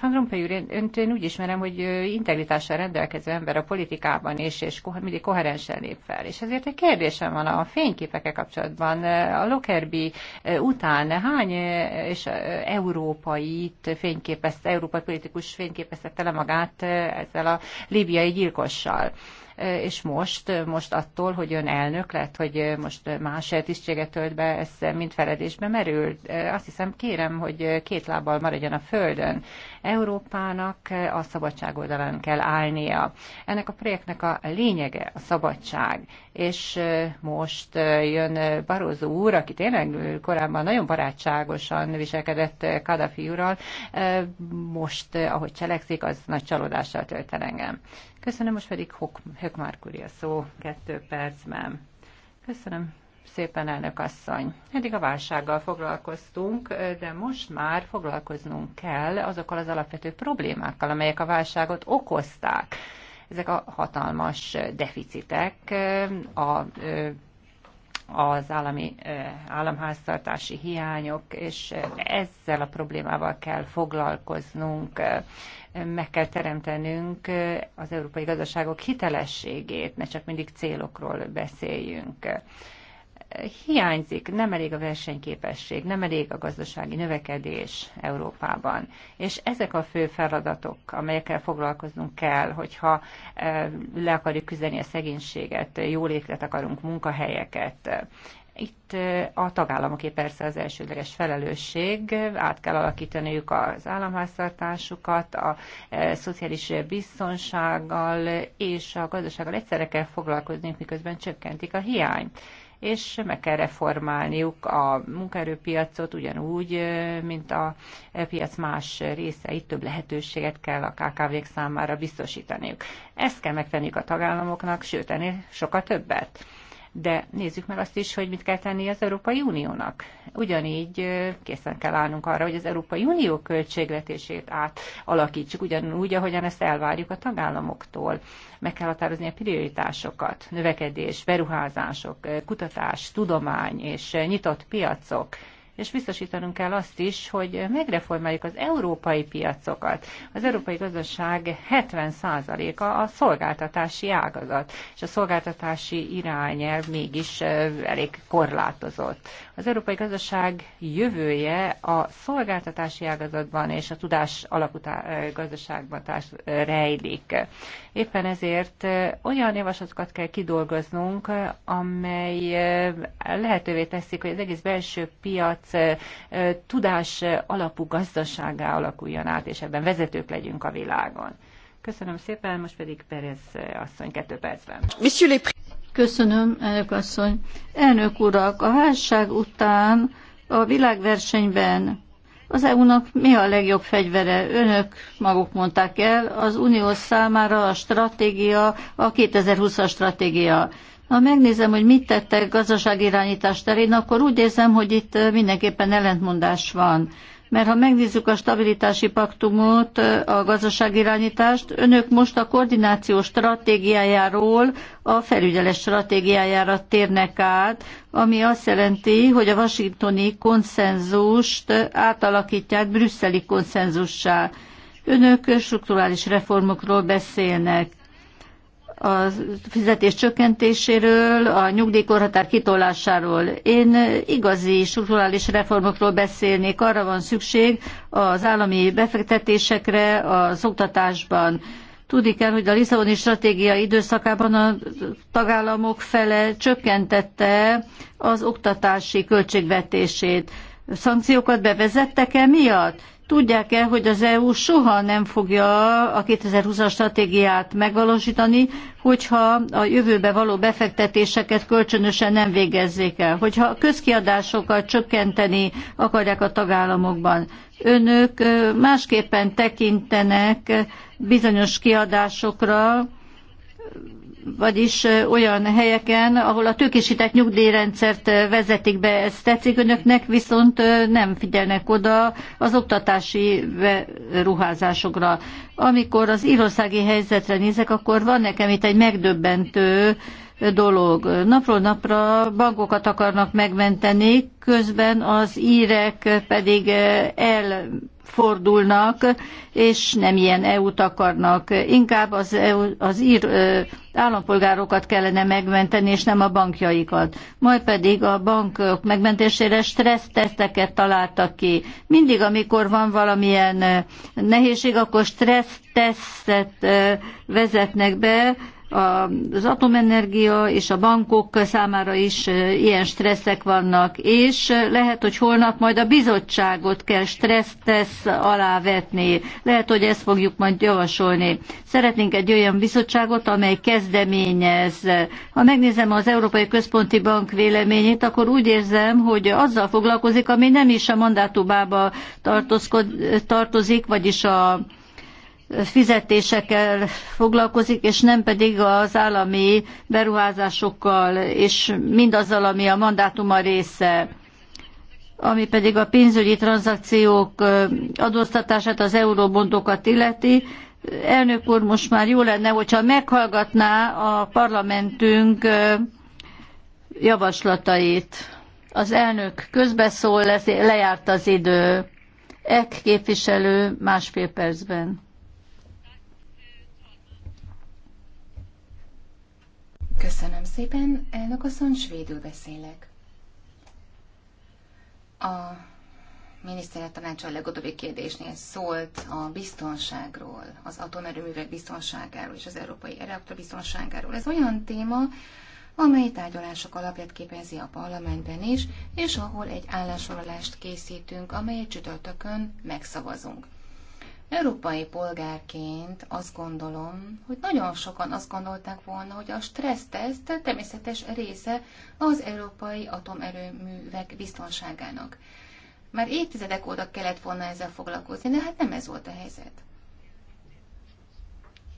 Van Rompuy úr, önt én úgy ismerem, hogy integritással rendelkező ember a politikában is, és mindig koherensen lép fel. És ezért egy kérdésem van a fényképekkel kapcsolatban. A Lokerbi után hány és európait fényképezte, európai politikus fényképezte le magát ezzel a líbiai gyilkossal? és most, most attól, hogy ön elnök lett, hogy most más tisztséget tölt be, ez mind feledésbe merül. Azt hiszem, kérem, hogy két lábbal maradjon a földön. Európának a szabadság oldalán kell állnia. Ennek a projektnek a lényege a szabadság, és most jön Barózó úr, aki tényleg korábban nagyon barátságosan viselkedett Kadafi úrral, most, ahogy cselekszik, az nagy csalódással tölt el engem. Köszönöm, most pedig Hökmárk a szó kettő percben. Köszönöm, szépen, elnök asszony. Eddig a válsággal foglalkoztunk, de most már foglalkoznunk kell azokkal az alapvető problémákkal, amelyek a válságot okozták. Ezek a hatalmas deficitek, a az állami államháztartási hiányok, és ezzel a problémával kell foglalkoznunk, meg kell teremtenünk az európai gazdaságok hitelességét, ne csak mindig célokról beszéljünk hiányzik, nem elég a versenyképesség, nem elég a gazdasági növekedés Európában. És ezek a fő feladatok, amelyekkel foglalkoznunk kell, hogyha e, le akarjuk küzdeni a szegénységet, jólétet akarunk, munkahelyeket, itt e, a tagállamoké persze az elsődleges felelősség, át kell alakítaniuk az államháztartásukat, a e, szociális biztonsággal és a gazdasággal egyszerre kell foglalkozni, miközben csökkentik a hiányt és meg kell reformálniuk a munkaerőpiacot ugyanúgy, mint a piac más részeit, több lehetőséget kell a KKV-k számára biztosítaniuk. Ezt kell megtenniük a tagállamoknak, sőt, ennél sokkal többet de nézzük meg azt is, hogy mit kell tenni az Európai Uniónak. Ugyanígy készen kell állnunk arra, hogy az Európai Unió költségvetését átalakítsuk, ugyanúgy, ahogyan ezt elvárjuk a tagállamoktól. Meg kell határozni a prioritásokat, növekedés, beruházások, kutatás, tudomány és nyitott piacok és biztosítanunk kell azt is, hogy megreformáljuk az európai piacokat. Az európai gazdaság 70%-a a szolgáltatási ágazat, és a szolgáltatási irányelv mégis elég korlátozott. Az európai gazdaság jövője a szolgáltatási ágazatban és a tudás alapú gazdaságban rejlik. Éppen ezért olyan javaslatokat kell kidolgoznunk, amely lehetővé teszik, hogy az egész belső piac piac hát, tudás alapú gazdaságá alakuljon át, és ebben vezetők legyünk a világon. Köszönöm szépen, most pedig Perez asszony kettő percben. Köszönöm, elnök asszony. Elnök urak, a válság után a világversenyben az EU-nak mi a legjobb fegyvere? Önök maguk mondták el, az unió számára a stratégia, a 2020-as stratégia. Ha megnézem, hogy mit tettek gazdaságirányítás terén, akkor úgy érzem, hogy itt mindenképpen ellentmondás van. Mert ha megnézzük a stabilitási paktumot, a gazdaságirányítást, önök most a koordináció stratégiájáról a felügyelet stratégiájára térnek át, ami azt jelenti, hogy a washingtoni konszenzust átalakítják brüsszeli konszenzussá. Önök strukturális reformokról beszélnek a fizetés csökkentéséről, a nyugdíjkorhatár kitolásáról. Én igazi strukturális reformokról beszélnék. Arra van szükség az állami befektetésekre, az oktatásban. Tudni kell, hogy a Lisszaboni stratégia időszakában a tagállamok fele csökkentette az oktatási költségvetését. Szankciókat bevezettek e miatt? Tudják-e, hogy az EU soha nem fogja a 2020-as stratégiát megvalósítani, hogyha a jövőbe való befektetéseket kölcsönösen nem végezzék el, hogyha a közkiadásokat csökkenteni akarják a tagállamokban. Önök másképpen tekintenek bizonyos kiadásokra, vagyis olyan helyeken, ahol a tőkésített nyugdíjrendszert vezetik be, ez tetszik önöknek, viszont nem figyelnek oda az oktatási ruházásokra. Amikor az írországi helyzetre nézek, akkor van nekem itt egy megdöbbentő dolog. Napról napra bankokat akarnak megmenteni, közben az írek pedig eh, elfordulnak, és nem ilyen EU-t akarnak. Inkább az, EU, az ír eh, állampolgárokat kellene megmenteni, és nem a bankjaikat. Majd pedig a bankok megmentésére stresszteszteket találtak ki. Mindig, amikor van valamilyen eh, nehézség, akkor stressztesztet vezetnek be, az atomenergia és a bankok számára is ilyen stresszek vannak, és lehet, hogy holnap majd a bizottságot kell stressztesz alá vetni. Lehet, hogy ezt fogjuk majd javasolni. Szeretnénk egy olyan bizottságot, amely kezdeményez. Ha megnézem az Európai Központi Bank véleményét, akkor úgy érzem, hogy azzal foglalkozik, ami nem is a mandátumába tartozik, vagyis a fizetésekkel foglalkozik, és nem pedig az állami beruházásokkal, és mindazzal, ami a mandátuma része ami pedig a pénzügyi tranzakciók adóztatását, az euróbondokat illeti. Elnök úr, most már jó lenne, hogyha meghallgatná a parlamentünk javaslatait. Az elnök közbeszól, lejárt az idő. Ek képviselő másfél percben. Köszönöm szépen, elnök asszony, svédül beszélek. A miniszterelnök tanácsa a legutóbbi kérdésnél szólt a biztonságról, az atomerőművek biztonságáról és az európai reaktor biztonságáról. Ez olyan téma, amely tárgyalások alapját képezi a parlamentben is, és ahol egy állásfoglalást készítünk, amelyet csütörtökön megszavazunk. Európai polgárként azt gondolom, hogy nagyon sokan azt gondolták volna, hogy a stresszteszt természetes része az európai atomerőművek biztonságának. Már évtizedek óta kellett volna ezzel foglalkozni, de hát nem ez volt a helyzet.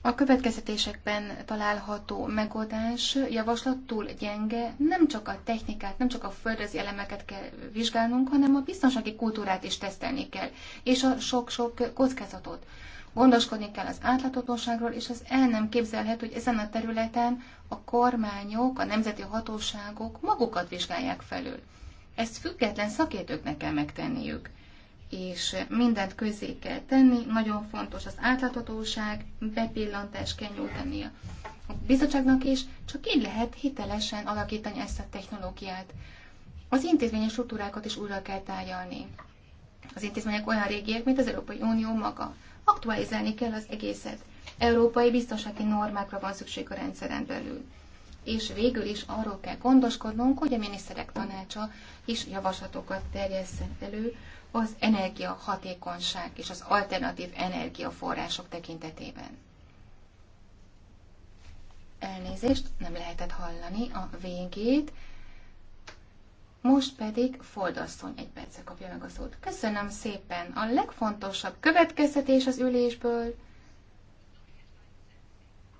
A következetésekben található megoldás javaslat túl gyenge, nem csak a technikát, nem csak a földrajzi elemeket kell vizsgálnunk, hanem a biztonsági kultúrát is tesztelni kell, és a sok-sok kockázatot. Gondoskodni kell az átláthatóságról, és az el nem képzelhet, hogy ezen a területen a kormányok, a nemzeti hatóságok magukat vizsgálják felül. Ezt független szakértőknek kell megtenniük és mindent közé kell tenni. Nagyon fontos az átláthatóság, bepillantás kell nyújtani a bizottságnak is, csak így lehet hitelesen alakítani ezt a technológiát. Az intézményes struktúrákat is újra kell tájalni. Az intézmények olyan régiek, mint az Európai Unió maga. Aktualizálni kell az egészet. Európai biztonsági normákra van szükség a rendszeren belül. És végül is arról kell gondoskodnunk, hogy a miniszterek tanácsa is javaslatokat terjesszen elő az energiahatékonyság és az alternatív energiaforrások tekintetében. Elnézést, nem lehetett hallani a végét. Most pedig Foldasszony egy percet, kapja meg a szót. Köszönöm szépen! A legfontosabb következtetés az ülésből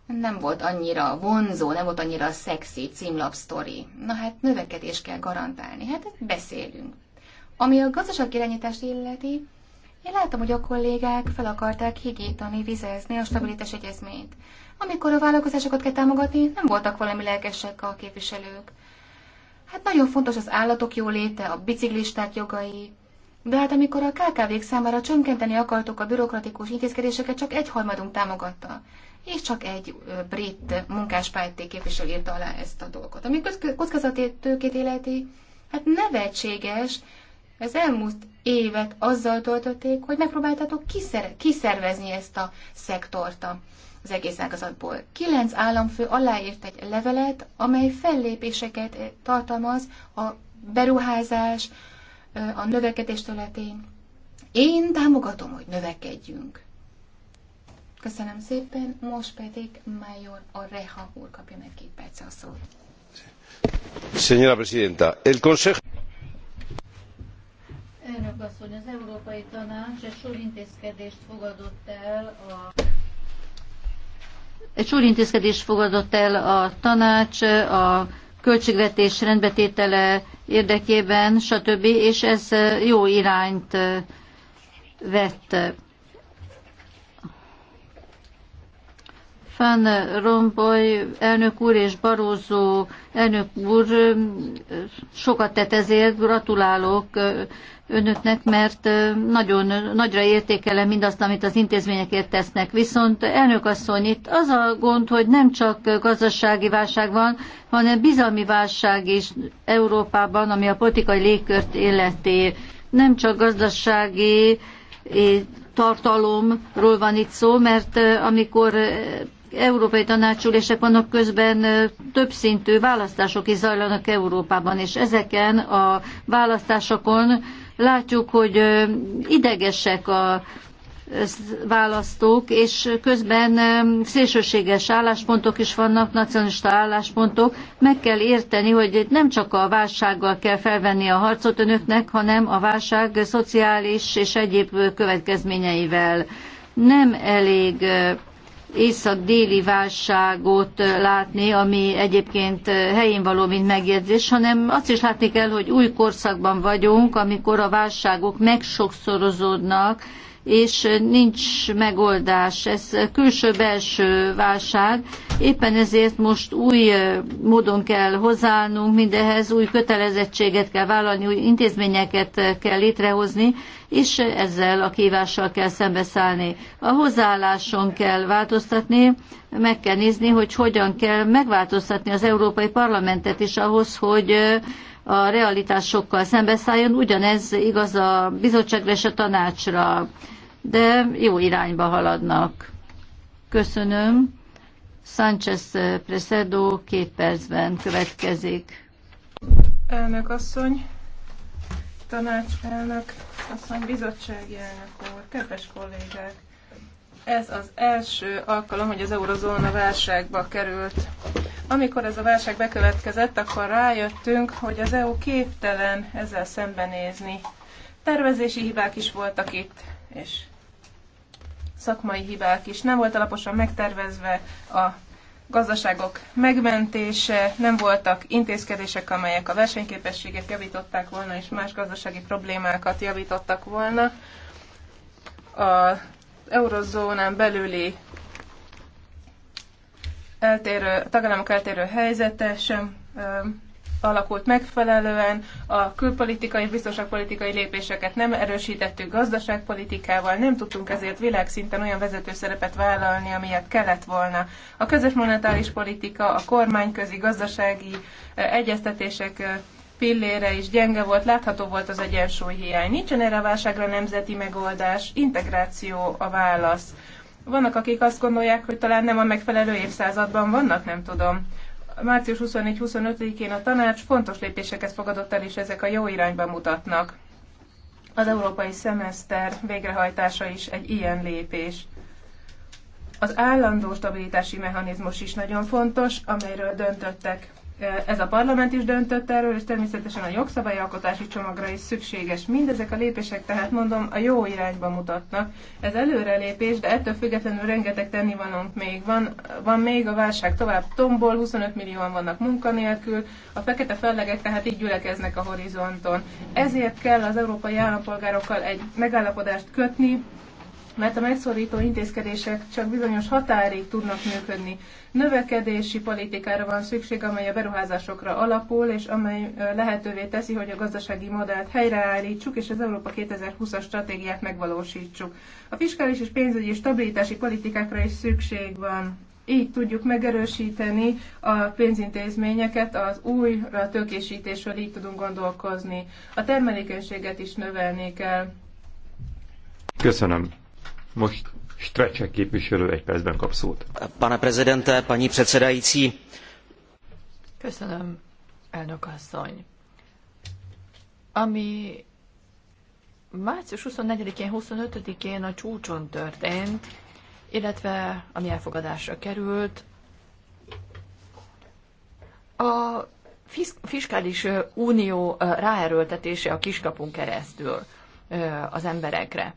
nem volt annyira vonzó, nem volt annyira szexi címlap sztori. Na hát növekedés kell garantálni. Hát beszélünk, ami a gazdaság irányítást illeti, én látom, hogy a kollégák fel akarták higítani, vizezni a stabilitás egyezményt. Amikor a vállalkozásokat kell támogatni, nem voltak valami lelkesek a képviselők. Hát nagyon fontos az állatok jóléte, a biciklisták jogai, de hát amikor a KKV-k számára csönkenteni akartok a bürokratikus intézkedéseket, csak egy harmadunk támogatta. És csak egy brit munkáspárti képviselő írta alá ezt a dolgot. Ami kockázatét tőkét életi, hát nevetséges, az elmúlt évet azzal töltötték, hogy megpróbáltatok kiszer- kiszervezni ezt a szektort az egész ágazatból. Kilenc államfő aláírt egy levelet, amely fellépéseket eh, tartalmaz a beruházás, eh, a növekedés területén. Én támogatom, hogy növekedjünk. Köszönöm szépen, most pedig Major a Reha úr kapja meg két perc a szót. Señora Presidenta, el Consejo... Elnök asszony, az Európai Tanács egy sor intézkedést fogadott el a egy sor intézkedést fogadott el a tanács, a költségvetés rendbetétele érdekében, stb., és ez jó irányt vett. Fan Rompuy elnök úr és Barózó elnök úr sokat tett ezért, gratulálok önöknek, mert nagyon nagyra értékelem mindazt, amit az intézményekért tesznek. Viszont elnök asszony, itt az a gond, hogy nem csak gazdasági válság van, hanem bizalmi válság is Európában, ami a politikai légkört életé. Nem csak gazdasági tartalomról van itt szó, mert amikor európai tanácsülések vannak közben többszintű választások is zajlanak Európában, és ezeken a választásokon látjuk, hogy idegesek a választók, és közben szélsőséges álláspontok is vannak, nacionalista álláspontok. Meg kell érteni, hogy nem csak a válsággal kell felvenni a harcot önöknek, hanem a válság szociális és egyéb következményeivel. Nem elég észak-déli válságot látni, ami egyébként helyén való, mint megjegyzés, hanem azt is látni kell, hogy új korszakban vagyunk, amikor a válságok megsokszorozódnak, és nincs megoldás. Ez külső-belső válság. Éppen ezért most új módon kell hozzáállnunk mindehez, új kötelezettséget kell vállalni, új intézményeket kell létrehozni, és ezzel a kívással kell szembeszállni. A hozzáálláson kell változtatni, meg kell nézni, hogy hogyan kell megváltoztatni az Európai Parlamentet is ahhoz, hogy a realitásokkal szembeszálljon. Ugyanez igaz a bizottságra és a tanácsra, de jó irányba haladnak. Köszönöm. Sánchez Presedo két percben következik. Elnök asszony, tanácselnök asszony, bizottsági elnök úr, kedves kollégák! Ez az első alkalom, hogy az eurozóna válságba került. Amikor ez a válság bekövetkezett, akkor rájöttünk, hogy az EU képtelen ezzel szembenézni. Tervezési hibák is voltak itt, és szakmai hibák is. Nem volt alaposan megtervezve a gazdaságok megmentése, nem voltak intézkedések, amelyek a versenyképességet javították volna, és más gazdasági problémákat javítottak volna. A eurozónán belüli eltérő, tagállamok eltérő helyzete sem alakult megfelelően, a külpolitikai, biztonságpolitikai lépéseket nem erősítettük gazdaságpolitikával, nem tudtunk ezért világszinten olyan vezető szerepet vállalni, amilyet kellett volna. A közös monetáris politika, a kormányközi gazdasági egyeztetések pillére is gyenge volt, látható volt az egyensúly hiány. Nincsen erre a válságra nemzeti megoldás, integráció a válasz. Vannak, akik azt gondolják, hogy talán nem a megfelelő évszázadban vannak, nem tudom. Március 24-25-én a tanács fontos lépéseket fogadott el, és ezek a jó irányba mutatnak. Az európai szemeszter végrehajtása is egy ilyen lépés. Az állandó stabilitási mechanizmus is nagyon fontos, amelyről döntöttek ez a parlament is döntött erről, és természetesen a jogszabályalkotási csomagra is szükséges. Mindezek a lépések tehát mondom a jó irányba mutatnak. Ez előrelépés, de ettől függetlenül rengeteg tennivalónk még van. Van még a válság tovább tombol, 25 millióan vannak munkanélkül, a fekete fellegek tehát így gyülekeznek a horizonton. Ezért kell az európai állampolgárokkal egy megállapodást kötni, mert a megszorító intézkedések csak bizonyos határig tudnak működni. Növekedési politikára van szükség, amely a beruházásokra alapul, és amely lehetővé teszi, hogy a gazdasági modellt helyreállítsuk, és az Európa 2020-as stratégiát megvalósítsuk. A fiskális és pénzügyi stabilitási politikákra is szükség van így tudjuk megerősíteni a pénzintézményeket, az újra tökésítésről így tudunk gondolkozni. A termelékenységet is növelni kell. Köszönöm. Most Strecse képviselő egy percben kap szót. Pane prezidente, pani předsedající. Köszönöm, elnök asszony. Ami március 24-én, 25-én a csúcson történt, illetve ami elfogadásra került, a fiskális unió ráerőltetése a kiskapun keresztül az emberekre.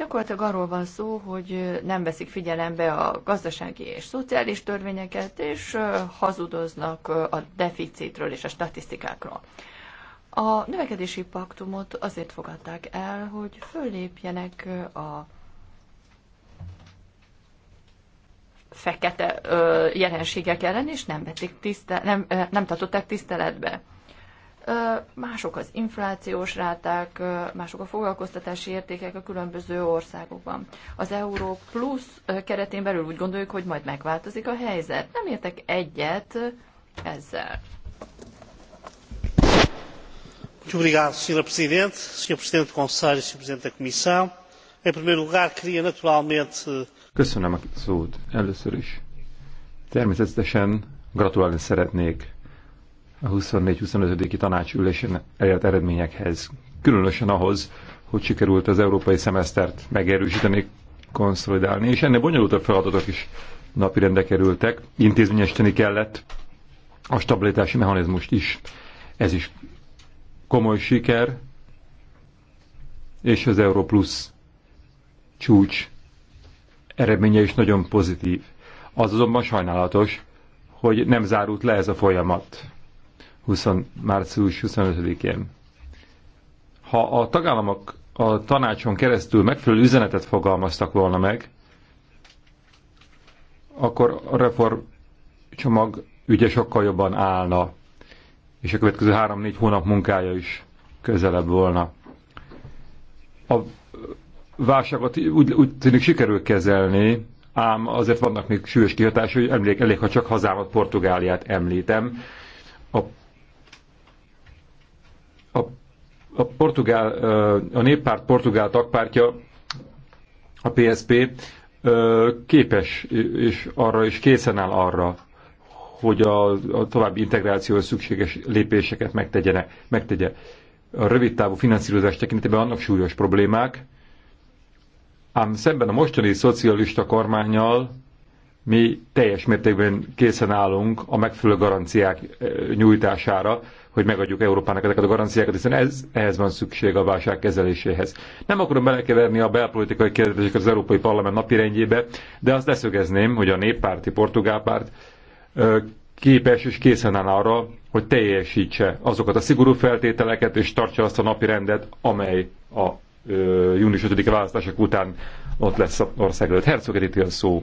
Gyakorlatilag arról van szó, hogy nem veszik figyelembe a gazdasági és szociális törvényeket, és hazudoznak a deficitről és a statisztikákról. A növekedési paktumot azért fogadták el, hogy föllépjenek a fekete jelenségek ellen, és nem, vették tisztel, nem, nem tartották tiszteletbe mások az inflációs ráták, mások a foglalkoztatási értékek a különböző országokban. Az Euró plusz keretén belül úgy gondoljuk, hogy majd megváltozik a helyzet. Nem értek egyet ezzel. Muito obrigado, Sr. Presidente, Sr. Presidente do Conselho, Sr. Presidente da Comissão. Em primeiro lugar, queria naturalmente... Köszönöm a szót először is. Természetesen gratulálni szeretnék a 24-25. tanácsülésen elért eredményekhez. Különösen ahhoz, hogy sikerült az európai szemesztert megerősíteni, konszolidálni, és ennél bonyolultabb feladatok is napirendre kerültek. Intézményesíteni kellett a stabilitási mechanizmust is. Ez is komoly siker, és az Euro Plus csúcs eredménye is nagyon pozitív. Az azonban sajnálatos, hogy nem zárult le ez a folyamat. 20, március 25-én. Ha a tagállamok a tanácson keresztül megfelelő üzenetet fogalmaztak volna meg, akkor a reformcsomag ügye sokkal jobban állna, és a következő három-négy hónap munkája is közelebb volna. A válságot úgy, úgy tűnik sikerül kezelni, ám azért vannak még súlyos kihatások, hogy emlék, elég, ha csak hazámat, Portugáliát említem, a, portugál, a néppárt portugál tagpártja, a PSP képes és arra is készen áll arra, hogy a, a további integrációhoz szükséges lépéseket megtegyenek, megtegye. A rövid távú finanszírozás tekintetében annak súlyos problémák, ám szemben a mostani szocialista kormányjal mi teljes mértékben készen állunk a megfelelő garanciák nyújtására, hogy megadjuk Európának ezeket a garanciákat, hiszen ez, ehhez van szükség a válság kezeléséhez. Nem akarom belekeverni a belpolitikai kérdéseket az Európai Parlament napirendjébe, de azt leszögezném, hogy a néppárti portugál képes és készen áll arra, hogy teljesítse azokat a szigorú feltételeket, és tartsa azt a napi rendet, amely a ö, június 5 választások után ott lesz a ország előtt. Herzog a szó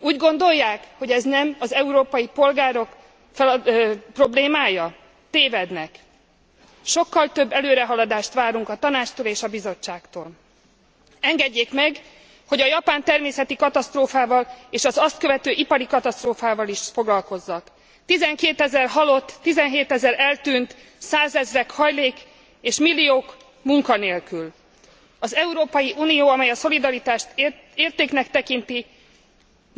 úgy gondolják hogy ez nem az európai polgárok problémája? tévednek. sokkal több előrehaladást várunk a tanácstól és a bizottságtól. engedjék meg hogy a japán természeti katasztrófával és az azt követő ipari katasztrófával is foglalkozzak. twelve zero halott seventeen zero eltűnt százezrek hajlék és milliók munkanélkül. az európai unió amely a szolidaritást értéknek tekinti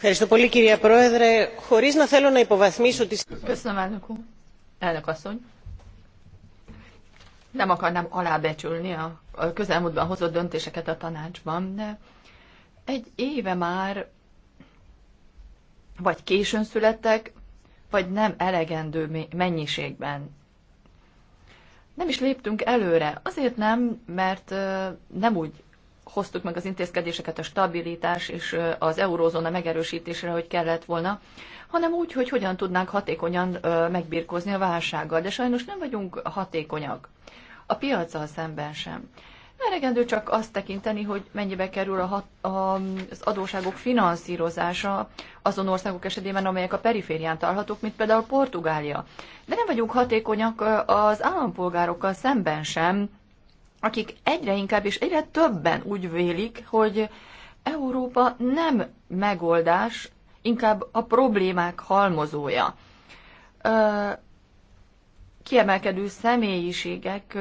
Köszönöm, elnök úr. Elnök asszony. Nem akarnám alábecsülni a közelmúltban hozott döntéseket a tanácsban, de egy éve már vagy későn születtek, vagy nem elegendő mennyiségben. Nem is léptünk előre. Azért nem, mert nem úgy hoztuk meg az intézkedéseket a stabilitás és az eurózóna megerősítésre, hogy kellett volna, hanem úgy, hogy hogyan tudnánk hatékonyan megbírkozni a válsággal. De sajnos nem vagyunk hatékonyak. A piacsal szemben sem. Elegendő csak azt tekinteni, hogy mennyibe kerül a hat, a, az adóságok finanszírozása azon országok esetében, amelyek a periférián találhatók, mint például Portugália. De nem vagyunk hatékonyak az állampolgárokkal szemben sem, akik egyre inkább és egyre többen úgy vélik, hogy Európa nem megoldás, inkább a problémák halmozója. Kiemelkedő személyiségek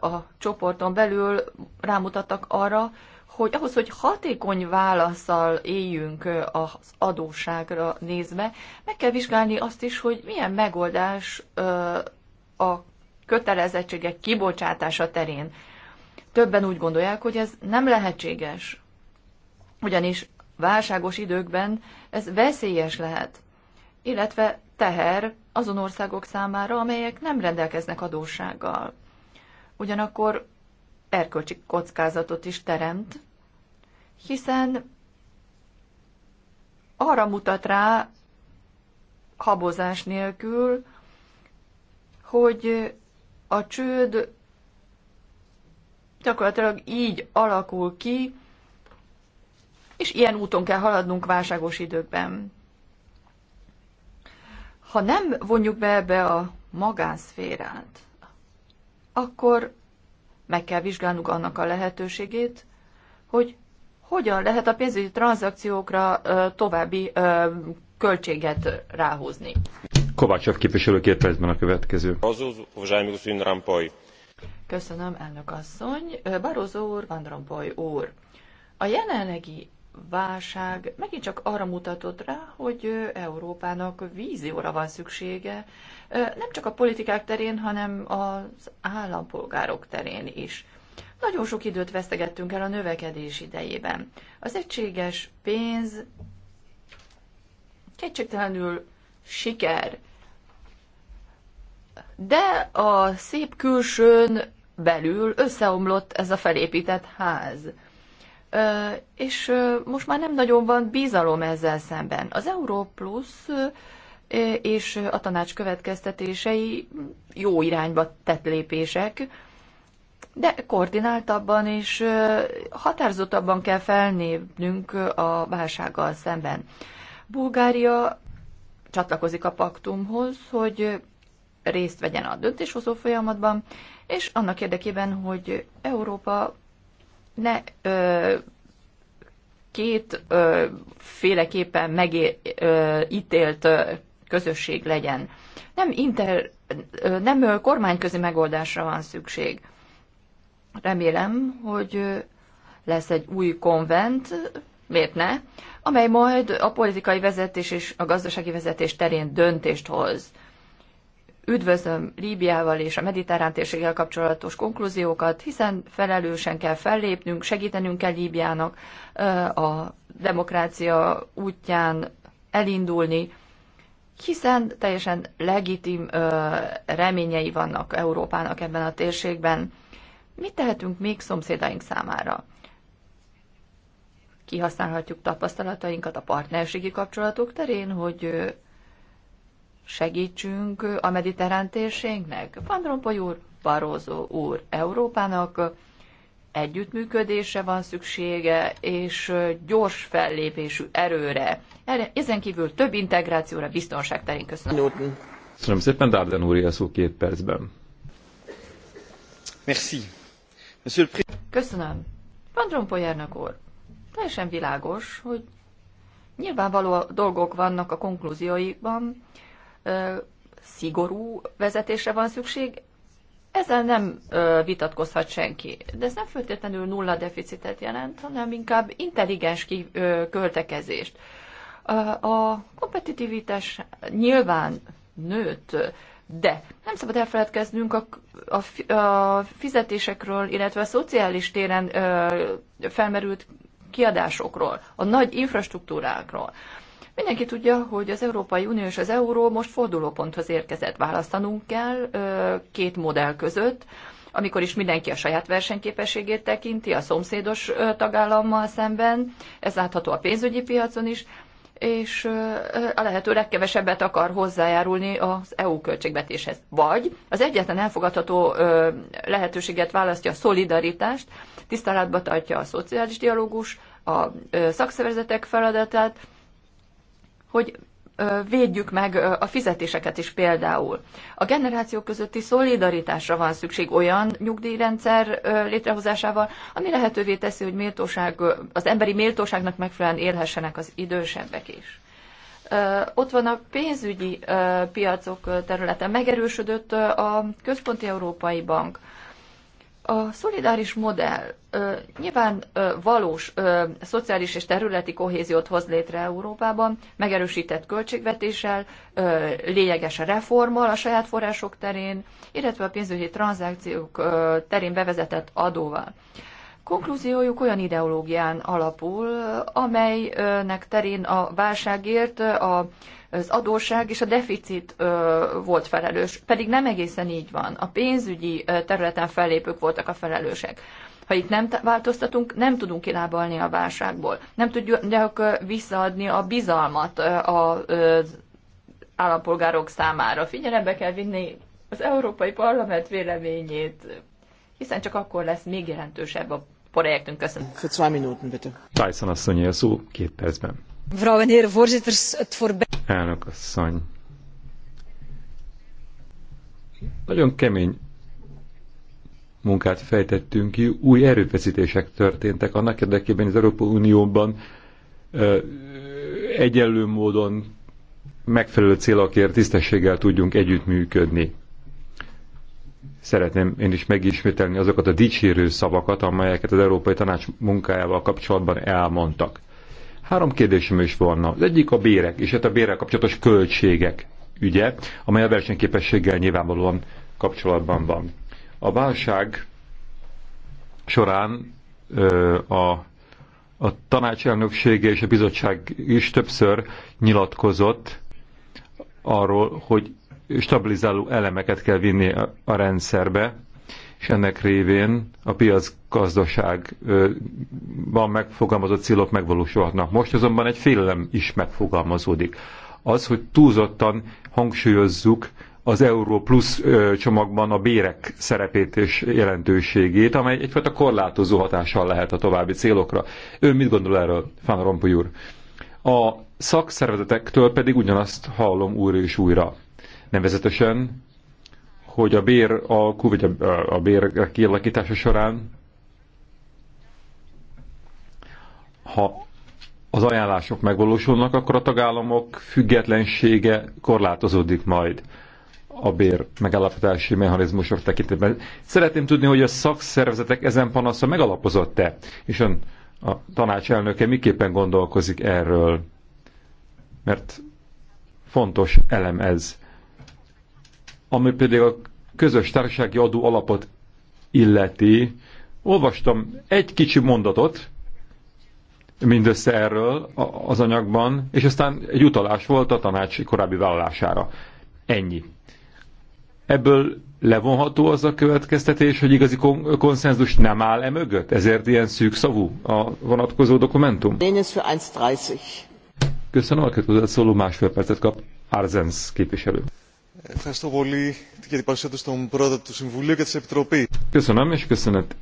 a csoporton belül rámutattak arra, hogy ahhoz, hogy hatékony válaszsal éljünk az adósságra nézve, meg kell vizsgálni azt is, hogy milyen megoldás a kötelezettségek kibocsátása terén Többen úgy gondolják, hogy ez nem lehetséges. Ugyanis válságos időkben ez veszélyes lehet, illetve teher azon országok számára, amelyek nem rendelkeznek adóssággal. Ugyanakkor erkölcsi kockázatot is teremt, hiszen arra mutat rá, habozás nélkül, hogy a csőd gyakorlatilag így alakul ki, és ilyen úton kell haladnunk válságos időkben. Ha nem vonjuk be ebbe a magánszférát, akkor meg kell vizsgálnunk annak a lehetőségét, hogy hogyan lehet a pénzügyi tranzakciókra további költséget ráhúzni. Kovácsov képviselő két percben a következő. Azuz, Köszönöm, elnök asszony. Barozó úr, Van Rompuy úr. A jelenlegi válság megint csak arra mutatott rá, hogy Európának vízióra van szüksége, nem csak a politikák terén, hanem az állampolgárok terén is. Nagyon sok időt vesztegettünk el a növekedés idejében. Az egységes pénz kétségtelenül siker, de a szép külsőn belül összeomlott ez a felépített ház. És most már nem nagyon van bizalom ezzel szemben. Az Euró Plus és a tanács következtetései jó irányba tett lépések, de koordináltabban és határozottabban kell felnépnünk a válsággal szemben. Bulgária csatlakozik a paktumhoz, hogy részt vegyen a döntéshozó folyamatban, és annak érdekében, hogy Európa ne ö, két ö, féleképpen megítélt közösség legyen. Nem, inter, ö, nem kormányközi megoldásra van szükség. Remélem, hogy lesz egy új konvent, miért ne, amely majd a politikai vezetés és a gazdasági vezetés terén döntést hoz. Üdvözlöm Líbiával és a mediterrán térséggel kapcsolatos konklúziókat, hiszen felelősen kell fellépnünk, segítenünk kell Líbiának a demokrácia útján elindulni, hiszen teljesen legitim reményei vannak Európának ebben a térségben. Mit tehetünk még szomszédaink számára? Kihasználhatjuk tapasztalatainkat a partnerségi kapcsolatok terén, hogy segítsünk a mediterrán térségnek? Van Rompuy úr, Barózó úr, Európának együttműködése van szüksége, és gyors fellépésű erőre. Erre, ezen kívül több integrációra, biztonság terén köszönöm. Köszönöm szépen, Dárden úr, a szó két percben. Merci. Köszönöm. Van Rompuy úr, teljesen világos, hogy nyilvánvaló dolgok vannak a konklúzióikban, szigorú vezetésre van szükség, ezzel nem ö, vitatkozhat senki. De ez nem feltétlenül nulla deficitet jelent, hanem inkább intelligens ki, ö, költekezést. A kompetitivitás nyilván nőtt, de nem szabad elfeledkeznünk a, a, a fizetésekről, illetve a szociális téren ö, felmerült kiadásokról, a nagy infrastruktúrákról. Mindenki tudja, hogy az Európai Unió és az euró most fordulóponthoz érkezett. Választanunk kell két modell között, amikor is mindenki a saját versenyképességét tekinti, a szomszédos tagállammal szemben, ez látható a pénzügyi piacon is, és a lehető legkevesebbet akar hozzájárulni az EU költségvetéshez. Vagy az egyetlen elfogadható lehetőséget választja a szolidaritást, tiszteletbe tartja a szociális dialógus, a szakszervezetek feladatát, hogy védjük meg a fizetéseket is például. A generációk közötti szolidaritásra van szükség olyan nyugdíjrendszer létrehozásával, ami lehetővé teszi, hogy méltóság, az emberi méltóságnak megfelelően élhessenek az idősebbek is. Ott van a pénzügyi piacok területe. Megerősödött a Központi Európai Bank. A szolidáris modell ö, nyilván ö, valós ö, szociális és területi kohéziót hoz létre Európában, megerősített költségvetéssel, ö, lényeges reformmal a saját források terén, illetve a pénzügyi tranzakciók ö, terén bevezetett adóval. Ö, Konklúziójuk olyan ideológián alapul, amelynek terén a válságért a az adósság és a deficit volt felelős, pedig nem egészen így van. A pénzügyi területen fellépők voltak a felelősek. Ha itt nem változtatunk, nem tudunk kilábalni a válságból. Nem tudjuk visszaadni a bizalmat az állampolgárok számára. Figyelembe kell vinni az Európai Parlament véleményét, hiszen csak akkor lesz még jelentősebb a projektünk. Köszönöm. Zwei Minuten, bitte. Tyson asszony, a szó két percben. en heren, voorzitters, het Elnök asszony. Nagyon kemény munkát fejtettünk ki, új erőfeszítések történtek annak érdekében, az Európai Unióban egyenlő módon megfelelő célakért tisztességgel tudjunk együttműködni. Szeretném én is megismételni azokat a dicsérő szavakat, amelyeket az Európai Tanács munkájával kapcsolatban elmondtak. Három kérdésem is volna. Az egyik a bérek, és hát a bérek kapcsolatos költségek ügye, amely a versenyképességgel nyilvánvalóan kapcsolatban van. A válság során ö, a a tanács elnöksége és a bizottság is többször nyilatkozott arról, hogy stabilizáló elemeket kell vinni a rendszerbe, és ennek révén a piac gazdaságban megfogalmazott célok megvalósulhatnak. Most azonban egy félelem is megfogalmazódik. Az, hogy túlzottan hangsúlyozzuk az Euró plusz csomagban a bérek szerepét és jelentőségét, amely egyfajta korlátozó hatással lehet a további célokra. Ön mit gondol erről, Fán Rompuy úr? A szakszervezetektől pedig ugyanazt hallom újra és újra. Nevezetesen, hogy a bér alkú, vagy a, a bér kialakítása során, ha az ajánlások megvalósulnak, akkor a tagállamok függetlensége korlátozódik majd a bér megállapítási mechanizmusok tekintetben. Szeretném tudni, hogy a szakszervezetek ezen panasza megalapozott-e, és ön a tanács elnöke miképpen gondolkozik erről, mert fontos elem ez ami pedig a közös társasági adó alapot illeti. Olvastam egy kicsi mondatot mindössze erről az anyagban, és aztán egy utalás volt a tanács korábbi vállalására. Ennyi. Ebből levonható az a következtetés, hogy igazi konszenzus nem áll e mögött? Ezért ilyen szűk szavú a vonatkozó dokumentum? Köszönöm, a következőt szóló másfél percet kap Arzens képviselő. Köszönöm, és köszönet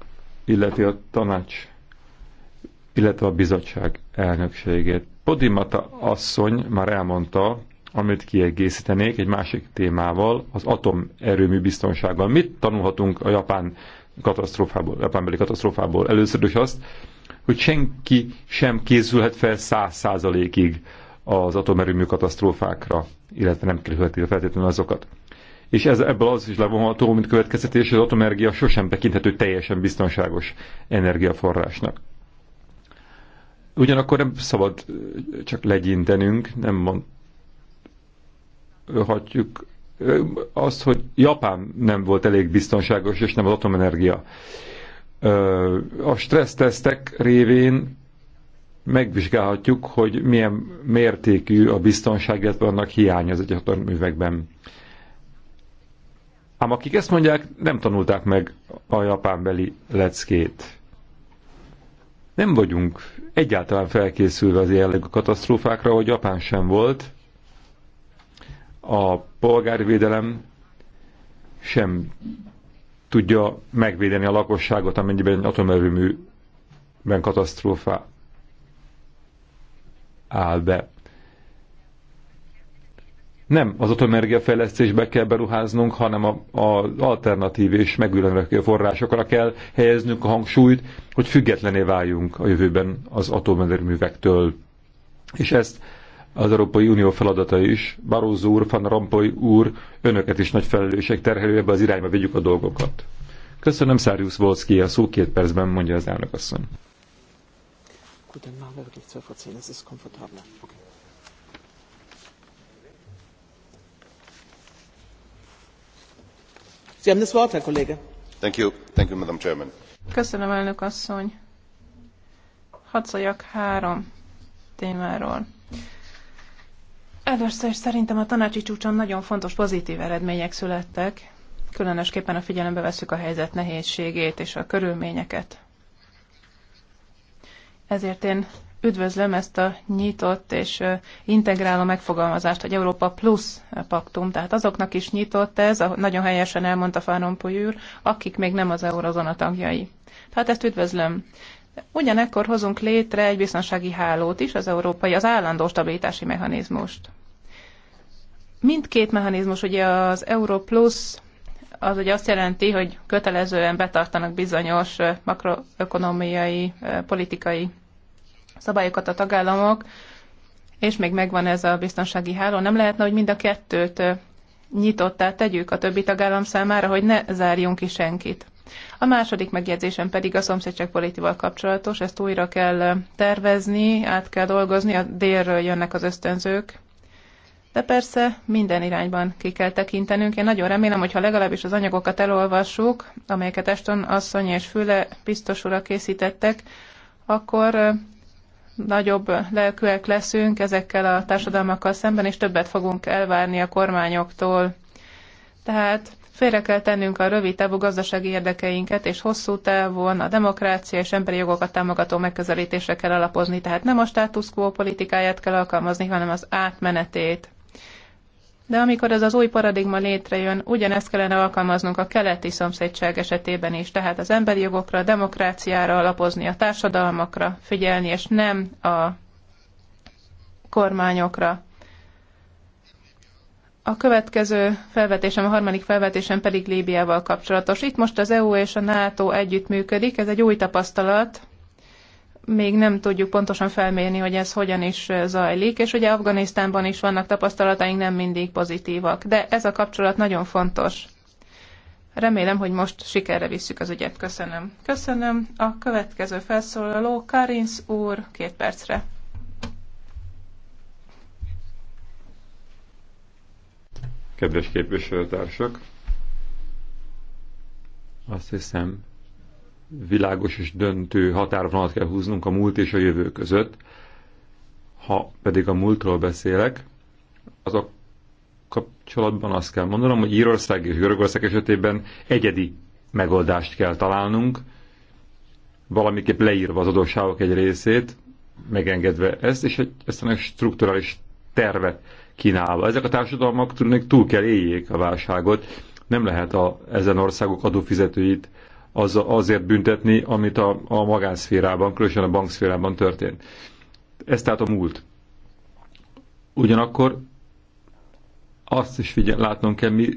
illeti a tanács, illetve a bizottság elnökségét. Podimata asszony már elmondta, amit kiegészítenék egy másik témával, az atomerőmű biztonsággal. Mit tanulhatunk a japán katasztrófából, japánbeli katasztrófából? Először is azt, hogy senki sem készülhet fel száz százalékig az atomerőmű katasztrófákra illetve nem kerülheti feltétlenül azokat. És ez, ebből az is levonható, mint következtetés, hogy az atomenergia sosem tekinthető teljesen biztonságos energiaforrásnak. Ugyanakkor nem szabad csak legyintenünk, nem mondhatjuk azt, hogy Japán nem volt elég biztonságos, és nem az atomenergia. A stressztesztek révén megvizsgálhatjuk, hogy milyen mértékű a biztonság, illetve annak hiány az művekben. Ám akik ezt mondják, nem tanulták meg a japánbeli leckét. Nem vagyunk egyáltalán felkészülve az jellegű katasztrófákra, hogy Japán sem volt. A védelem, sem tudja megvédeni a lakosságot, amennyiben atomerőműben katasztrófa áll be. Nem az atomenergiafejlesztésbe kell beruháznunk, hanem az alternatív és megülönökő forrásokra kell helyeznünk a hangsúlyt, hogy függetlené váljunk a jövőben az atomenerművektől. És ezt az Európai Unió feladata is. Barózó úr, Van Rompuy úr, önöket is nagy felelősség terhelő, ebbe az irányba vigyük a dolgokat. Köszönöm, Száriusz Volszki, a szó két percben mondja az elnök asszony. Gut, dann machen wir wirklich 12.10 Uhr, das ist komfortabler. Okay. Sie haben das Wort, Herr Kollege. Thank you. Thank you, Madam Chairman. Köszönöm, elnök asszony. Hadd szóljak három témáról. Először szerintem a tanácsi csúcson nagyon fontos pozitív eredmények születtek, különösképpen a figyelembe veszük a helyzet nehézségét és a körülményeket. Ezért én üdvözlöm ezt a nyitott és integráló megfogalmazást, hogy Európa plusz paktum, tehát azoknak is nyitott ez, nagyon helyesen elmondta Van úr, akik még nem az eurozona tagjai. Tehát ezt üdvözlöm. Ugyanekkor hozunk létre egy biztonsági hálót is, az európai, az állandó stabilitási mechanizmust. Mindkét mechanizmus, ugye az Euro Plus az ugye azt jelenti, hogy kötelezően betartanak bizonyos makroökonomiai, politikai szabályokat a tagállamok, és még megvan ez a biztonsági háló. Nem lehetne, hogy mind a kettőt nyitottá tegyük a többi tagállam számára, hogy ne zárjunk ki senkit. A második megjegyzésem pedig a szomszédság politival kapcsolatos, ezt újra kell tervezni, át kell dolgozni, a délről jönnek az ösztönzők, de persze minden irányban ki kell tekintenünk. Én nagyon remélem, ha legalábbis az anyagokat elolvassuk, amelyeket Eston asszony és Füle biztos ura készítettek, akkor nagyobb lelkűek leszünk ezekkel a társadalmakkal szemben, és többet fogunk elvárni a kormányoktól. Tehát félre kell tennünk a rövid távú gazdasági érdekeinket, és hosszú távon a demokrácia és emberi jogokat támogató megközelítésre kell alapozni. Tehát nem a status quo politikáját kell alkalmazni, hanem az átmenetét. De amikor ez az új paradigma létrejön, ugyanezt kellene alkalmaznunk a keleti szomszédság esetében is, tehát az emberi jogokra, a demokráciára alapozni, a társadalmakra figyelni, és nem a kormányokra. A következő felvetésem, a harmadik felvetésem pedig Líbiával kapcsolatos. Itt most az EU és a NATO együttműködik, ez egy új tapasztalat, még nem tudjuk pontosan felmérni, hogy ez hogyan is eh, zajlik, és ugye Afganisztánban is vannak tapasztalataink nem mindig pozitívak, de ez a kapcsolat nagyon fontos. Remélem, hogy most sikerre visszük az ügyet. Köszönöm. Köszönöm. A következő felszólaló Karinsz úr két percre. Kedves képviselőtársak! Azt hiszem, világos és döntő határvonalat kell húznunk a múlt és a jövő között. Ha pedig a múltról beszélek, az a kapcsolatban azt kell mondanom, hogy Írország és Görögország esetében egyedi megoldást kell találnunk, valamiképp leírva az adósságok egy részét, megengedve ezt, és egy, aztán egy strukturális tervet kínálva. Ezek a társadalmak tudnék túl kell éljék a válságot, nem lehet a, ezen országok adófizetőit az, azért büntetni, amit a, a magánszférában, különösen a bankszférában történt. Ez tehát a múlt. Ugyanakkor azt is figyel, látnom kell, mi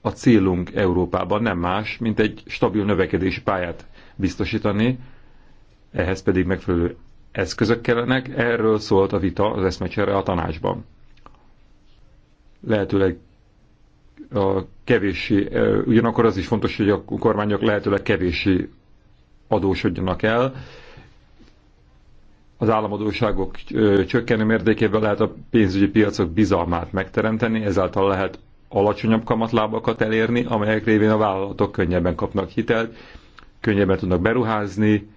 a célunk Európában nem más, mint egy stabil növekedési pályát biztosítani, ehhez pedig megfelelő eszközök kellenek, erről szólt a vita az eszmecsere a tanácsban. Lehetőleg a kevéssé, ugyanakkor az is fontos, hogy a kormányok lehetőleg kevéssé adósodjanak el. Az államadóságok csökkenő mértékével lehet a pénzügyi piacok bizalmát megteremteni, ezáltal lehet alacsonyabb kamatlábakat elérni, amelyek révén a vállalatok könnyebben kapnak hitelt, könnyebben tudnak beruházni,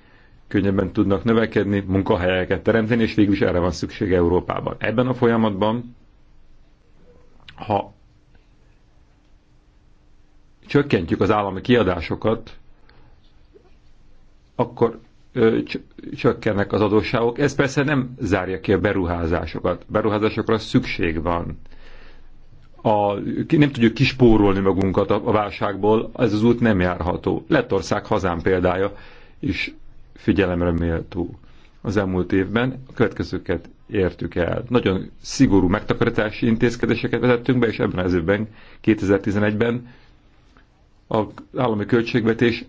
könnyebben tudnak növekedni, munkahelyeket teremteni, és végül is erre van szükség Európában. Ebben a folyamatban, ha csökkentjük az állami kiadásokat, akkor csökkennek az adósságok. Ez persze nem zárja ki a beruházásokat. Beruházásokra szükség van. A, nem tudjuk kispórolni magunkat a, a válságból, ez az út nem járható. Lettország hazám példája is figyelemre méltó az elmúlt évben. A következőket értük el. Nagyon szigorú megtakarítási intézkedéseket vezettünk be, és ebben az évben, 2011-ben az állami költségvetés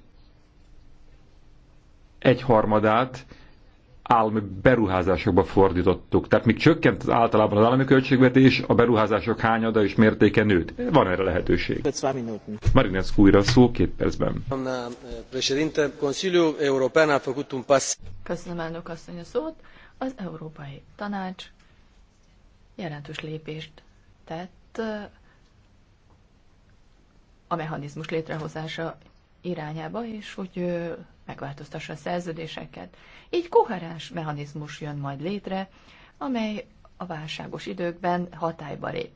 egyharmadát állami beruházásokba fordítottuk. Tehát még csökkent az általában az állami költségvetés, a beruházások hányada és mértéke nőtt. Van erre lehetőség. Marinescu újra szó két percben. Eh, Köszönöm elnök asszony a szót. Az Európai Tanács jelentős lépést tett eh, a mechanizmus létrehozása irányába, és hogy megváltoztassa a szerződéseket. Így koherens mechanizmus jön majd létre, amely a válságos időkben hatályba lép.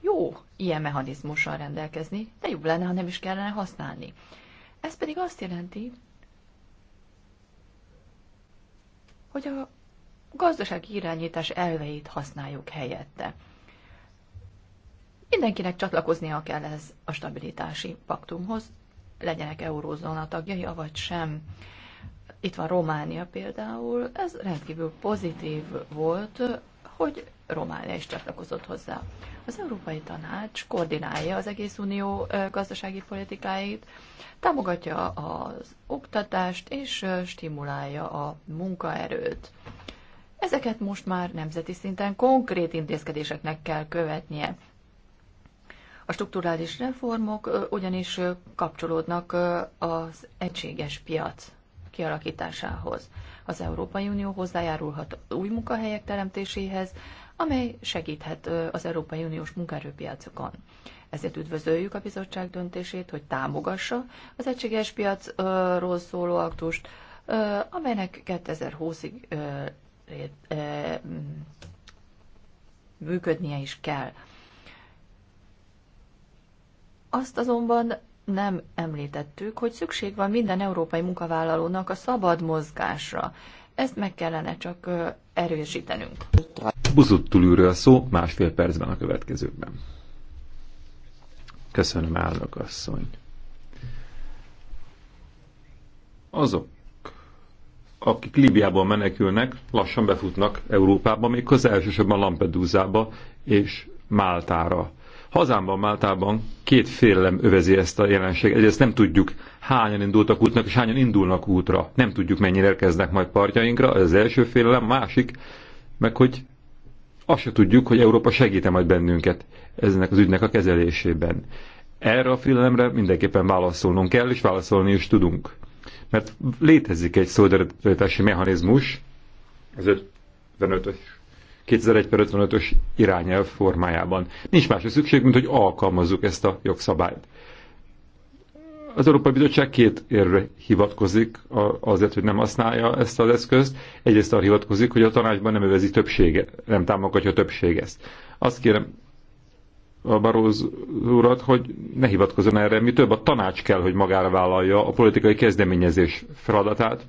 Jó ilyen mechanizmussal rendelkezni, de jobb lenne, ha nem is kellene használni. Ez pedig azt jelenti, hogy a gazdasági irányítás elveit használjuk helyette. Mindenkinek csatlakoznia kell ez a stabilitási paktumhoz, legyenek eurózóna tagjai, avagy sem. Itt van Románia például, ez rendkívül pozitív volt, hogy Románia is csatlakozott hozzá. Az Európai Tanács koordinálja az egész unió gazdasági politikáit, támogatja az oktatást és stimulálja a munkaerőt. Ezeket most már nemzeti szinten konkrét intézkedéseknek kell követnie. A strukturális reformok ugyanis kapcsolódnak az egységes piac kialakításához. Az Európai Unió hozzájárulhat új munkahelyek teremtéséhez, amely segíthet az Európai Uniós munkaerőpiacokon. Ezért üdvözöljük a bizottság döntését, hogy támogassa az egységes piacról szóló aktust, amelynek 2020-ig működnie is kell. Azt azonban nem említettük, hogy szükség van minden európai munkavállalónak a szabad mozgásra. Ezt meg kellene csak erősítenünk. Buzuttul a szó másfél percben a következőkben. Köszönöm, állnak asszony. Azok, akik Líbiában menekülnek, lassan befutnak Európába, méghozzá elsősorban Lampedusába és Máltára Hazámban, Máltában két félelem övezi ezt a jelenséget. Egyrészt nem tudjuk, hányan indultak útnak, és hányan indulnak útra. Nem tudjuk, mennyire érkeznek majd partjainkra, ez az első félelem. Másik, meg hogy azt se tudjuk, hogy Európa segíte majd bennünket ezenek az ügynek a kezelésében. Erre a félelemre mindenképpen válaszolnunk kell, és válaszolni is tudunk. Mert létezik egy szolidaritási mechanizmus, az 55-ös 2001 55-ös irányelv formájában. Nincs másra szükség, mint hogy alkalmazzuk ezt a jogszabályt. Az Európai Bizottság két érre hivatkozik azért, hogy nem használja ezt az eszközt. Egyrészt arra hivatkozik, hogy a tanácsban nem övezi többsége, nem támogatja a többség ezt. Azt kérem a Baróz urat, hogy ne hivatkozzon erre, mi több a tanács kell, hogy magára vállalja a politikai kezdeményezés feladatát,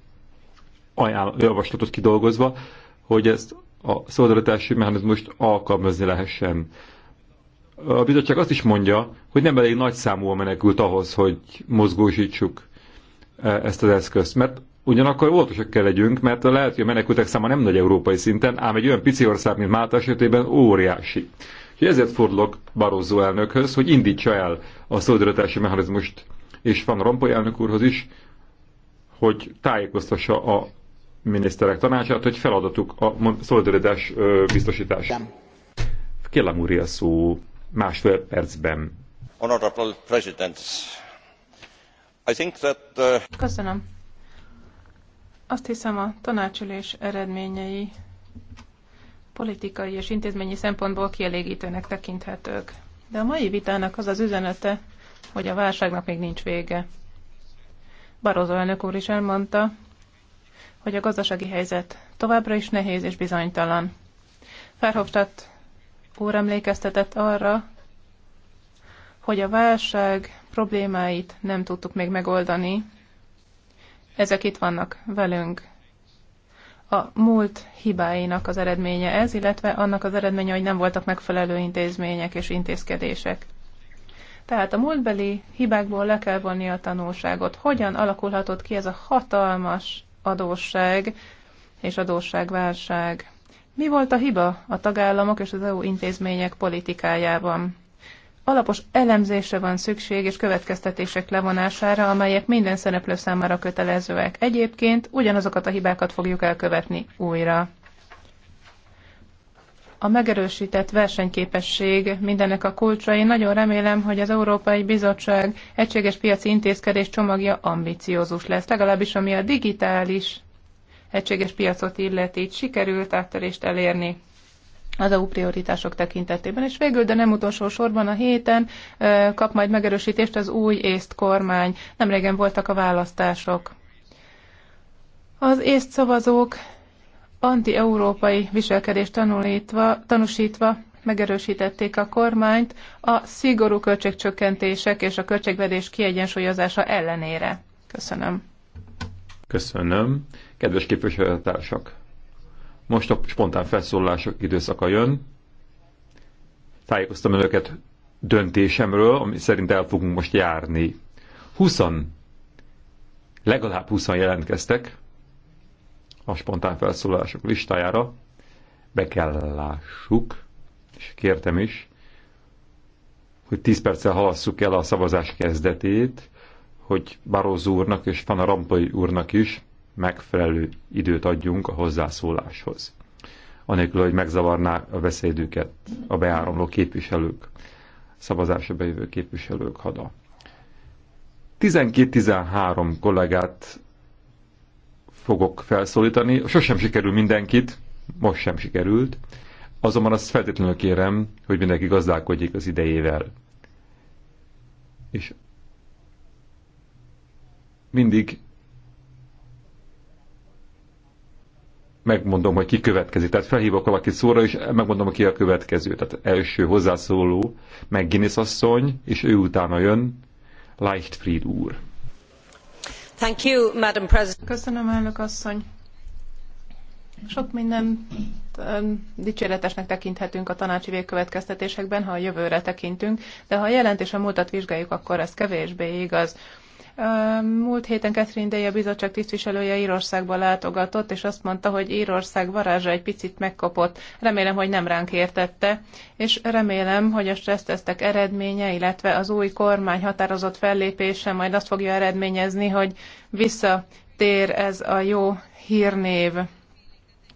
ajánl, javaslatot kidolgozva, hogy ezt a szolidaritási mechanizmust alkalmazni lehessen. A bizottság azt is mondja, hogy nem elég nagy számú a menekült ahhoz, hogy mozgósítsuk e, ezt az eszközt. Mert ugyanakkor óvatosak kell legyünk, mert lehet, hogy a menekültek száma nem nagy európai szinten, ám egy olyan pici ország, mint Málta esetében óriási. És ezért fordulok Barroso elnökhöz, hogy indítsa el a szolidaritási mechanizmust, és Van Rompoly elnök úrhoz is, hogy tájékoztassa a miniszterek tanácsát, hogy feladatuk a szolidaritás biztosítás. Kérlem úr, a szó másfél percben. Honorable President, I think that the... Uh, Köszönöm. Azt hiszem a tanácsülés eredményei politikai és intézményi szempontból kielégítőnek tekinthetők. De a mai vitának az az üzenete, hogy a válságnak még nincs vége. Barozó elnök úr is elmondta, hogy a gazdasági helyzet továbbra is nehéz és bizonytalan. Ferhofstadt úr emlékeztetett arra, hogy a válság problémáit nem tudtuk még megoldani. Ezek itt vannak velünk. A múlt hibáinak az eredménye ez, illetve annak az eredménye, hogy nem voltak megfelelő intézmények és intézkedések. Tehát a múltbeli hibákból le kell vonni a tanulságot. Hogyan alakulhatott ki ez a hatalmas adósság és adósságválság. Mi volt a hiba a tagállamok és az EU intézmények politikájában? Alapos elemzésre van szükség és következtetések levonására, amelyek minden szereplő számára kötelezőek. Egyébként ugyanazokat a hibákat fogjuk elkövetni újra a megerősített versenyképesség mindennek a kulcsa. Én nagyon remélem, hogy az Európai Bizottság egységes piaci intézkedés csomagja ambiciózus lesz, legalábbis ami a digitális egységes piacot illeti, így sikerült áttörést elérni az EU prioritások tekintetében. És végül, de nem utolsó sorban a héten kap majd megerősítést az új észt kormány. Nemrégen voltak a választások. Az észt szavazók anti-európai viselkedést tanulítva, tanúsítva megerősítették a kormányt a szigorú költségcsökkentések és a költségvedés kiegyensúlyozása ellenére. Köszönöm. Köszönöm. Kedves képviselőtársak! Most a spontán felszólalások időszaka jön. Tájékoztam önöket döntésemről, ami szerint el fogunk most járni. 20 legalább 20 jelentkeztek, a spontán felszólalások listájára. Be kell lássuk, és kértem is, hogy 10 perccel halasszuk el a szavazás kezdetét, hogy Barózó úrnak és Fana Rampai úrnak is megfelelő időt adjunk a hozzászóláshoz. Anélkül, hogy megzavarnák a beszédüket a beáramló képviselők, szavazásra bejövő képviselők hada. 12-13 kollégát fogok felszólítani. Sosem sikerül mindenkit, most sem sikerült, azonban azt feltétlenül kérem, hogy mindenki gazdálkodjék az idejével. És mindig megmondom, hogy ki következik. Tehát felhívok valakit szóra, és megmondom, ki a következő. Tehát első hozzászóló, meg Guinness asszony, és ő utána jön Leichtfried úr. Köszönöm, Sok mindent dicséretesnek tekinthetünk a tanácsi végkövetkeztetésekben, ha a jövőre tekintünk, de ha a jelentés a múltat vizsgáljuk, akkor ez kevésbé igaz. Múlt héten Catherine Day a bizottság tisztviselője Írországba látogatott, és azt mondta, hogy Írország varázsa egy picit megkopott. Remélem, hogy nem ránk értette, és remélem, hogy a stressztesztek eredménye, illetve az új kormány határozott fellépése majd azt fogja eredményezni, hogy visszatér ez a jó hírnév.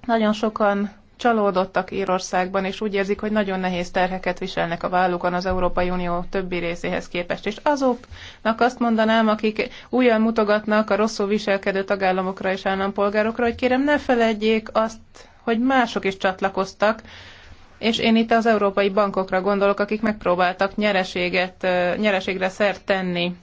Nagyon sokan csalódottak Írországban, és úgy érzik, hogy nagyon nehéz terheket viselnek a vállukon az Európai Unió többi részéhez képest. És azoknak azt mondanám, akik újjal mutogatnak a rosszul viselkedő tagállamokra és állampolgárokra, hogy kérem ne feledjék azt, hogy mások is csatlakoztak, és én itt az európai bankokra gondolok, akik megpróbáltak nyereséget, nyereségre szert tenni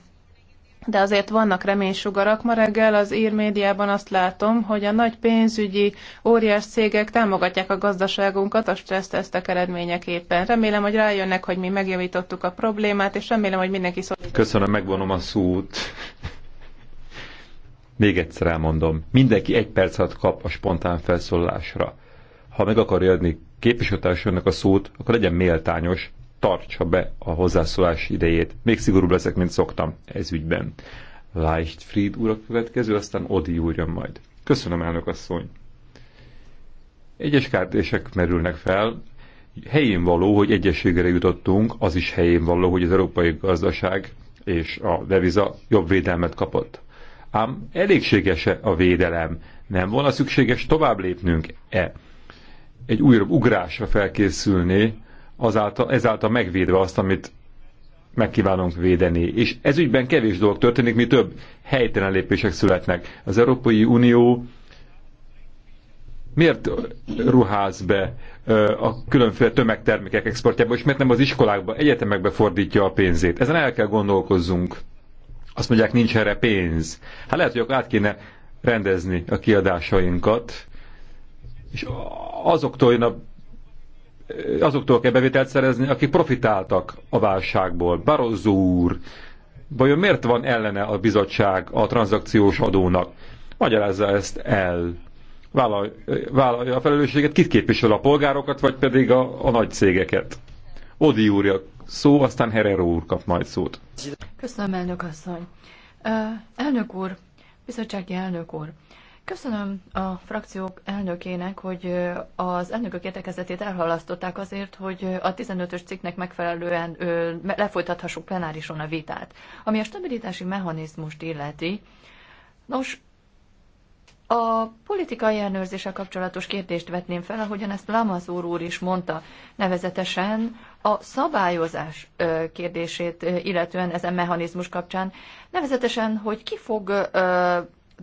de azért vannak reménysugarak. Ma reggel az ír médiában azt látom, hogy a nagy pénzügyi óriás cégek támogatják a gazdaságunkat a stressztesztek eredményeképpen. Remélem, hogy rájönnek, hogy mi megjavítottuk a problémát, és remélem, hogy mindenki szó. Köszönöm, megvonom a szót. Még egyszer elmondom, mindenki egy percet kap a spontán felszólásra. Ha meg akarja adni képviselőtársadnak a szót, akkor legyen méltányos, tartsa be a hozzászólás idejét. Még szigorúbb leszek, mint szoktam ez ügyben. Leichtfried úr a következő, aztán Odi úr jön majd. Köszönöm, elnök asszony. Egyes kérdések merülnek fel. Helyén való, hogy egyességre jutottunk, az is helyén való, hogy az európai gazdaság és a deviza jobb védelmet kapott. Ám elégséges-e a védelem? Nem volna szükséges tovább lépnünk-e? Egy újabb ugrásra felkészülni, azáltal, ezáltal megvédve azt, amit megkívánunk védeni. És ez ügyben kevés dolog történik, mi több helytelen lépések születnek. Az Európai Unió miért ruház be a különféle tömegtermékek exportjába, és miért nem az iskolákba, egyetemekbe fordítja a pénzét? Ezen el kell gondolkozzunk. Azt mondják, nincs erre pénz. Hát lehet, hogy akkor át kéne rendezni a kiadásainkat, és azoktól jön a azoktól kell bevételt szerezni, akik profitáltak a válságból. Barozó úr, vajon miért van ellene a bizottság a tranzakciós adónak? Magyarázza ezt el. Vállalja, vállalja a felelősséget, kit képvisel a polgárokat, vagy pedig a, a nagy cégeket? Odi úr szó, aztán Herero úr kap majd szót. Köszönöm, elnök asszony. Uh, elnök úr, bizottsági elnök úr, Köszönöm a frakciók elnökének, hogy az elnökök értekezetét elhalasztották azért, hogy a 15-ös cikknek megfelelően lefolytathassuk plenárison a vitát. Ami a stabilitási mechanizmust illeti, nos, a politikai ellenőrzéssel kapcsolatos kérdést vetném fel, ahogyan ezt Lamazúr úr is mondta, nevezetesen a szabályozás kérdését, illetően ezen mechanizmus kapcsán, nevezetesen, hogy ki fog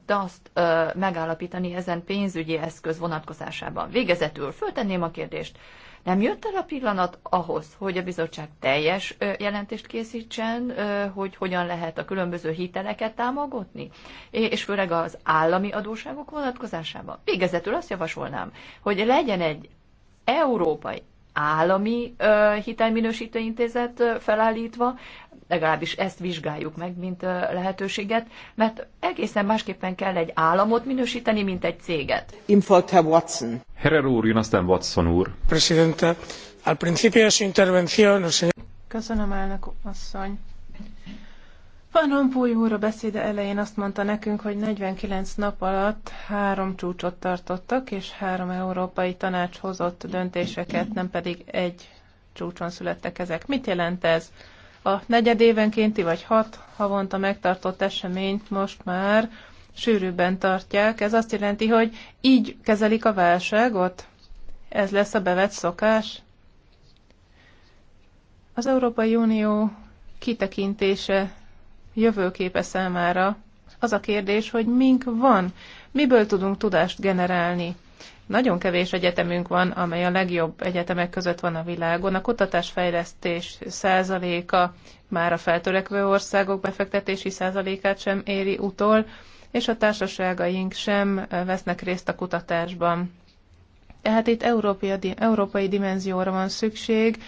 azt ö, megállapítani ezen pénzügyi eszköz vonatkozásában. Végezetül föltenném a kérdést. Nem jött el a pillanat ahhoz, hogy a bizottság teljes jelentést készítsen, hogy hogyan lehet a különböző hiteleket támogatni, és főleg az állami adóságok vonatkozásában? Végezetül azt javasolnám, hogy legyen egy európai állami hitelminősítő intézet felállítva, legalábbis ezt vizsgáljuk meg, mint lehetőséget, mert egészen másképpen kell egy államot minősíteni, mint egy céget. Infolt Watson. Herrer úr, jön aztán Watson úr. Presidente, al principio de su intervención... Köszönöm, elnök asszony. Van Rompuy úr a beszéde elején azt mondta nekünk, hogy 49 nap alatt három csúcsot tartottak, és három európai tanács hozott döntéseket, nem pedig egy csúcson születtek ezek. Mit jelent ez? A negyed évenkénti vagy hat havonta megtartott eseményt most már sűrűbben tartják. Ez azt jelenti, hogy így kezelik a válságot? Ez lesz a bevett szokás? Az Európai Unió kitekintése jövőképe számára az a kérdés, hogy mink van, miből tudunk tudást generálni. Nagyon kevés egyetemünk van, amely a legjobb egyetemek között van a világon. A kutatásfejlesztés százaléka már a feltörekvő országok befektetési százalékát sem éri utol, és a társaságaink sem vesznek részt a kutatásban. Tehát itt európai, európai dimenzióra van szükség,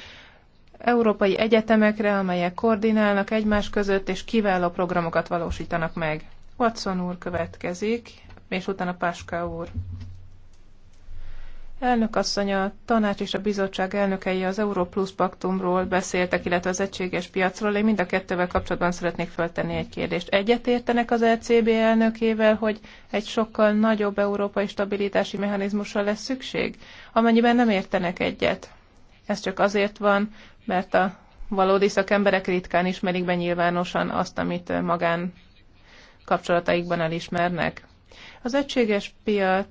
európai egyetemekre, amelyek koordinálnak egymás között, és kiváló programokat valósítanak meg. Watson úr következik, és utána Páska úr. Elnök asszony, a tanács és a bizottság elnökei az Európlus paktumról beszéltek, illetve az egységes piacról. Én mind a kettővel kapcsolatban szeretnék föltenni egy kérdést. Egyetértenek az ECB elnökével, hogy egy sokkal nagyobb európai stabilitási mechanizmusra lesz szükség? Amennyiben nem értenek egyet, ez csak azért van, mert a valódi szakemberek ritkán ismerik be nyilvánosan azt, amit magán kapcsolataikban elismernek. Az egységes piacon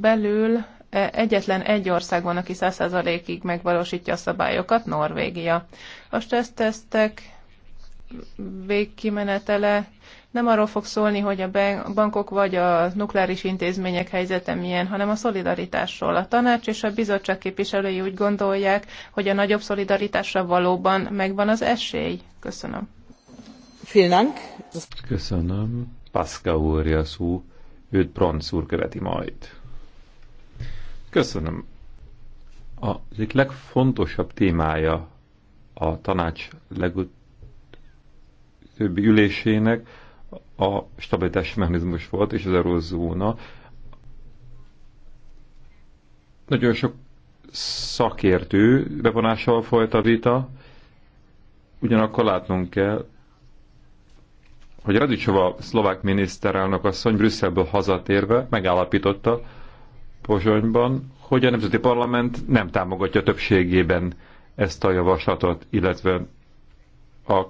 belül e, egyetlen egy ország van, aki 100%-ig megvalósítja a szabályokat, Norvégia. A stressztesztek végkimenetele nem arról fog szólni, hogy a bankok vagy a nukleáris intézmények helyzete milyen, hanem a szolidaritásról. A tanács és a bizottság képviselői úgy gondolják, hogy a nagyobb szolidaritásra valóban megvan az esély. Köszönöm. Vielen Köszönöm. Paszka úrja szó, őt Bronz úr követi majd. Köszönöm. Az egyik legfontosabb témája a tanács legutóbbi ülésének a stabilitási mechanizmus volt, és az eurozóna. Nagyon sok szakértő bevonással folyt a vita, ugyanakkor látnunk kell, hogy Radicsova szlovák miniszterelnök asszony Brüsszelből hazatérve megállapította Pozsonyban, hogy a Nemzeti Parlament nem támogatja többségében ezt a javaslatot, illetve a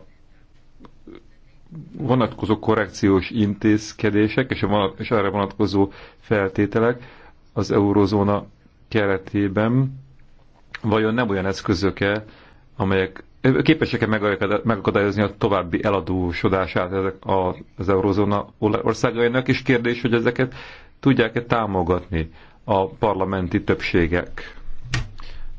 vonatkozó korrekciós intézkedések és, a, és erre vonatkozó feltételek az eurozóna keretében vajon nem olyan eszközöke, amelyek képesek-e megakadályozni a további eladósodását ezek az eurozóna országainak, és kérdés, hogy ezeket tudják-e támogatni a parlamenti többségek.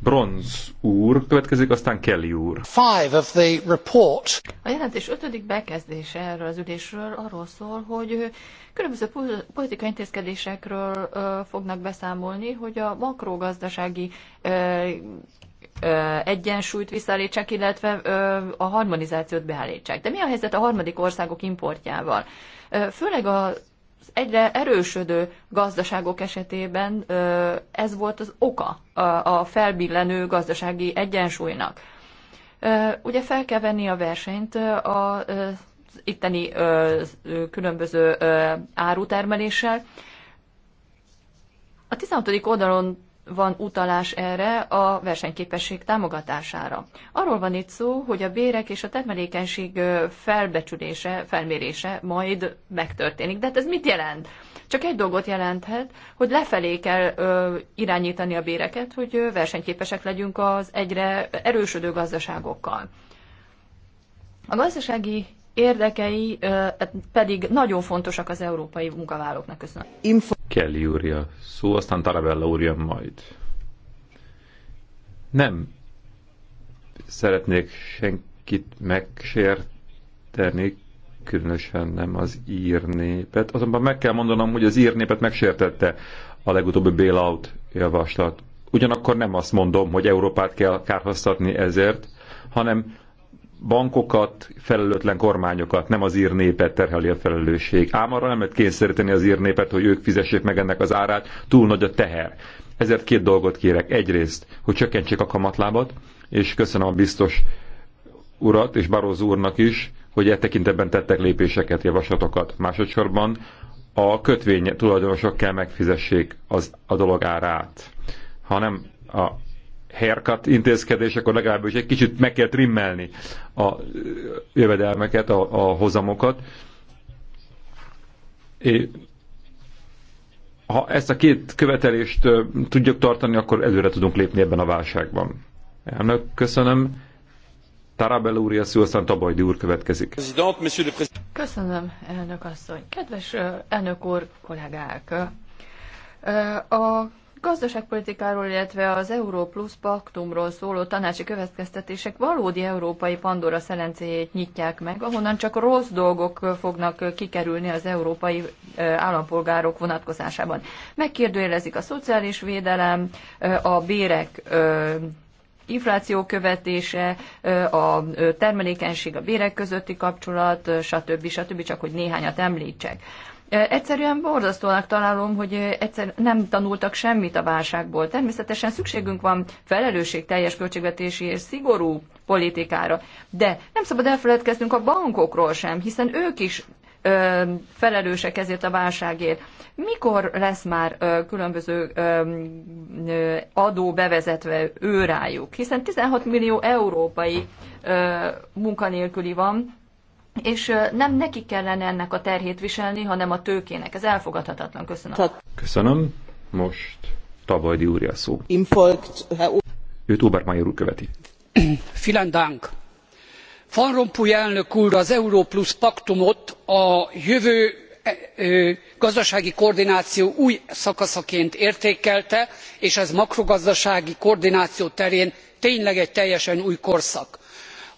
Bronz úr, következik aztán Kelly úr. Five of the report. A jelentés ötödik bekezdése erről az ülésről arról szól, hogy különböző politikai intézkedésekről fognak beszámolni, hogy a makrogazdasági egyensúlyt visszaállítsák, illetve a harmonizációt beállítsák. De mi a helyzet a harmadik országok importjával? Főleg a az egyre erősödő gazdaságok esetében ez volt az oka a felbillenő gazdasági egyensúlynak. Ugye fel kell venni a versenyt a itteni különböző árutermeléssel. A 16. oldalon van utalás erre a versenyképesség támogatására. Arról van itt szó, hogy a bérek és a termelékenység felbecsülése, felmérése majd megtörténik. De hát ez mit jelent? Csak egy dolgot jelenthet, hogy lefelé kell ö, irányítani a béreket, hogy versenyképesek legyünk az egyre erősödő gazdaságokkal. A gazdasági érdekei pedig nagyon fontosak az európai munkavállalóknak. Köszönöm. Info- Kelly úrja szó, aztán Tarabella úrja majd. Nem szeretnék senkit megsérteni, különösen nem az írnépet. Azonban meg kell mondanom, hogy az írnépet megsértette a legutóbbi bailout javaslat. Ugyanakkor nem azt mondom, hogy Európát kell kárhoztatni ezért, hanem bankokat, felelőtlen kormányokat, nem az ír népet terheli a felelősség. Ám arra nem lehet kényszeríteni az ír népet, hogy ők fizessék meg ennek az árát, túl nagy a teher. Ezért két dolgot kérek. Egyrészt, hogy csökkentsék a kamatlábat, és köszönöm a biztos urat és Barózó úrnak is, hogy e tekintetben tettek lépéseket, javaslatokat. Másodszorban a kötvény tulajdonosok kell megfizessék az, a dolog árát. Ha nem a haircut akkor legalábbis egy kicsit meg kell trimmelni a jövedelmeket, a, a hozamokat. É, ha ezt a két követelést tudjuk tartani, akkor előre tudunk lépni ebben a válságban. Elnök, köszönöm. Tarabella úr, a aztán Tabajdi úr következik. Köszönöm, elnök asszony. Kedves elnök úr, kollégák! A gazdaságpolitikáról, illetve az Euró Plus paktumról szóló tanácsi következtetések valódi európai Pandora szelencéjét nyitják meg, ahonnan csak rossz dolgok fognak kikerülni az európai állampolgárok vonatkozásában. Megkérdőjelezik a szociális védelem, a bérek infláció követése, a termelékenység, a bérek közötti kapcsolat, stb. stb. stb. csak hogy néhányat említsek. Egyszerűen borzasztónak találom, hogy egyszer nem tanultak semmit a válságból. Természetesen szükségünk van felelősség teljes költségvetési és szigorú politikára, de nem szabad elfeledkeznünk a bankokról sem, hiszen ők is ö, felelősek ezért a válságért. Mikor lesz már ö, különböző ö, ö, adó bevezetve őrájuk? Hiszen 16 millió európai ö, munkanélküli van, és nem neki kellene ennek a terhét viselni, hanem a tőkének. Ez elfogadhatatlan. Köszönöm. Köszönöm. Most Tabajdi úr a szó. Infolkt, Őt Obermeyer úr követi. Vielen Dank. Van Rompuy elnök úr az Euró Plus paktumot a jövő e, gazdasági koordináció új szakaszaként értékelte és ez makrogazdasági koordináció terén tényleg egy teljesen új korszak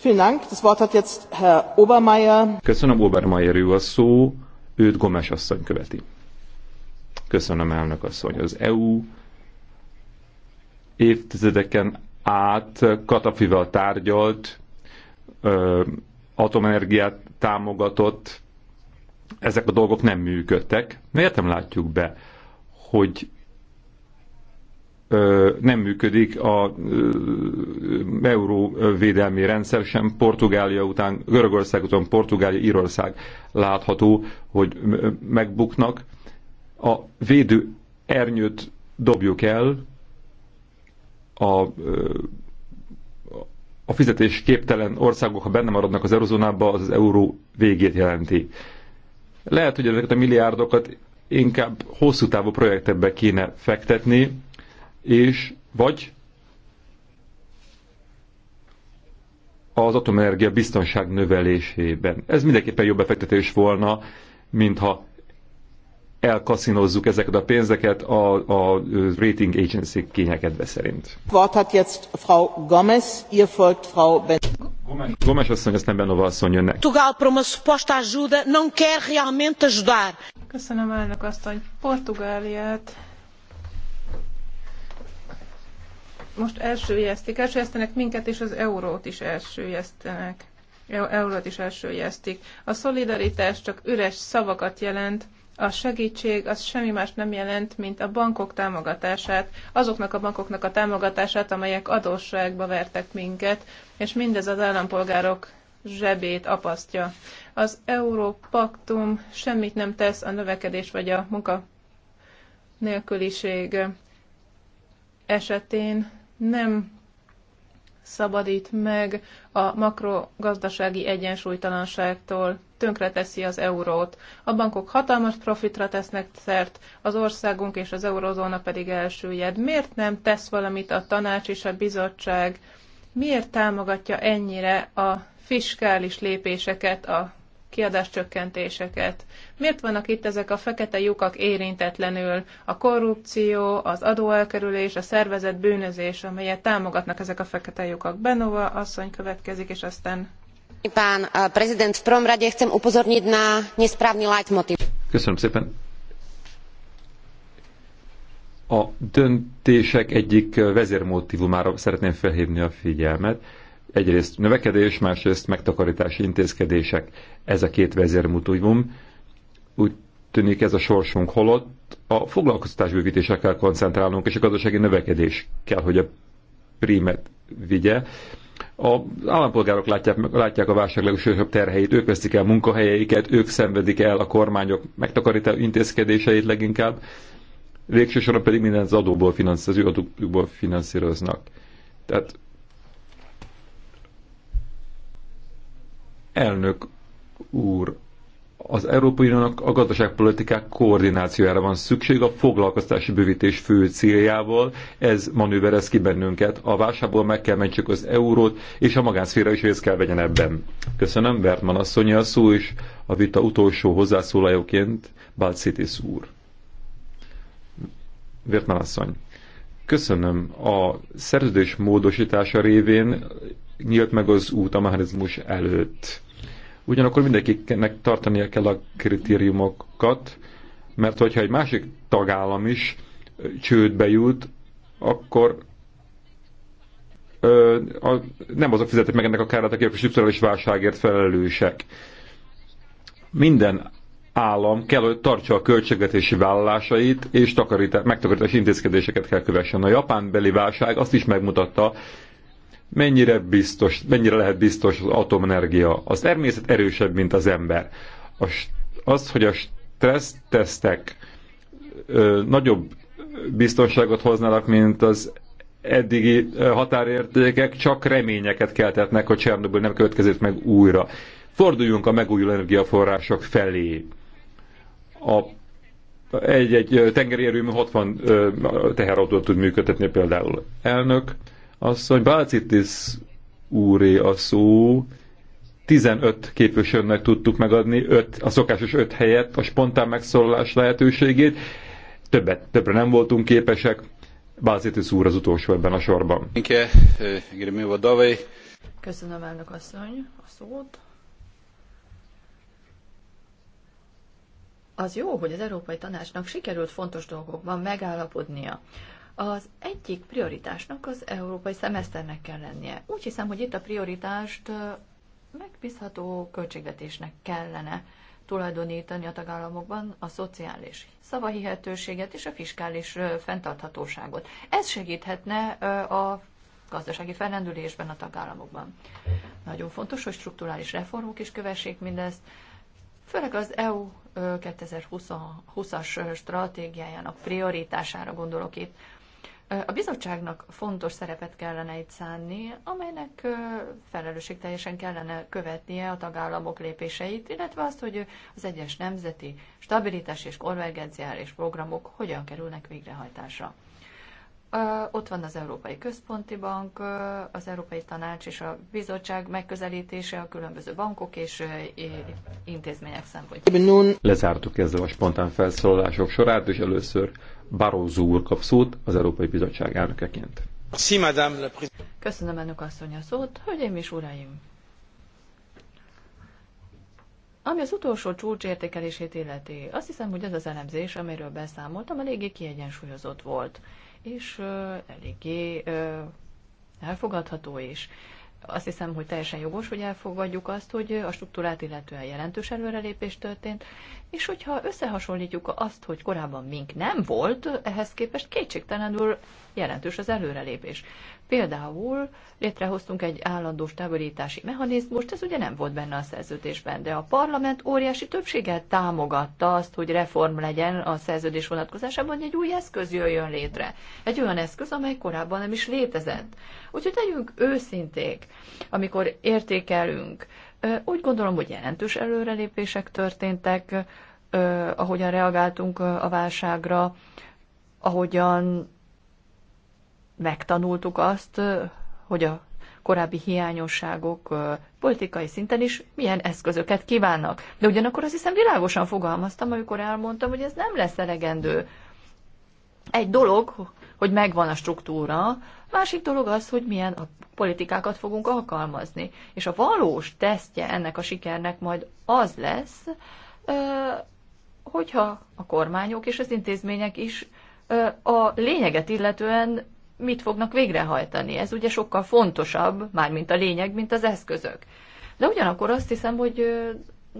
Köszönöm, Obermeier ő a szó, őt Gomes asszony követi. Köszönöm, elnök asszony. Az EU évtizedeken át Katafival tárgyalt, ö, atomenergiát támogatott, ezek a dolgok nem működtek. Miért nem látjuk be, hogy nem működik a euróvédelmi rendszer sem. Portugália után, Görögország után Portugália, Írország látható, hogy megbuknak. A védő ernyőt dobjuk el, a, a fizetés képtelen országok, ha benne maradnak az eurozónába, az az euró végét jelenti. Lehet, hogy ezeket a milliárdokat inkább hosszú távú projektekbe kéne fektetni, és vagy az atomenergia biztonság növelésében. Ez mindenképpen jobb befektetés volna, mintha elkaszinozzuk ezeket a pénzeket a, a rating agency kényekedve szerint. Wort hat jetzt Frau Gomez, ihr folgt Frau ben Gomes, Gomes asszony, aztán Benova asszony jönnek. Portugal para ajuda não quer realmente ajudar. Köszönöm elnök asszony. Portugáliát most elsőjezték. Elsőjeztenek minket, és az eurót is elsőjeztenek. Eurót is elsőjeztik. A szolidaritás csak üres szavakat jelent, a segítség az semmi más nem jelent, mint a bankok támogatását, azoknak a bankoknak a támogatását, amelyek adósságba vertek minket, és mindez az állampolgárok zsebét apasztja. Az Európaktum semmit nem tesz a növekedés vagy a munka nélküliség esetén nem szabadít meg a makrogazdasági egyensúlytalanságtól, tönkreteszi az eurót. A bankok hatalmas profitra tesznek szert, az országunk és az eurozóna pedig elsüllyed. Miért nem tesz valamit a tanács és a bizottság? Miért támogatja ennyire a fiskális lépéseket, a kiadáscsökkentéseket. Miért vannak itt ezek a fekete lyukak érintetlenül? A korrupció, az adóelkerülés, a szervezet bűnözés, amelyet támogatnak ezek a fekete lyukak. Benova asszony következik, és aztán... Pán eh, prezident, v prvom rade chcem upozorniť na nesprávny leitmotiv. Köszönöm szépen. A döntések egyik eh, vezérmotívumára szeretném felhívni a figyelmet egyrészt növekedés, másrészt megtakarítási intézkedések. Ez a két vezérmutújvum. Úgy tűnik ez a sorsunk holott. A bővítésre kell koncentrálnunk, és a gazdasági növekedés kell, hogy a prímet vigye. A állampolgárok látják, látják a válság legsősebb terheit, ők veszik el munkahelyeiket, ők szenvedik el a kormányok megtakarító intézkedéseit leginkább, Végsősorban soron pedig minden az adóból finanszíroznak. Tehát Elnök úr, az Európai Uniónak a gazdaságpolitikák koordinációjára van szükség a foglalkoztási bővítés fő céljával. Ez manőverez ki bennünket. A válságból meg kell mentsük az eurót, és a magánszféra is részt kell vegyen ebben. Köszönöm, Bertman asszony a szó, és a vita utolsó hozzászólajóként Balcitis úr. Bertman asszony. Köszönöm. A szerződés módosítása révén nyílt meg az út a mechanizmus előtt Ugyanakkor mindenkinek tartania kell a kritériumokat, mert hogyha egy másik tagállam is csődbe jut, akkor ö, a, nem azok fizetik meg ennek a kárát, akik a strukturális válságért felelősek. Minden állam kell, hogy tartsa a költségvetési vállalásait, és takarítás, megtakarítási intézkedéseket kell kövessen. A japán beli válság azt is megmutatta, mennyire, biztos, mennyire lehet biztos az atomenergia. Az természet erősebb, mint az ember. Az, hogy a stressz stressztesztek nagyobb biztonságot hoznának, mint az eddigi határértékek, csak reményeket keltetnek, hogy Csernobyl nem következik meg újra. Forduljunk a megújuló energiaforrások felé. A egy-egy tengeri erőmű 60 teherautót tud működtetni például. Elnök, asszony, Balcitis úré a szó, 15 képviselőnek tudtuk megadni öt a szokásos 5 helyet, a spontán megszólalás lehetőségét. Többet, többre nem voltunk képesek. Bázitis úr az utolsó ebben a sorban. Köszönöm, elnök asszony, a szót. Az jó, hogy az Európai Tanácsnak sikerült fontos dolgokban megállapodnia az egyik prioritásnak az európai szemeszternek kell lennie. Úgy hiszem, hogy itt a prioritást megbízható költségvetésnek kellene tulajdonítani a tagállamokban a szociális szavahihetőséget és a fiskális fenntarthatóságot. Ez segíthetne a gazdasági fellendülésben a tagállamokban. Nagyon fontos, hogy strukturális reformok is kövessék mindezt, főleg az EU 2020-as stratégiájának prioritására gondolok itt, a bizottságnak fontos szerepet kellene itt szánni, amelynek felelősségteljesen kellene követnie a tagállamok lépéseit, illetve azt, hogy az egyes nemzeti stabilitás és konvergenciális programok hogyan kerülnek végrehajtásra. Ott van az Európai Központi Bank, az Európai Tanács és a bizottság megközelítése a különböző bankok és intézmények szempontjából. Lezártuk ezzel a spontán felszólalások sorát, és először Barózó úr kap szót az Európai Bizottság elnökeként. Köszönöm elnök asszony a szót, hölgyeim és uraim! Ami az utolsó csúcs értékelését illeti, azt hiszem, hogy az az elemzés, amiről beszámoltam, eléggé kiegyensúlyozott volt és eléggé elfogadható is. Azt hiszem, hogy teljesen jogos, hogy elfogadjuk azt, hogy a struktúrát illetően jelentős előrelépés történt, és hogyha összehasonlítjuk azt, hogy korábban mink nem volt, ehhez képest kétségtelenül jelentős az előrelépés. Például létrehoztunk egy állandó stabilitási mechanizmust, ez ugye nem volt benne a szerződésben, de a parlament óriási többséggel támogatta azt, hogy reform legyen a szerződés vonatkozásában, hogy egy új eszköz jöjjön létre. Egy olyan eszköz, amely korábban nem is létezett. Úgyhogy legyünk őszinték, amikor értékelünk. Úgy gondolom, hogy jelentős előrelépések történtek, ahogyan reagáltunk a válságra, ahogyan megtanultuk azt, hogy a korábbi hiányosságok politikai szinten is milyen eszközöket kívánnak. De ugyanakkor azt hiszem világosan fogalmaztam, amikor elmondtam, hogy ez nem lesz elegendő. Egy dolog, hogy megvan a struktúra, másik dolog az, hogy milyen a politikákat fogunk alkalmazni. És a valós tesztje ennek a sikernek majd az lesz, hogyha a kormányok és az intézmények is a lényeget illetően mit fognak végrehajtani. Ez ugye sokkal fontosabb, mármint a lényeg, mint az eszközök. De ugyanakkor azt hiszem, hogy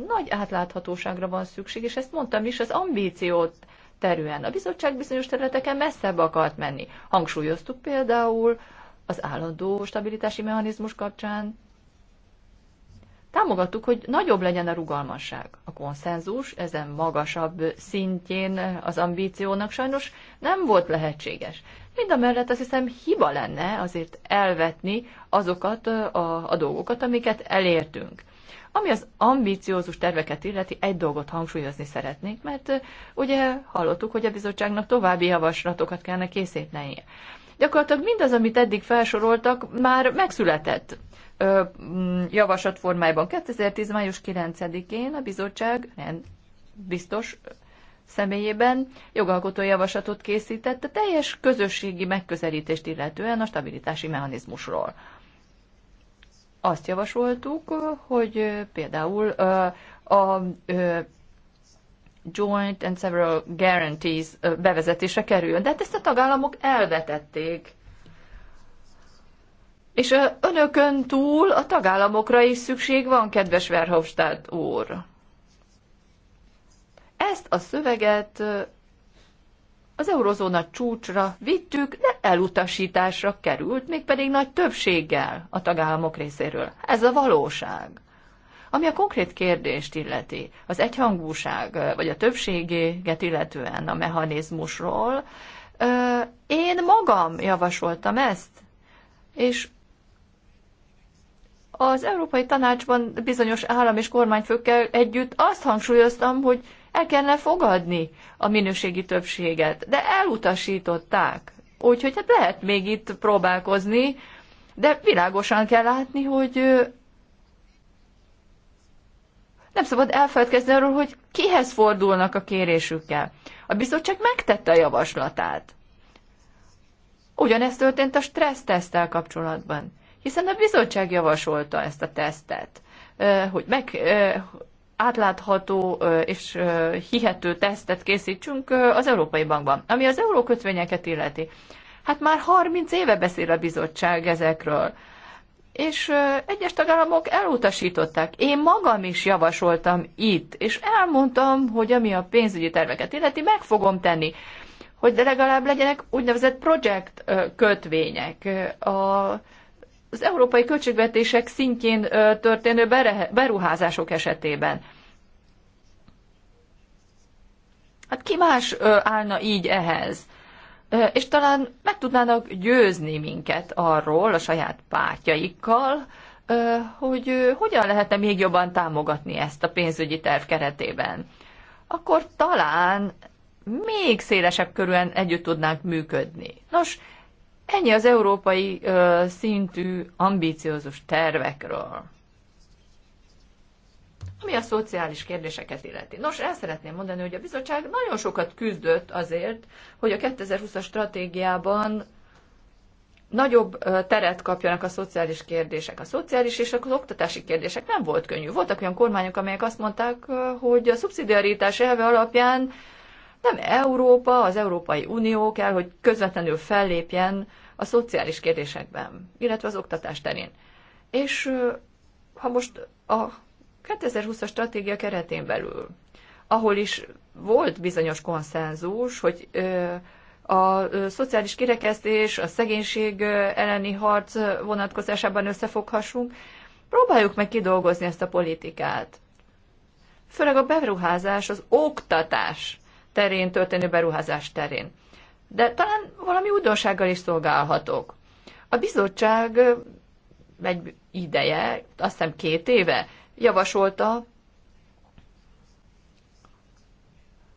nagy átláthatóságra van szükség, és ezt mondtam is, az ambíciót terülen. A bizottság bizonyos területeken messzebb akart menni. Hangsúlyoztuk például az állandó stabilitási mechanizmus kapcsán. Támogattuk, hogy nagyobb legyen a rugalmasság. A konszenzus ezen magasabb szintjén az ambíciónak sajnos nem volt lehetséges. Mind a mellett azt hiszem hiba lenne azért elvetni azokat a, a dolgokat, amiket elértünk. Ami az ambíciózus terveket illeti, egy dolgot hangsúlyozni szeretnék, mert ugye hallottuk, hogy a bizottságnak további javaslatokat kellene készítenie. Gyakorlatilag mindaz, amit eddig felsoroltak, már megszületett ö, javaslatformájában. 2010. május 9-én a bizottság, nem biztos, személyében jogalkotó javaslatot készített a teljes közösségi megközelítést illetően a stabilitási mechanizmusról. Azt javasoltuk, hogy például a Joint and Several Guarantees bevezetése kerüljön, de hát ezt a tagállamok elvetették. És önökön túl a tagállamokra is szükség van, kedves Verhofstadt úr. Ezt a szöveget az eurozóna csúcsra vittük, de elutasításra került, mégpedig nagy többséggel a tagállamok részéről. Ez a valóság. Ami a konkrét kérdést illeti, az egyhangúság, vagy a többségéget illetően a mechanizmusról, én magam javasoltam ezt, és az Európai Tanácsban bizonyos állam és kormányfőkkel együtt azt hangsúlyoztam, hogy el kellene fogadni a minőségi többséget, de elutasították. Úgyhogy hát lehet még itt próbálkozni, de világosan kell látni, hogy nem szabad elfeledkezni arról, hogy kihez fordulnak a kérésükkel. A bizottság megtette a javaslatát. Ugyanezt történt a stresszteszttel kapcsolatban, hiszen a bizottság javasolta ezt a tesztet, hogy meg átlátható és hihető tesztet készítsünk az Európai Bankban. Ami az eurókötvényeket illeti, hát már 30 éve beszél a bizottság ezekről és egyes tagállamok elutasították. Én magam is javasoltam itt, és elmondtam, hogy ami a pénzügyi terveket illeti, meg fogom tenni, hogy de legalább legyenek úgynevezett projekt kötvények. A az európai költségvetések szintjén történő beruházások esetében. Hát ki más állna így ehhez? És talán meg tudnának győzni minket arról a saját pártjaikkal, hogy hogyan lehetne még jobban támogatni ezt a pénzügyi terv keretében. Akkor talán még szélesebb körülön együtt tudnánk működni. Nos, Ennyi az európai ö, szintű ambíciózus tervekről. Ami a szociális kérdéseket illeti. Nos, el szeretném mondani, hogy a bizottság nagyon sokat küzdött azért, hogy a 2020-as stratégiában nagyobb teret kapjanak a szociális kérdések. A szociális és az oktatási kérdések nem volt könnyű. Voltak olyan kormányok, amelyek azt mondták, hogy a szubszidiaritás elve alapján nem Európa, az Európai Unió kell, hogy közvetlenül fellépjen a szociális kérdésekben, illetve az oktatás terén. És ha most a 2020-as stratégia keretén belül, ahol is volt bizonyos konszenzus, hogy a szociális kirekesztés, a szegénység elleni harc vonatkozásában összefoghassunk, próbáljuk meg kidolgozni ezt a politikát. Főleg a beruházás, az oktatás terén történő beruházás terén. De talán valami újdonsággal is szolgálhatok. A bizottság egy ideje, azt hiszem két éve javasolta,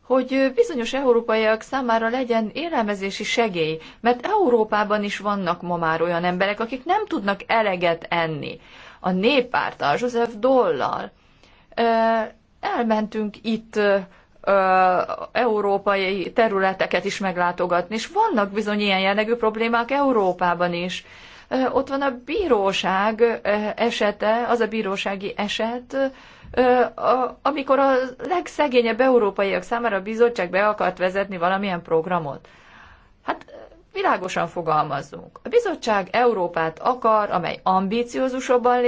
hogy bizonyos európaiak számára legyen élelmezési segély, mert Európában is vannak ma már olyan emberek, akik nem tudnak eleget enni. A a József Dollal elmentünk itt európai területeket is meglátogatni, és vannak bizony ilyen jellegű problémák Európában is. Ott van a bíróság esete, az a bírósági eset, amikor a legszegényebb európaiak számára a bizottság be akart vezetni valamilyen programot. Hát világosan fogalmazzunk. A bizottság Európát akar, amely ambíciózusabban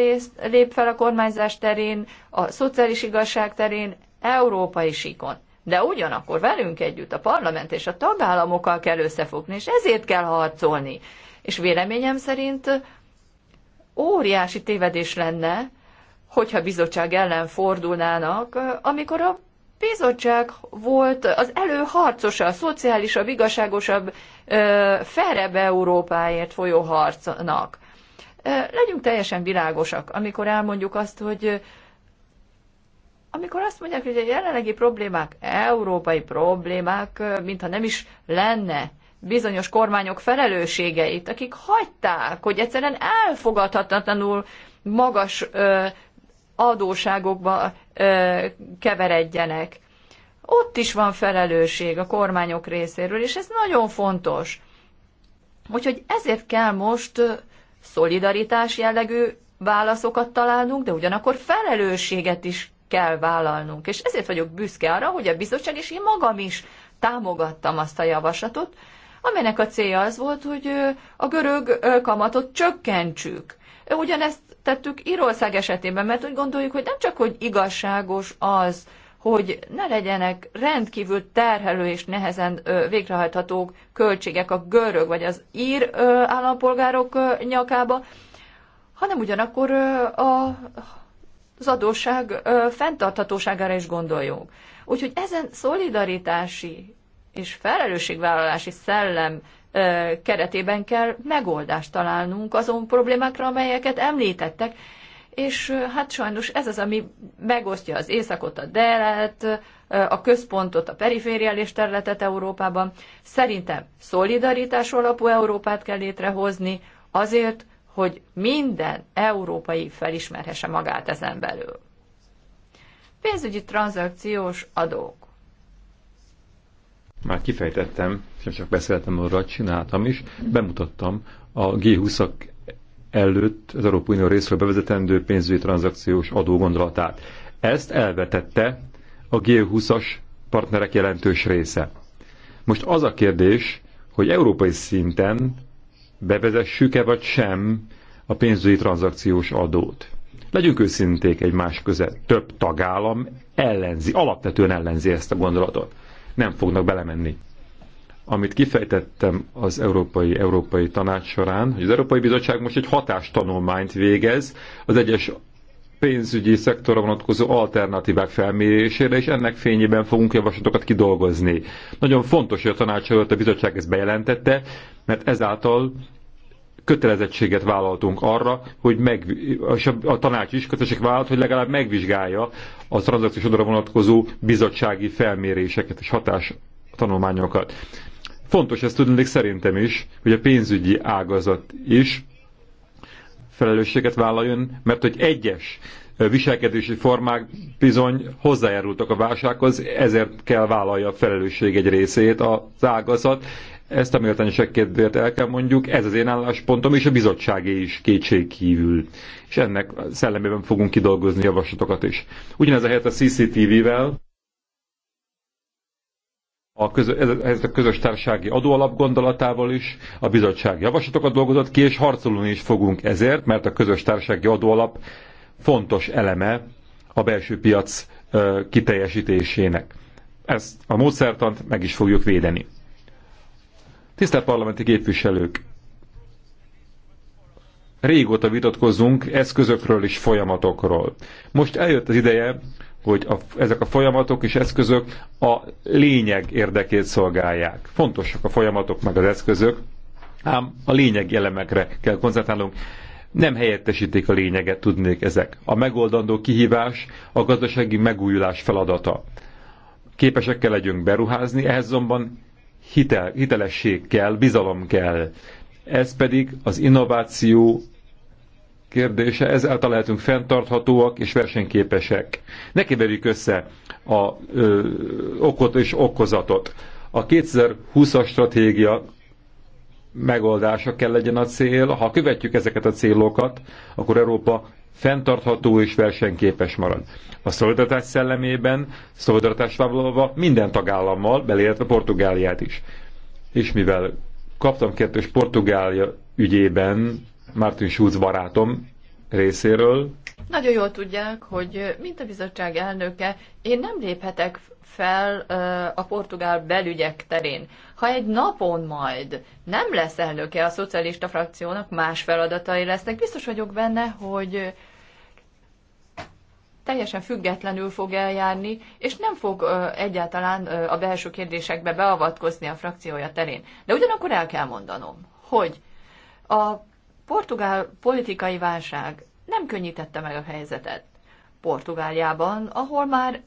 lép fel a kormányzás terén, a szociális igazság terén, európai síkon. De ugyanakkor velünk együtt a parlament és a tagállamokkal kell összefogni, és ezért kell harcolni. És véleményem szerint óriási tévedés lenne, hogyha bizottság ellen fordulnának, amikor a bizottság volt az előharcosa, a szociálisabb, igazságosabb, ferebb Európáért folyó harcnak. Legyünk teljesen világosak, amikor elmondjuk azt, hogy amikor azt mondják, hogy a jelenlegi problémák európai problémák, mintha nem is lenne bizonyos kormányok felelősségeit, akik hagyták, hogy egyszerűen elfogadhatatlanul magas ö, adóságokba ö, keveredjenek. Ott is van felelősség a kormányok részéről, és ez nagyon fontos. Úgyhogy ezért kell most szolidaritás jellegű válaszokat találnunk, de ugyanakkor felelősséget is kell vállalnunk. És ezért vagyok büszke arra, hogy a bizottság és én magam is támogattam azt a javaslatot, amelynek a célja az volt, hogy a görög kamatot csökkentsük. Ugyanezt tettük Írország esetében, mert úgy gondoljuk, hogy nem csak, hogy igazságos az, hogy ne legyenek rendkívül terhelő és nehezen végrehajtható költségek a görög vagy az ír állampolgárok nyakába, hanem ugyanakkor a az adósság ö, fenntarthatóságára is gondoljunk. Úgyhogy ezen szolidaritási és felelősségvállalási szellem ö, keretében kell megoldást találnunk azon problémákra, amelyeket említettek, és ö, hát sajnos ez az, ami megosztja az északot, a delet, a központot, a perifériális területet Európában. Szerintem szolidaritás alapú Európát kell létrehozni azért, hogy minden európai felismerhesse magát ezen belül. Pénzügyi tranzakciós adók. Már kifejtettem, és csak beszéltem arra, csináltam is, bemutattam a g 20 előtt az Európai Unió részről bevezetendő pénzügyi tranzakciós adó gondolatát. Ezt elvetette a G20-as partnerek jelentős része. Most az a kérdés, hogy európai szinten bevezessük-e vagy sem a pénzügyi tranzakciós adót. Legyünk őszinték egymás között. Több tagállam ellenzi, alapvetően ellenzi ezt a gondolatot. Nem fognak belemenni. Amit kifejtettem az Európai Európai Tanács során, hogy az Európai Bizottság most egy hatástanulmányt végez az egyes pénzügyi szektorra vonatkozó alternatívák felmérésére, és ennek fényében fogunk javaslatokat kidolgozni. Nagyon fontos, hogy a tanács előtt a bizottság ezt bejelentette, mert ezáltal kötelezettséget vállaltunk arra, hogy meg, és a tanács is kötelezettség vállalt, hogy legalább megvizsgálja a tranzakciós adóra vonatkozó bizottsági felméréseket és hatás tanulmányokat. Fontos ezt tudni szerintem is, hogy a pénzügyi ágazat is felelősséget vállaljon, mert hogy egyes viselkedési formák bizony hozzájárultak a válsághoz, ezért kell vállalja a felelősség egy részét az ágazat, ezt a méltányosság kedvéért el kell mondjuk, ez az én álláspontom, és a bizottságé is kétség kívül. És ennek szellemében fogunk kidolgozni javaslatokat is. Ugyanez a helyet a CCTV-vel, a közö, ez a közös társági adóalap gondolatával is, a bizottság javaslatokat dolgozott ki, és harcolni is fogunk ezért, mert a közös társági adóalap fontos eleme a belső piac kiteljesítésének. Ezt a módszertant meg is fogjuk védeni. Tisztelt parlamenti képviselők! Régóta vitatkozunk eszközökről és folyamatokról. Most eljött az ideje, hogy a, ezek a folyamatok és eszközök a lényeg érdekét szolgálják. Fontosak a folyamatok meg az eszközök, ám a lényeg elemekre kell koncentrálnunk. Nem helyettesítik a lényeget, tudnék ezek. A megoldandó kihívás a gazdasági megújulás feladata. Képesek kell legyünk beruházni, ehhez azonban hitel, hitelesség kell, bizalom kell. Ez pedig az innováció kérdése, ezáltal lehetünk fenntarthatóak és versenyképesek. Ne keverjük össze a ö, okot és okozatot. A 2020-as stratégia megoldása kell legyen a cél. Ha követjük ezeket a célokat, akkor Európa fenntartható és versenyképes marad. A szolidaritás szellemében szolidaritást vállalva minden tagállammal, beleértve Portugáliát is. És mivel kaptam kettős Portugália ügyében Martin Schulz barátom részéről. Nagyon jól tudják, hogy mint a bizottság elnöke, én nem léphetek fel a portugál belügyek terén. Ha egy napon majd nem lesz elnöke a szocialista frakciónak, más feladatai lesznek, biztos vagyok benne, hogy teljesen függetlenül fog eljárni, és nem fog egyáltalán a belső kérdésekbe beavatkozni a frakciója terén. De ugyanakkor el kell mondanom, hogy a portugál politikai válság nem könnyítette meg a helyzetet. Portugáliában, ahol már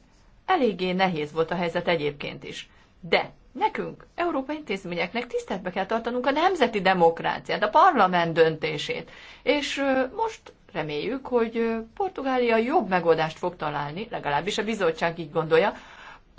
eléggé nehéz volt a helyzet egyébként is. De nekünk, Európai intézményeknek tiszteletbe kell tartanunk a nemzeti demokráciát, a parlament döntését. És most reméljük, hogy Portugália jobb megoldást fog találni, legalábbis a bizottság így gondolja,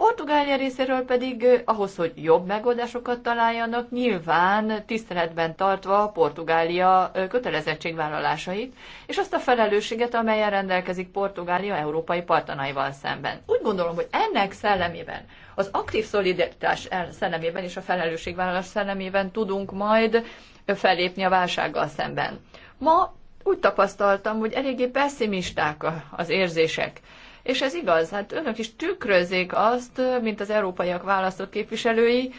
Portugália részéről pedig ahhoz, hogy jobb megoldásokat találjanak, nyilván tiszteletben tartva Portugália kötelezettségvállalásait, és azt a felelősséget, amelyen rendelkezik Portugália európai partanaival szemben. Úgy gondolom, hogy ennek szellemében, az aktív szolidaritás szellemében és a felelősségvállalás szellemében tudunk majd felépni a válsággal szemben. Ma úgy tapasztaltam, hogy eléggé pessimisták az érzések és ez igaz, hát önök is tükrözik azt, mint az európaiak választott képviselői,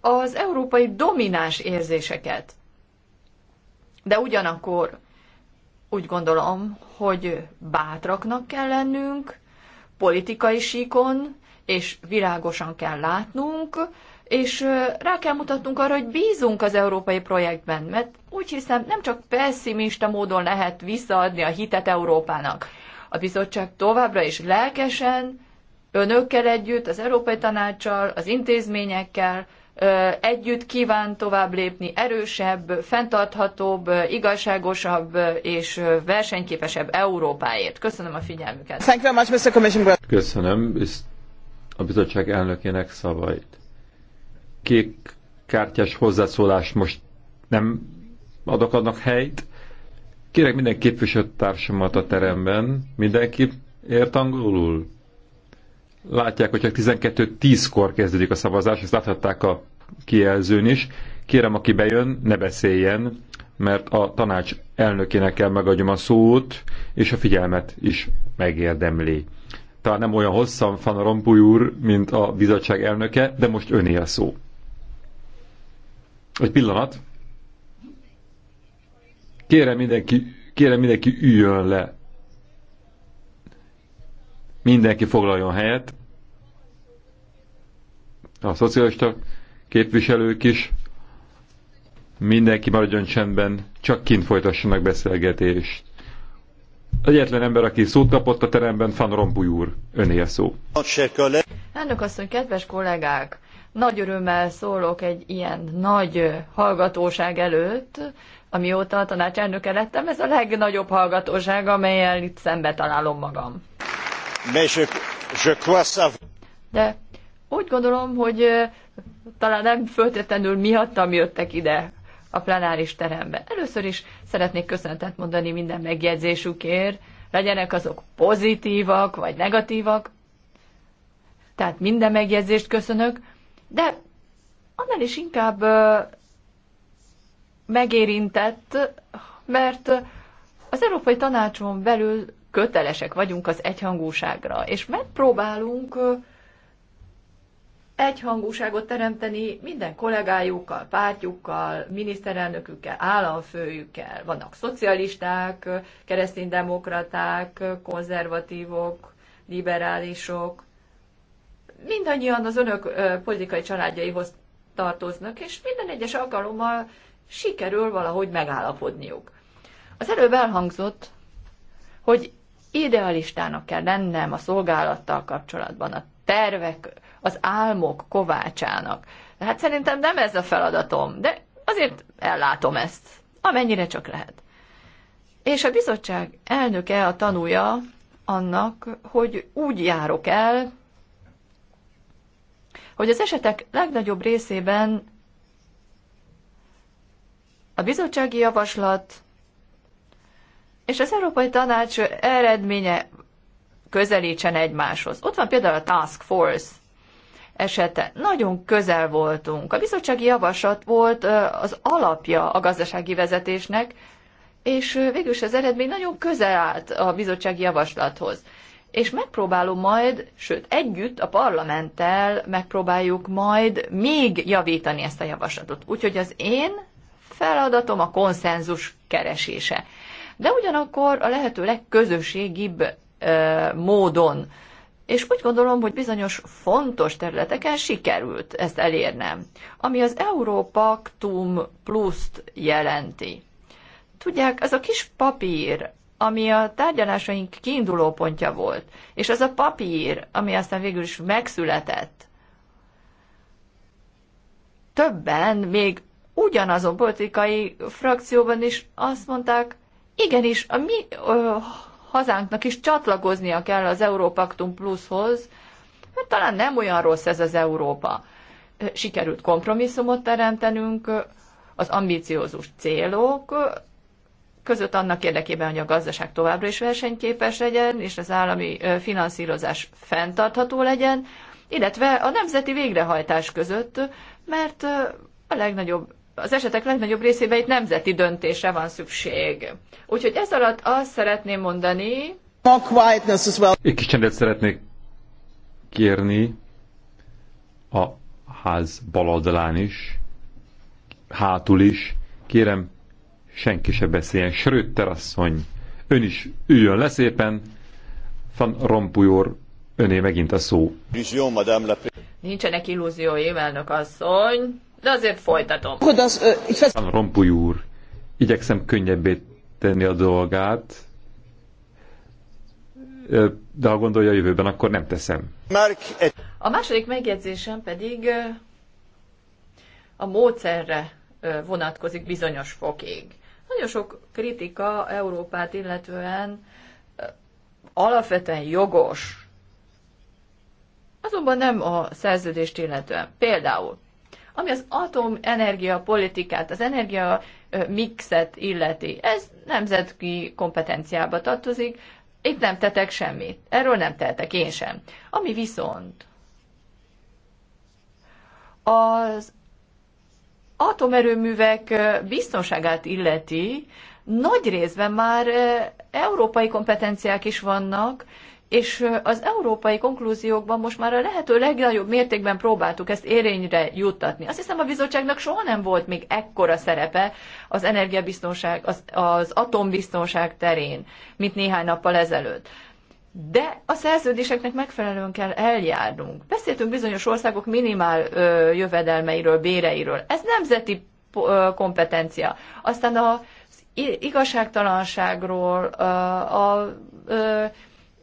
az európai domináns érzéseket. De ugyanakkor úgy gondolom, hogy bátraknak kell lennünk, politikai síkon, és világosan kell látnunk, és rá kell mutatnunk arra, hogy bízunk az európai projektben, mert úgy hiszem, nem csak pessimista módon lehet visszaadni a hitet Európának. A bizottság továbbra is lelkesen, önökkel együtt, az Európai Tanácssal, az intézményekkel együtt kíván tovább lépni erősebb, fenntarthatóbb, igazságosabb és versenyképesebb Európáért. Köszönöm a figyelmüket. Thank you very much, Mr. Commissioner. Köszönöm a bizottság elnökének szavait. Kék kártyás hozzászólást most nem adok annak helyt. Kérek minden képviselőtársamat a teremben, mindenki ért angolul? Látják, hogy csak 12.10-kor kezdődik a szavazás, ezt láthatták a kijelzőn is. Kérem, aki bejön, ne beszéljen, mert a tanács elnökének kell megadjam a szót, és a figyelmet is megérdemli. Talán nem olyan hosszan Van Rompuy úr, mint a bizottság elnöke, de most öné a szó. Egy pillanat. Kérem mindenki, kérem mindenki üljön le. Mindenki foglaljon helyet. A szocialista képviselők is. Mindenki maradjon csendben, csak kint folytassanak beszélgetést. Egyetlen ember, aki szót kapott a teremben, Fan Rompuy úr. Öné a szó. Elnök asszony, kedves kollégák! Nagy örömmel szólok egy ilyen nagy hallgatóság előtt, amióta a tanácselnöke lettem, ez a legnagyobb hallgatóság, amelyel itt szembe találom magam. De úgy gondolom, hogy talán nem föltétlenül miattam jöttek ide a plenáris terembe. Először is szeretnék köszönetet mondani minden megjegyzésükért, legyenek azok pozitívak vagy negatívak. Tehát minden megjegyzést köszönök, de annál is inkább megérintett, mert az Európai Tanácson belül kötelesek vagyunk az egyhangúságra, és megpróbálunk egyhangúságot teremteni minden kollégájukkal, pártjukkal, miniszterelnökükkel, államfőjükkel. Vannak szocialisták, kereszténydemokraták, konzervatívok, liberálisok. Mindannyian az önök politikai családjaihoz tartoznak, és minden egyes alkalommal sikerül valahogy megállapodniuk. Az előbb elhangzott, hogy idealistának kell lennem a szolgálattal kapcsolatban, a tervek, az álmok kovácsának. Hát szerintem nem ez a feladatom, de azért ellátom ezt, amennyire csak lehet. És a bizottság elnöke a tanúja annak, hogy úgy járok el, hogy az esetek legnagyobb részében a bizottsági javaslat és az Európai Tanács eredménye közelítsen egymáshoz. Ott van például a Task Force esete. Nagyon közel voltunk. A bizottsági javaslat volt az alapja a gazdasági vezetésnek, és végül az eredmény nagyon közel állt a bizottsági javaslathoz. És megpróbálom majd, sőt együtt a parlamenttel megpróbáljuk majd még javítani ezt a javaslatot. Úgyhogy az én feladatom a konszenzus keresése. De ugyanakkor a lehető legközösségibb e, módon. És úgy gondolom, hogy bizonyos fontos területeken sikerült ezt elérnem, ami az Európaktum pluszt jelenti. Tudják, ez a kis papír, ami a tárgyalásaink kiinduló pontja volt, és az a papír, ami aztán végül is megszületett, többen még ugyanazon politikai frakcióban is azt mondták, igenis, a mi ö, hazánknak is csatlakoznia kell az Európaktum pluszhoz, mert talán nem olyan rossz ez az Európa. Sikerült kompromisszumot teremtenünk, az ambíciózus célok között annak érdekében, hogy a gazdaság továbbra is versenyképes legyen, és az állami finanszírozás fenntartható legyen, illetve a nemzeti végrehajtás között, mert a legnagyobb az esetek legnagyobb részében itt nemzeti döntése van szükség. Úgyhogy ez alatt azt szeretném mondani... Egy kis csendet szeretnék kérni a ház oldalán is, hátul is. Kérem, senki se beszéljen. Schröter asszony, ön is üljön le szépen. Van Rompujor, öné megint a szó. Nincsenek illúziói, elnök asszony de azért folytatom. Rompuj úr, igyekszem könnyebbé tenni a dolgát, de ha gondolja a jövőben, akkor nem teszem. A második megjegyzésem pedig a módszerre vonatkozik bizonyos fokig. Nagyon sok kritika Európát illetően alapvetően jogos, azonban nem a szerződést illetően. Például ami az atomenergia politikát, az energia mixet illeti, ez nemzetki kompetenciába tartozik, itt nem tetek semmit. Erről nem tehetek én sem. Ami viszont az atomerőművek biztonságát illeti, nagy részben már európai kompetenciák is vannak, és az európai konklúziókban most már a lehető legnagyobb mértékben próbáltuk ezt érényre juttatni. Azt hiszem a bizottságnak soha nem volt még ekkora szerepe az energiabiztonság, az, az atombiztonság terén, mint néhány nappal ezelőtt. De a szerződéseknek megfelelően kell eljárnunk. Beszéltünk bizonyos országok minimál ö, jövedelmeiről, béreiről. Ez nemzeti ö, kompetencia. Aztán a igazságtalanságról, a, a, a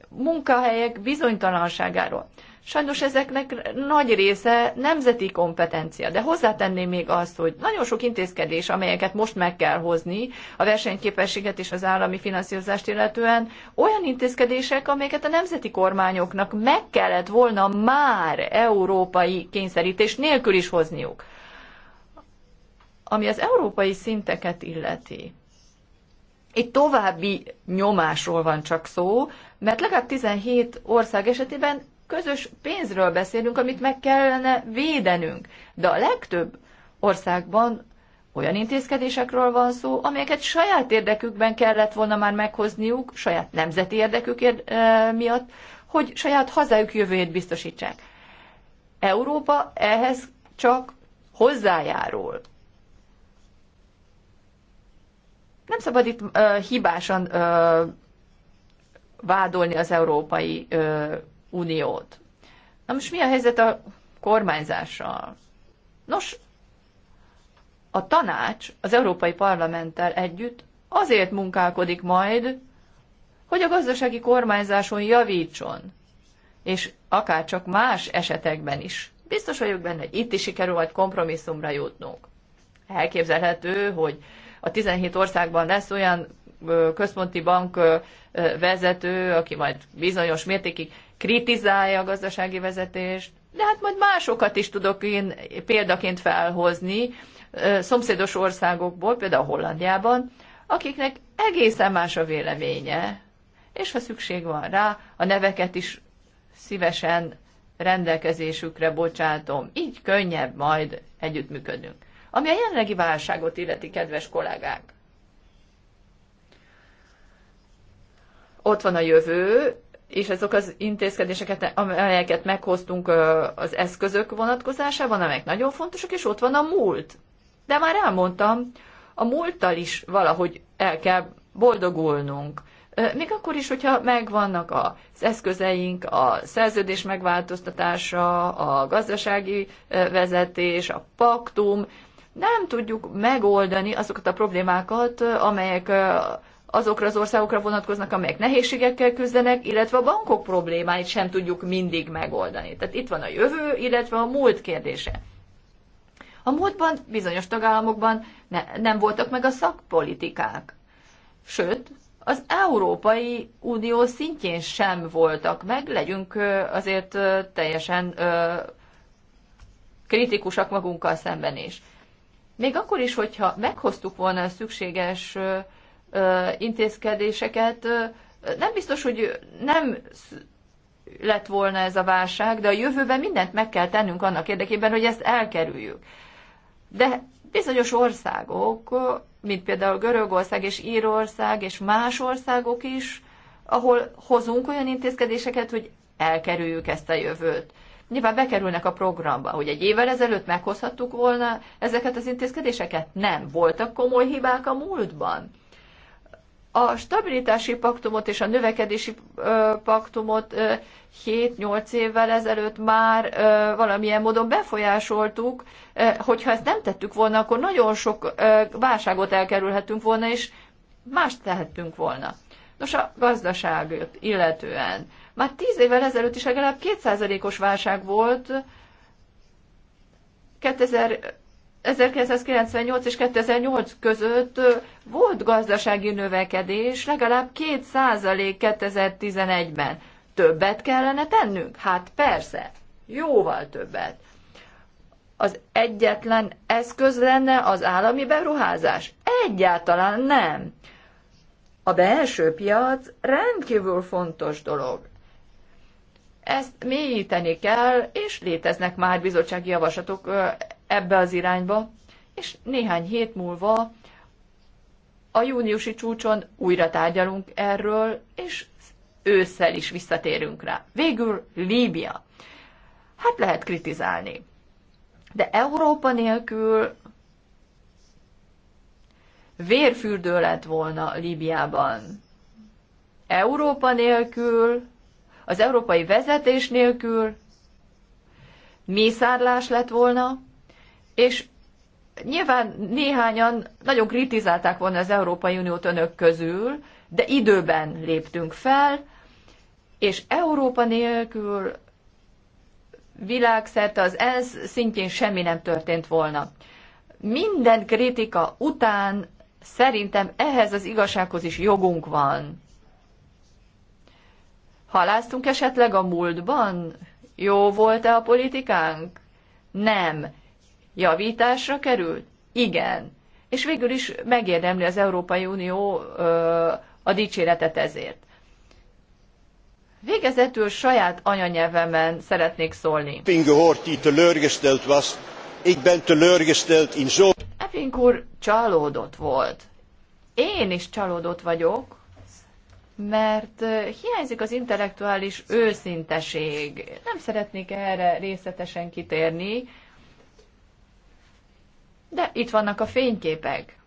munkahelyek bizonytalanságáról. Sajnos ezeknek nagy része nemzeti kompetencia, de hozzátenném még azt, hogy nagyon sok intézkedés, amelyeket most meg kell hozni a versenyképességet és az állami finanszírozást illetően, olyan intézkedések, amelyeket a nemzeti kormányoknak meg kellett volna már európai kényszerítés nélkül is hozniuk. Ami az európai szinteket illeti, itt további nyomásról van csak szó, mert legalább 17 ország esetében közös pénzről beszélünk, amit meg kellene védenünk. De a legtöbb országban olyan intézkedésekről van szó, amelyeket saját érdekükben kellett volna már meghozniuk, saját nemzeti érdekük érd- miatt, hogy saját hazájuk jövőjét biztosítsák. Európa ehhez csak hozzájárul. Nem szabad itt uh, hibásan uh, vádolni az Európai Uniót. Na most mi a helyzet a kormányzással? Nos, a tanács az Európai Parlamenttel együtt azért munkálkodik majd, hogy a gazdasági kormányzáson javítson, és akár csak más esetekben is. Biztos vagyok benne, hogy itt is sikerül majd kompromisszumra jutnunk. Elképzelhető, hogy a 17 országban lesz olyan központi bank vezető, aki majd bizonyos mértékig kritizálja a gazdasági vezetést, de hát majd másokat is tudok én példaként felhozni szomszédos országokból, például Hollandiában, akiknek egészen más a véleménye, és ha szükség van rá, a neveket is szívesen rendelkezésükre bocsátom. Így könnyebb majd együttműködünk. Ami a jelenlegi válságot illeti, kedves kollégák. ott van a jövő, és azok az intézkedéseket, amelyeket meghoztunk az eszközök vonatkozásában, amelyek nagyon fontosak, és ott van a múlt. De már elmondtam, a múlttal is valahogy el kell boldogulnunk. Még akkor is, hogyha megvannak az eszközeink, a szerződés megváltoztatása, a gazdasági vezetés, a paktum, nem tudjuk megoldani azokat a problémákat, amelyek azokra az országokra vonatkoznak, amelyek nehézségekkel küzdenek, illetve a bankok problémáit sem tudjuk mindig megoldani. Tehát itt van a jövő, illetve a múlt kérdése. A múltban bizonyos tagállamokban ne, nem voltak meg a szakpolitikák. Sőt, az Európai Unió szintjén sem voltak meg, legyünk azért teljesen kritikusak magunkkal szemben is. Még akkor is, hogyha meghoztuk volna a szükséges intézkedéseket. Nem biztos, hogy nem lett volna ez a válság, de a jövőben mindent meg kell tennünk annak érdekében, hogy ezt elkerüljük. De bizonyos országok, mint például Görögország és Írország és más országok is, ahol hozunk olyan intézkedéseket, hogy elkerüljük ezt a jövőt. Nyilván bekerülnek a programba, hogy egy évvel ezelőtt meghozhattuk volna ezeket az intézkedéseket? Nem. Voltak komoly hibák a múltban. A stabilitási paktumot és a növekedési paktumot 7-8 évvel ezelőtt már valamilyen módon befolyásoltuk. Hogyha ezt nem tettük volna, akkor nagyon sok válságot elkerülhetünk volna, és mást tehettünk volna. Nos, a gazdaságot illetően. Már tíz évvel ezelőtt is legalább 2%-os válság volt, 2000 1998 és 2008 között volt gazdasági növekedés, legalább 2% 2011-ben. Többet kellene tennünk? Hát persze, jóval többet. Az egyetlen eszköz lenne az állami beruházás? Egyáltalán nem. A belső piac rendkívül fontos dolog. Ezt mélyíteni kell, és léteznek már bizottsági javaslatok ebbe az irányba, és néhány hét múlva a júniusi csúcson újra tárgyalunk erről, és ősszel is visszatérünk rá. Végül Líbia. Hát lehet kritizálni. De Európa nélkül vérfürdő lett volna Líbiában. Európa nélkül, az európai vezetés nélkül mészárlás lett volna, és nyilván néhányan nagyon kritizálták volna az Európai Uniót önök közül, de időben léptünk fel, és Európa nélkül világszerte az ENSZ szintjén semmi nem történt volna. Minden kritika után szerintem ehhez az igazsághoz is jogunk van. Haláztunk esetleg a múltban? Jó volt-e a politikánk? Nem javításra került? Igen. És végül is megérdemli az Európai Unió ö, a dicséretet ezért. Végezetül saját anyanyelvemen szeretnék szólni. Epping úr csalódott volt. Én is csalódott vagyok, mert hiányzik az intellektuális őszinteség. Nem szeretnék erre részletesen kitérni, de itt vannak a fényképek.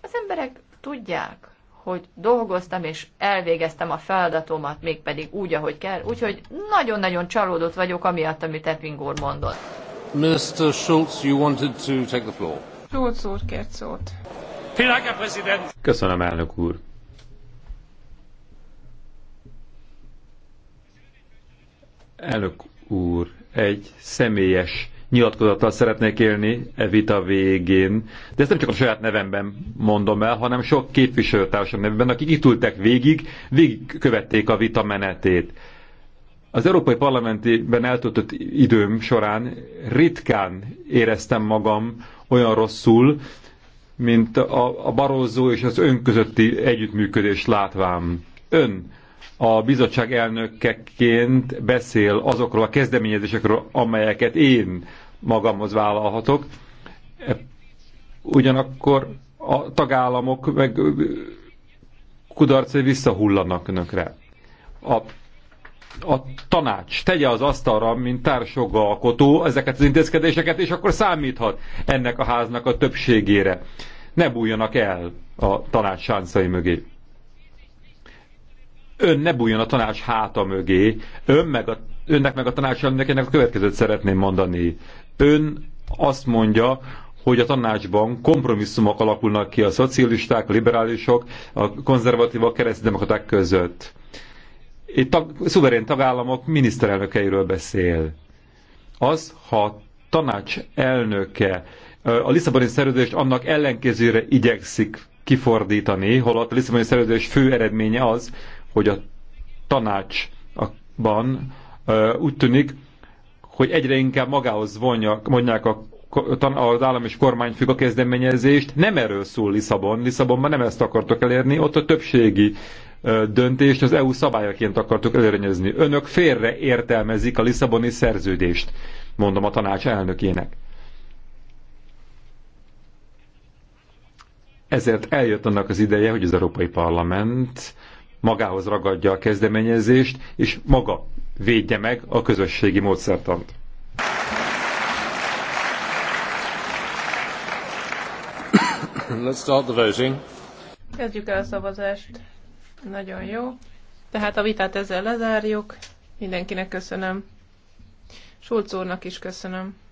Az emberek tudják, hogy dolgoztam és elvégeztem a feladatomat, mégpedig úgy, ahogy kell. Úgyhogy nagyon-nagyon csalódott vagyok amiatt, amit Epping úr mondott. Mr. Schulz, you wanted to take the floor. Schultz úr kért szót. Köszönöm, elnök úr. Elnök úr, egy személyes nyilatkozattal szeretnék élni e vita végén. De ezt nem csak a saját nevemben mondom el, hanem sok képviselőtársam nevében, akik itt ültek végig, végig követték a vita menetét. Az Európai Parlamentiben eltöltött időm során ritkán éreztem magam olyan rosszul, mint a, a Barózó és az ön közötti együttműködés látvám. Ön a bizottság elnökeként beszél azokról a kezdeményezésekről, amelyeket én magamhoz vállalhatok. E, ugyanakkor a tagállamok meg kudarcai visszahullanak önökre. A, a tanács tegye az asztalra, mint társjogalkotó ezeket az intézkedéseket, és akkor számíthat ennek a háznak a többségére. Ne bújjanak el a tanács sáncai mögé. Ön ne bújjon a tanács háta mögé, ön meg a, önnek meg a tanácselnökének a következőt szeretném mondani. Ön azt mondja, hogy a tanácsban kompromisszumok alakulnak ki a szocialisták, a liberálisok, a konzervatívak, a keresztdemokraták között. Itt tag, szuverén tagállamok miniszterelnökeiről beszél. Az, ha tanács elnöke a Lisszaboni szerződést annak ellenkezőre igyekszik kifordítani, holott a Lisszaboni szerződés fő eredménye az, hogy a tanácsban úgy tűnik, hogy egyre inkább magához vonja, mondják a az állam és kormányfügg a kezdeményezést. Nem erről szól Lisszabon. Lisszabonban nem ezt akartok elérni, ott a többségi döntést az EU szabályaként akartok elérnyezni. Önök félre értelmezik a Lisszaboni szerződést, mondom a tanács elnökének. Ezért eljött annak az ideje, hogy az Európai Parlament magához ragadja a kezdeményezést, és maga védje meg a közösségi módszertant. Let's start the voting. Kezdjük el a szavazást. Nagyon jó. Tehát a vitát ezzel lezárjuk. Mindenkinek köszönöm. Schulz úrnak is köszönöm.